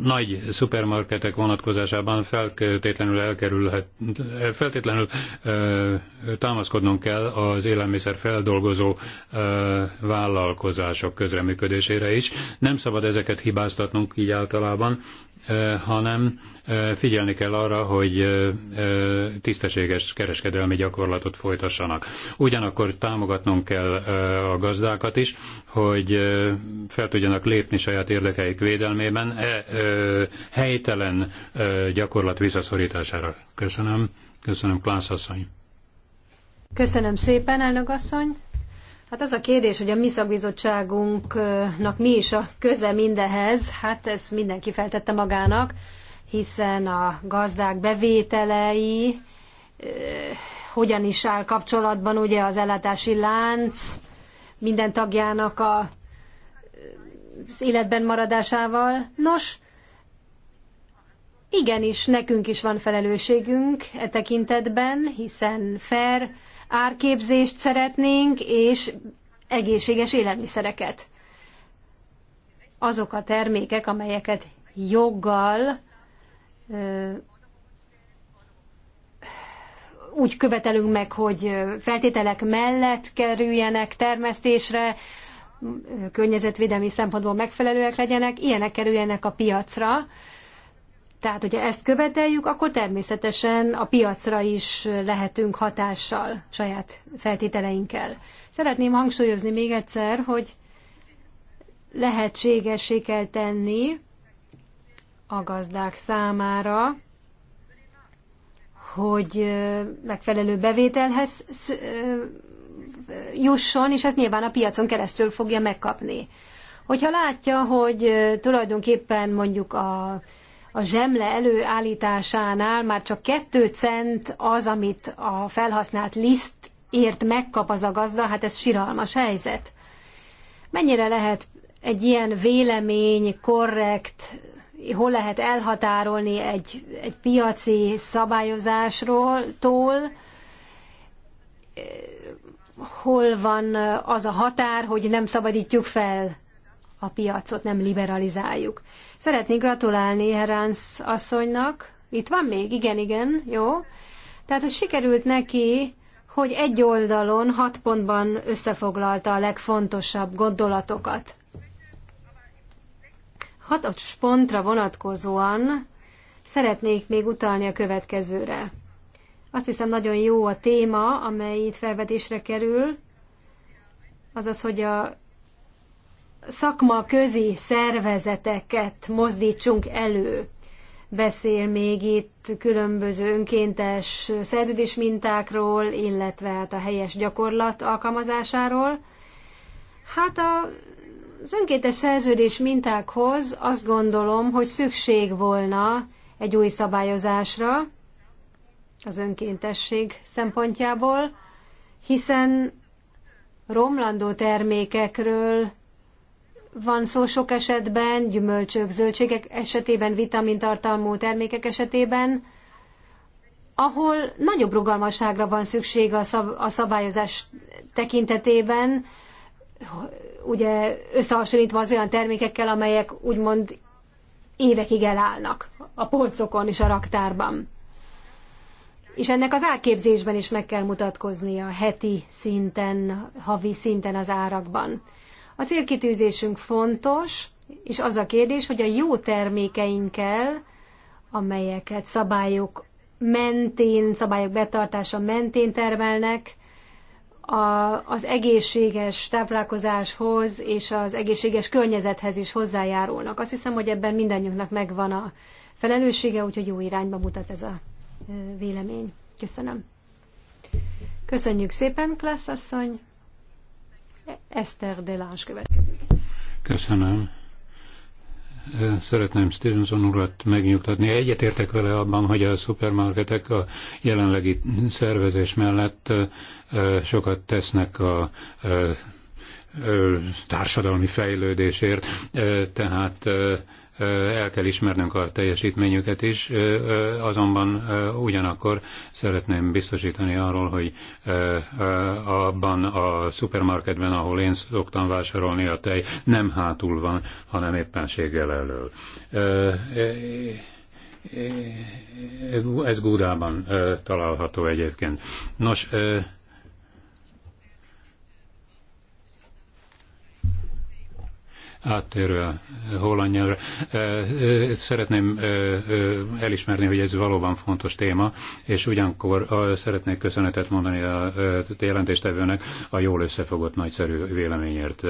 nagy szupermarketek vonatkozásában feltétlenül elkerülhet, feltétlenül támaszkodnunk kell az élelmiszer feldolgozó vállalkozások közreműködésére is. Nem szabad ezeket hibáztatnunk így általában, hanem figyelni kell arra, hogy tisztességes kereskedelmi gyakorlatot folytassanak. Ugyanakkor támogatnunk kell a gazdákat is, hogy fel tudjanak lépni saját érdekeik védelmében e helytelen gyakorlat visszaszorítására. Köszönöm. Köszönöm, Klász asszony.
Köszönöm szépen, elnök asszony. Hát az a kérdés, hogy a mi szakbizottságunknak mi is a köze mindehez, hát ez mindenki feltette magának hiszen a gazdák bevételei hogyan is áll kapcsolatban ugye az ellátási lánc minden tagjának a, az életben maradásával. Nos, igenis, nekünk is van felelősségünk e tekintetben, hiszen fair árképzést szeretnénk, és egészséges élelmiszereket. Azok a termékek, amelyeket joggal úgy követelünk meg, hogy feltételek mellett kerüljenek termesztésre, környezetvédelmi szempontból megfelelőek legyenek, ilyenek kerüljenek a piacra. Tehát, hogyha ezt követeljük, akkor természetesen a piacra is lehetünk hatással saját feltételeinkkel. Szeretném hangsúlyozni még egyszer, hogy lehetségessé kell tenni a gazdák számára, hogy megfelelő bevételhez jusson, és ezt nyilván a piacon keresztül fogja megkapni. Hogyha látja, hogy tulajdonképpen mondjuk a, a zsemle előállításánál már csak 2 cent az, amit a felhasznált liszt ért megkap az a gazda, hát ez siralmas helyzet. Mennyire lehet egy ilyen vélemény korrekt hol lehet elhatárolni egy, egy piaci szabályozásról, hol van az a határ, hogy nem szabadítjuk fel a piacot, nem liberalizáljuk. Szeretnék gratulálni Heránsz asszonynak. Itt van még? Igen, igen, jó. Tehát, hogy sikerült neki, hogy egy oldalon, hat pontban összefoglalta a legfontosabb gondolatokat hatos pontra vonatkozóan szeretnék még utalni a következőre. Azt hiszem nagyon jó a téma, amely itt felvetésre kerül, azaz, hogy a szakma közi szervezeteket mozdítsunk elő. Beszél még itt különböző önkéntes mintákról, illetve hát a helyes gyakorlat alkalmazásáról. Hát a az önkéntes szerződés mintákhoz azt gondolom, hogy szükség volna egy új szabályozásra az önkéntesség szempontjából, hiszen romlandó termékekről van szó sok esetben, gyümölcsök, zöldségek esetében, vitamintartalmú termékek esetében, ahol nagyobb rugalmasságra van szükség a, szab- a szabályozás tekintetében, ugye összehasonlítva az olyan termékekkel, amelyek úgymond évekig elállnak a polcokon és a raktárban. És ennek az árképzésben is meg kell mutatkoznia heti szinten, havi szinten az árakban. A célkitűzésünk fontos, és az a kérdés, hogy a jó termékeinkkel, amelyeket szabályok mentén, szabályok betartása mentén termelnek, a, az egészséges táplálkozáshoz és az egészséges környezethez is hozzájárulnak. Azt hiszem, hogy ebben mindannyiunknak megvan a felelőssége, úgyhogy jó irányba mutat ez a vélemény. Köszönöm. Köszönjük szépen, Klassz asszony. Eszter Delás következik.
Köszönöm szeretném Stevenson urat megnyugtatni. Egyetértek vele abban, hogy a szupermarketek a jelenlegi szervezés mellett sokat tesznek a társadalmi fejlődésért, tehát el kell ismernünk a teljesítményüket is, azonban ugyanakkor szeretném biztosítani arról, hogy abban a szupermarketben, ahol én szoktam vásárolni a tej, nem hátul van, hanem éppenséggel elől. Ez Gúdában található egyébként. Nos, áttérő a holland nyelvre. Szeretném elismerni, hogy ez valóban fontos téma, és ugyankor szeretnék köszönetet mondani a jelentéstevőnek a jól összefogott nagyszerű véleményért.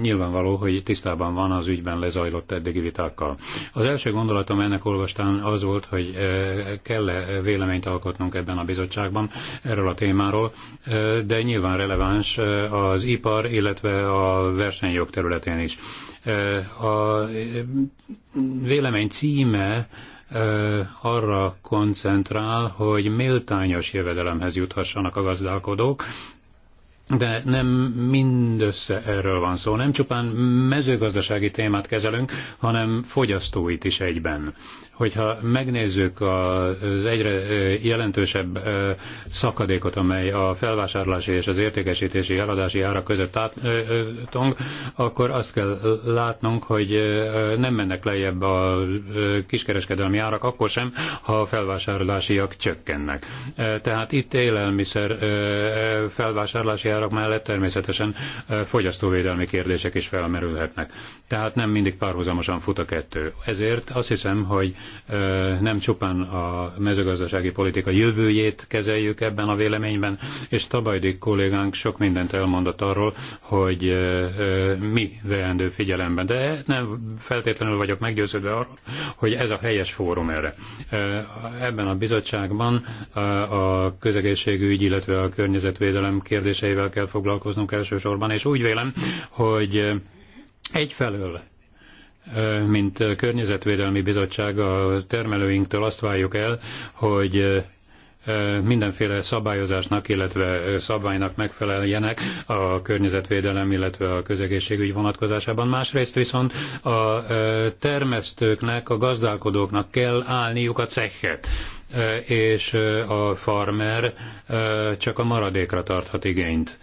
Nyilvánvaló, hogy tisztában van az ügyben lezajlott eddigi vitákkal. Az első gondolatom ennek olvastán az volt, hogy kell-e véleményt alkotnunk ebben a bizottságban erről a témáról, de nyilván releváns az ipar, illetve a versenyjog jog területén is. A vélemény címe arra koncentrál, hogy méltányos jövedelemhez juthassanak a gazdálkodók, de nem mindössze erről van szó. Nem csupán mezőgazdasági témát kezelünk, hanem fogyasztóit is egyben hogyha megnézzük az egyre jelentősebb szakadékot, amely a felvásárlási és az értékesítési eladási árak között átong, akkor azt kell látnunk, hogy nem mennek lejjebb a kiskereskedelmi árak, akkor sem, ha a felvásárlásiak csökkennek. Tehát itt élelmiszer felvásárlási árak mellett természetesen fogyasztóvédelmi kérdések is felmerülhetnek. Tehát nem mindig párhuzamosan fut a kettő. Ezért azt hiszem, hogy nem csupán a mezőgazdasági politika jövőjét kezeljük ebben a véleményben, és Tabajdi kollégánk sok mindent elmondott arról, hogy mi veendő figyelemben. De nem feltétlenül vagyok meggyőződve arról, hogy ez a helyes fórum erre. Ebben a bizottságban a közegészségügy, illetve a környezetvédelem kérdéseivel kell foglalkoznunk elsősorban, és úgy vélem, hogy egyfelől mint Környezetvédelmi Bizottság a termelőinktől azt várjuk el, hogy mindenféle szabályozásnak, illetve szabálynak megfeleljenek a környezetvédelem, illetve a közegészségügy vonatkozásában. Másrészt viszont a termesztőknek, a gazdálkodóknak kell állniuk a cechet és a farmer csak a maradékra tarthat igényt.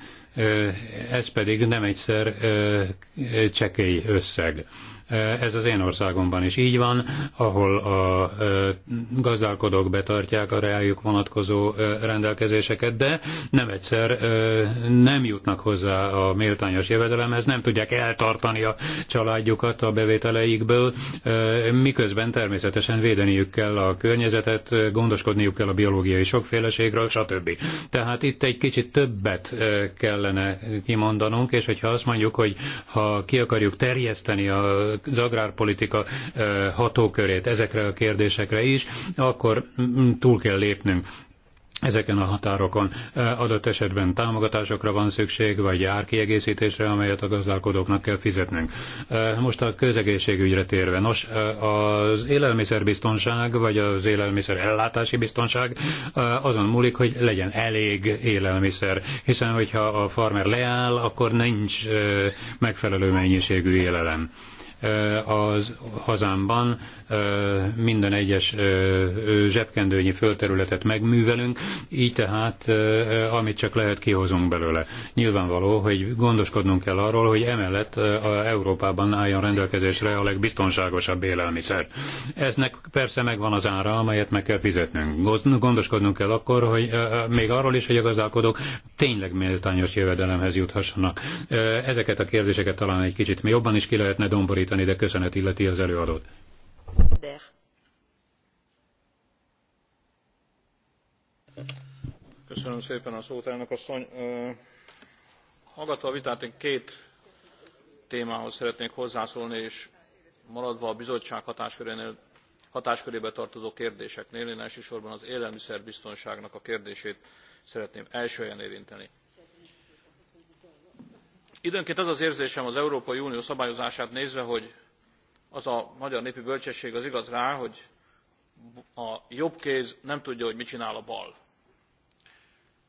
Ez pedig nem egyszer csekély összeg. Eh, ez az én országomban is így van, ahol a eh, gazdálkodók betartják a rájuk vonatkozó eh, rendelkezéseket, de nem egyszer nem jutnak hozzá a méltányos jövedelemhez, nem tudják eltartani a családjukat a bevételeikből, miközben természetesen védeniük kell a környezetet, gondoskodniuk kell a biológiai sokféleségről, stb. Tehát itt egy kicsit többet kellene kimondanunk, és hogyha azt mondjuk, hogy ha ki akarjuk terjeszteni a az agrárpolitika hatókörét ezekre a kérdésekre is, akkor mm, mm, túl kell lépnünk ezeken a határokon adott esetben támogatásokra van szükség, vagy árkiegészítésre, amelyet a gazdálkodóknak kell fizetnünk. Most a közegészségügyre térve. Nos, az élelmiszerbiztonság, vagy az élelmiszer ellátási biztonság azon múlik, hogy legyen elég élelmiszer, hiszen hogyha a farmer leáll, akkor nincs megfelelő mennyiségű élelem az hazámban minden egyes zsebkendőnyi földterületet megművelünk, így tehát amit csak lehet kihozunk belőle. Nyilvánvaló, hogy gondoskodnunk kell arról, hogy emellett a Európában álljon rendelkezésre a legbiztonságosabb élelmiszer. Eznek persze megvan az ára, amelyet meg kell fizetnünk. Gondoskodnunk kell akkor, hogy még arról is, hogy a gazdálkodók tényleg méltányos jövedelemhez juthassanak. Ezeket a kérdéseket talán egy kicsit mi jobban is ki lehetne domborítani, de köszönet illeti az előadót.
Köszönöm szépen elnök asszony. Hallgatva a vitát, én két témához szeretnék hozzászólni, és maradva a bizottság hatáskörébe tartozó kérdéseknél, én elsősorban az élelmiszerbiztonságnak a kérdését szeretném első helyen érinteni. Időnként az az érzésem az Európai Unió szabályozását nézve, hogy az a magyar népi bölcsesség az igaz rá, hogy a jobb kéz nem tudja, hogy mit csinál a bal.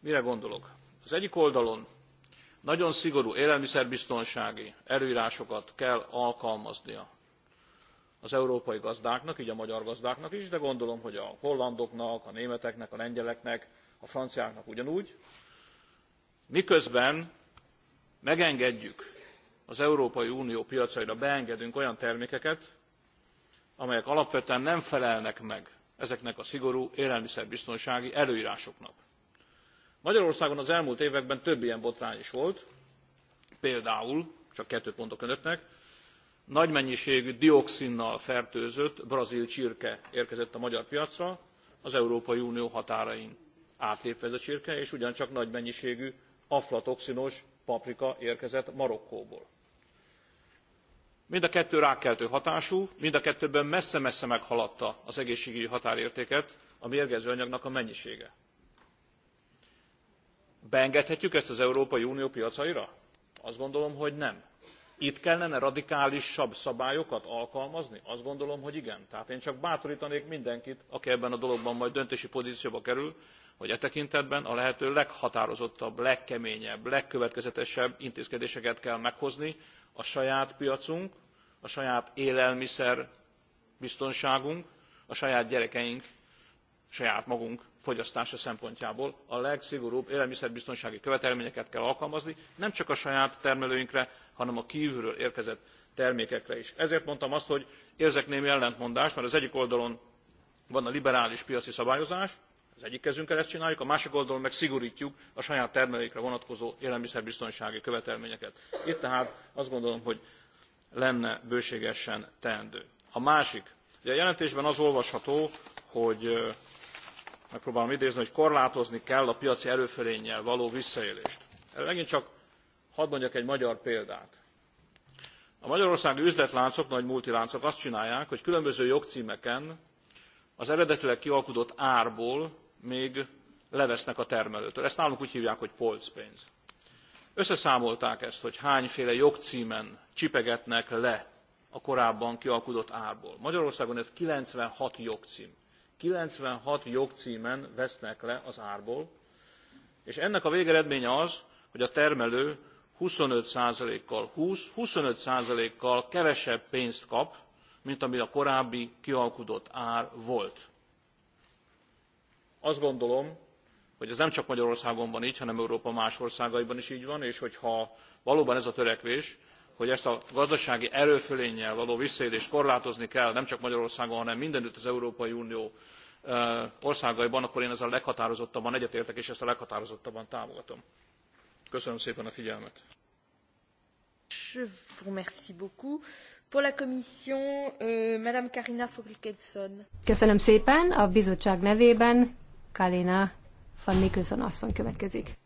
Mire gondolok? Az egyik oldalon nagyon szigorú élelmiszerbiztonsági előrásokat kell alkalmaznia az európai gazdáknak, így a magyar gazdáknak is, de gondolom, hogy a hollandoknak, a németeknek, a lengyeleknek, a franciáknak ugyanúgy, miközben megengedjük az európai unió piacaira beengedünk olyan termékeket amelyek alapvetően nem felelnek meg ezeknek a szigorú élelmiszerbiztonsági előrásoknak. magyarországon az elmúlt években több ilyen botrány is volt például csak kettőt mondok önöknek nagy mennyiségű dioxinnal fertőzött brazil csirke érkezett a magyar piacra az európai unió határain átlépve ez a csirke és ugyancsak nagy mennyiségű aflatoxinos paprika érkezett Marokkóból. Mind a kettő rákkeltő hatású, mind a kettőben messze-messze meghaladta az egészségügyi határértéket a mérgező anyagnak a mennyisége. Beengedhetjük ezt az Európai Unió piacaira? Azt gondolom, hogy nem. Itt kellene radikálisabb szabályokat alkalmazni? Azt gondolom, hogy igen. Tehát én csak bátorítanék mindenkit, aki ebben a dologban majd döntési pozícióba kerül, hogy e tekintetben a lehető leghatározottabb, legkeményebb, legkövetkezetesebb intézkedéseket kell meghozni a saját piacunk, a saját élelmiszer biztonságunk, a saját gyerekeink, saját magunk fogyasztása szempontjából a legszigorúbb élelmiszerbiztonsági követelményeket kell alkalmazni, nem csak a saját termelőinkre, hanem a kívülről érkezett termékekre is. Ezért mondtam azt, hogy érzek némi ellentmondást, mert az egyik oldalon van a liberális piaci szabályozás, az egyik kezünkkel ezt csináljuk a másik oldalon meg szigortjuk a saját termelékre vonatkozó élelmiszerbiztonsági követelményeket. itt tehát azt gondolom hogy lenne bőségesen teendő. a másik ugye a jelentésben az olvasható hogy megpróbálom idézni hogy korlátozni kell a piaci erőfölénnyel való visszaélést. erre megint csak hadd mondjak egy magyar példát. a magyarországi üzletláncok nagy multiláncok azt csinálják hogy különböző jogcímeken az eredetileg kialkudott árból még levesznek a termelőtől. Ezt nálunk úgy hívják, hogy polcpénz. Összeszámolták ezt, hogy hányféle jogcímen csipegetnek le a korábban kialkudott árból. Magyarországon ez 96 jogcím. 96 jogcímen vesznek le az árból, és ennek a végeredménye az, hogy a termelő 25%-kal 20-25%-kal kevesebb pénzt kap, mint ami a korábbi kialkudott ár volt azt gondolom, hogy ez nem csak Magyarországon van így, hanem Európa más országaiban is így van, és hogyha valóban ez a törekvés, hogy ezt a gazdasági erőfölénnyel való visszaélést korlátozni kell, nem csak Magyarországon, hanem mindenütt az Európai Unió országaiban, akkor én ezzel leghatározottabban egyetértek, és ezt a leghatározottabban támogatom. Köszönöm szépen a figyelmet.
Je vous remercie beaucoup. Pour la commission, euh, Madame Karina
Köszönöm szépen a bizottság nevében. Kalina van Mikkelsen asszony következik.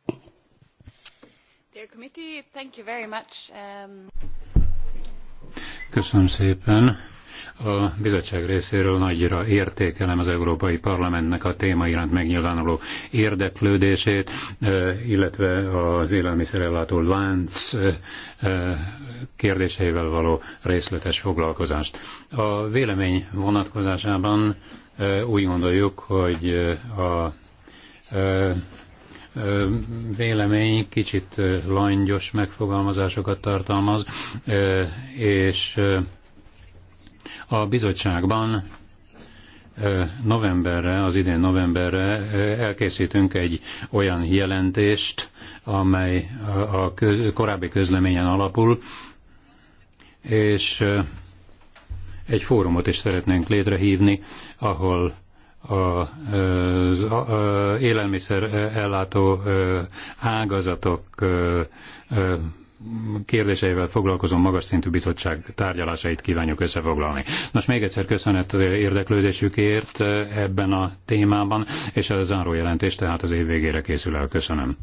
Dear committee, thank you very much. Um,
Köszönöm szépen. A bizottság részéről nagyra értékelem az Európai Parlamentnek a téma iránt megnyilvánuló érdeklődését, e, illetve az élelmiszerellátó lánc e, e, kérdéseivel való részletes foglalkozást. A vélemény vonatkozásában úgy gondoljuk, hogy a vélemény kicsit langyos megfogalmazásokat tartalmaz, és a bizottságban novemberre, az idén novemberre elkészítünk egy olyan jelentést, amely a köz, korábbi közleményen alapul, és egy fórumot is szeretnénk létrehívni, ahol az élelmiszer ellátó ágazatok kérdéseivel foglalkozom magas szintű bizottság tárgyalásait kívánjuk összefoglalni. Nos, még egyszer köszönet érdeklődésükért eh, ebben a témában, és a jelentés, tehát az év végére készül el. Köszönöm.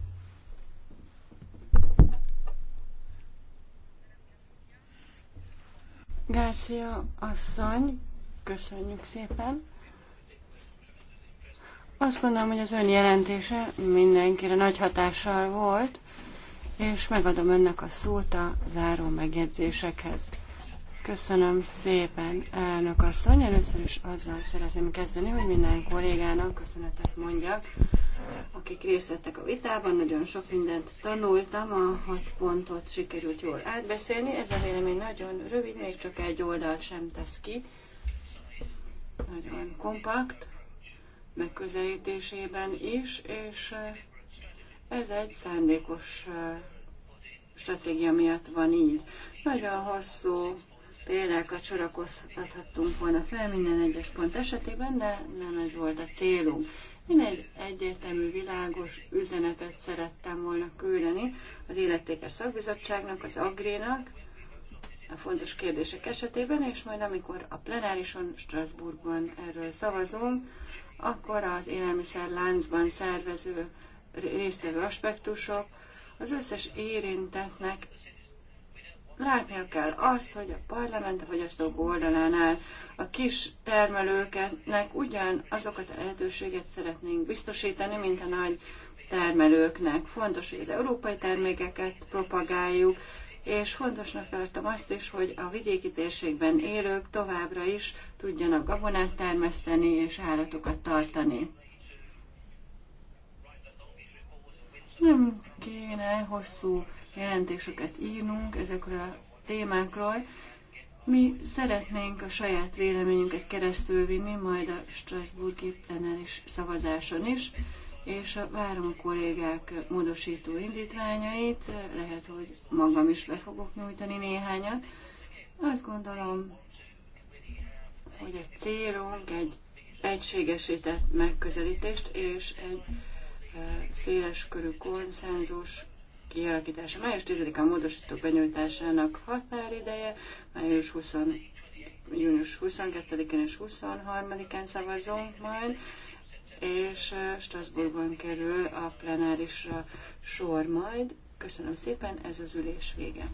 Garcia asszony, köszönjük szépen. Azt gondolom, hogy az ön jelentése mindenkire nagy hatással volt és megadom önnek a szót a záró megjegyzésekhez. Köszönöm szépen, elnök asszony. Először is azzal szeretném kezdeni, hogy minden kollégának köszönetet mondjak, akik részt vettek a vitában. Nagyon sok mindent tanultam, a hat pontot sikerült jól átbeszélni. Ez a vélemény nagyon rövid, még csak egy oldal sem tesz ki. Nagyon kompakt megközelítésében is, és ez egy szándékos stratégia miatt van így. Nagyon hosszú példákat sorakozhatunk volna fel minden egyes pont esetében, de nem ez volt a célunk. Én egy egyértelmű, világos üzenetet szerettem volna küldeni az Életékes Szakbizottságnak, az Agrénak, a fontos kérdések esetében, és majd amikor a plenárison Strasbourgban erről szavazunk, akkor az élelmiszer láncban szervező résztvevő aspektusok, az összes érintetnek látnia kell azt, hogy a parlament a fogyasztók oldalán áll. A kis termelőknek ugyan azokat a lehetőséget szeretnénk biztosítani, mint a nagy termelőknek. Fontos, hogy az európai termékeket propagáljuk, és fontosnak tartom azt is, hogy a vidéki térségben élők továbbra is tudjanak gabonát termeszteni és állatokat tartani. Nem kéne hosszú jelentéseket írnunk ezekről a témákról. Mi szeretnénk a saját véleményünket keresztül vinni, majd a Strasburgi plenáris szavazáson is, és a várom a kollégák módosító indítványait, lehet, hogy magam is be fogok nyújtani néhányat. Azt gondolom, hogy a célunk egy egységesített megközelítést és egy széles körű konszenzus kialakítása. Május 10-a módosítók benyújtásának határideje, május 20 június 22-én és 23-án szavazunk majd, és Strasbourgban kerül a plenárisra sor majd. Köszönöm szépen, ez az ülés vége.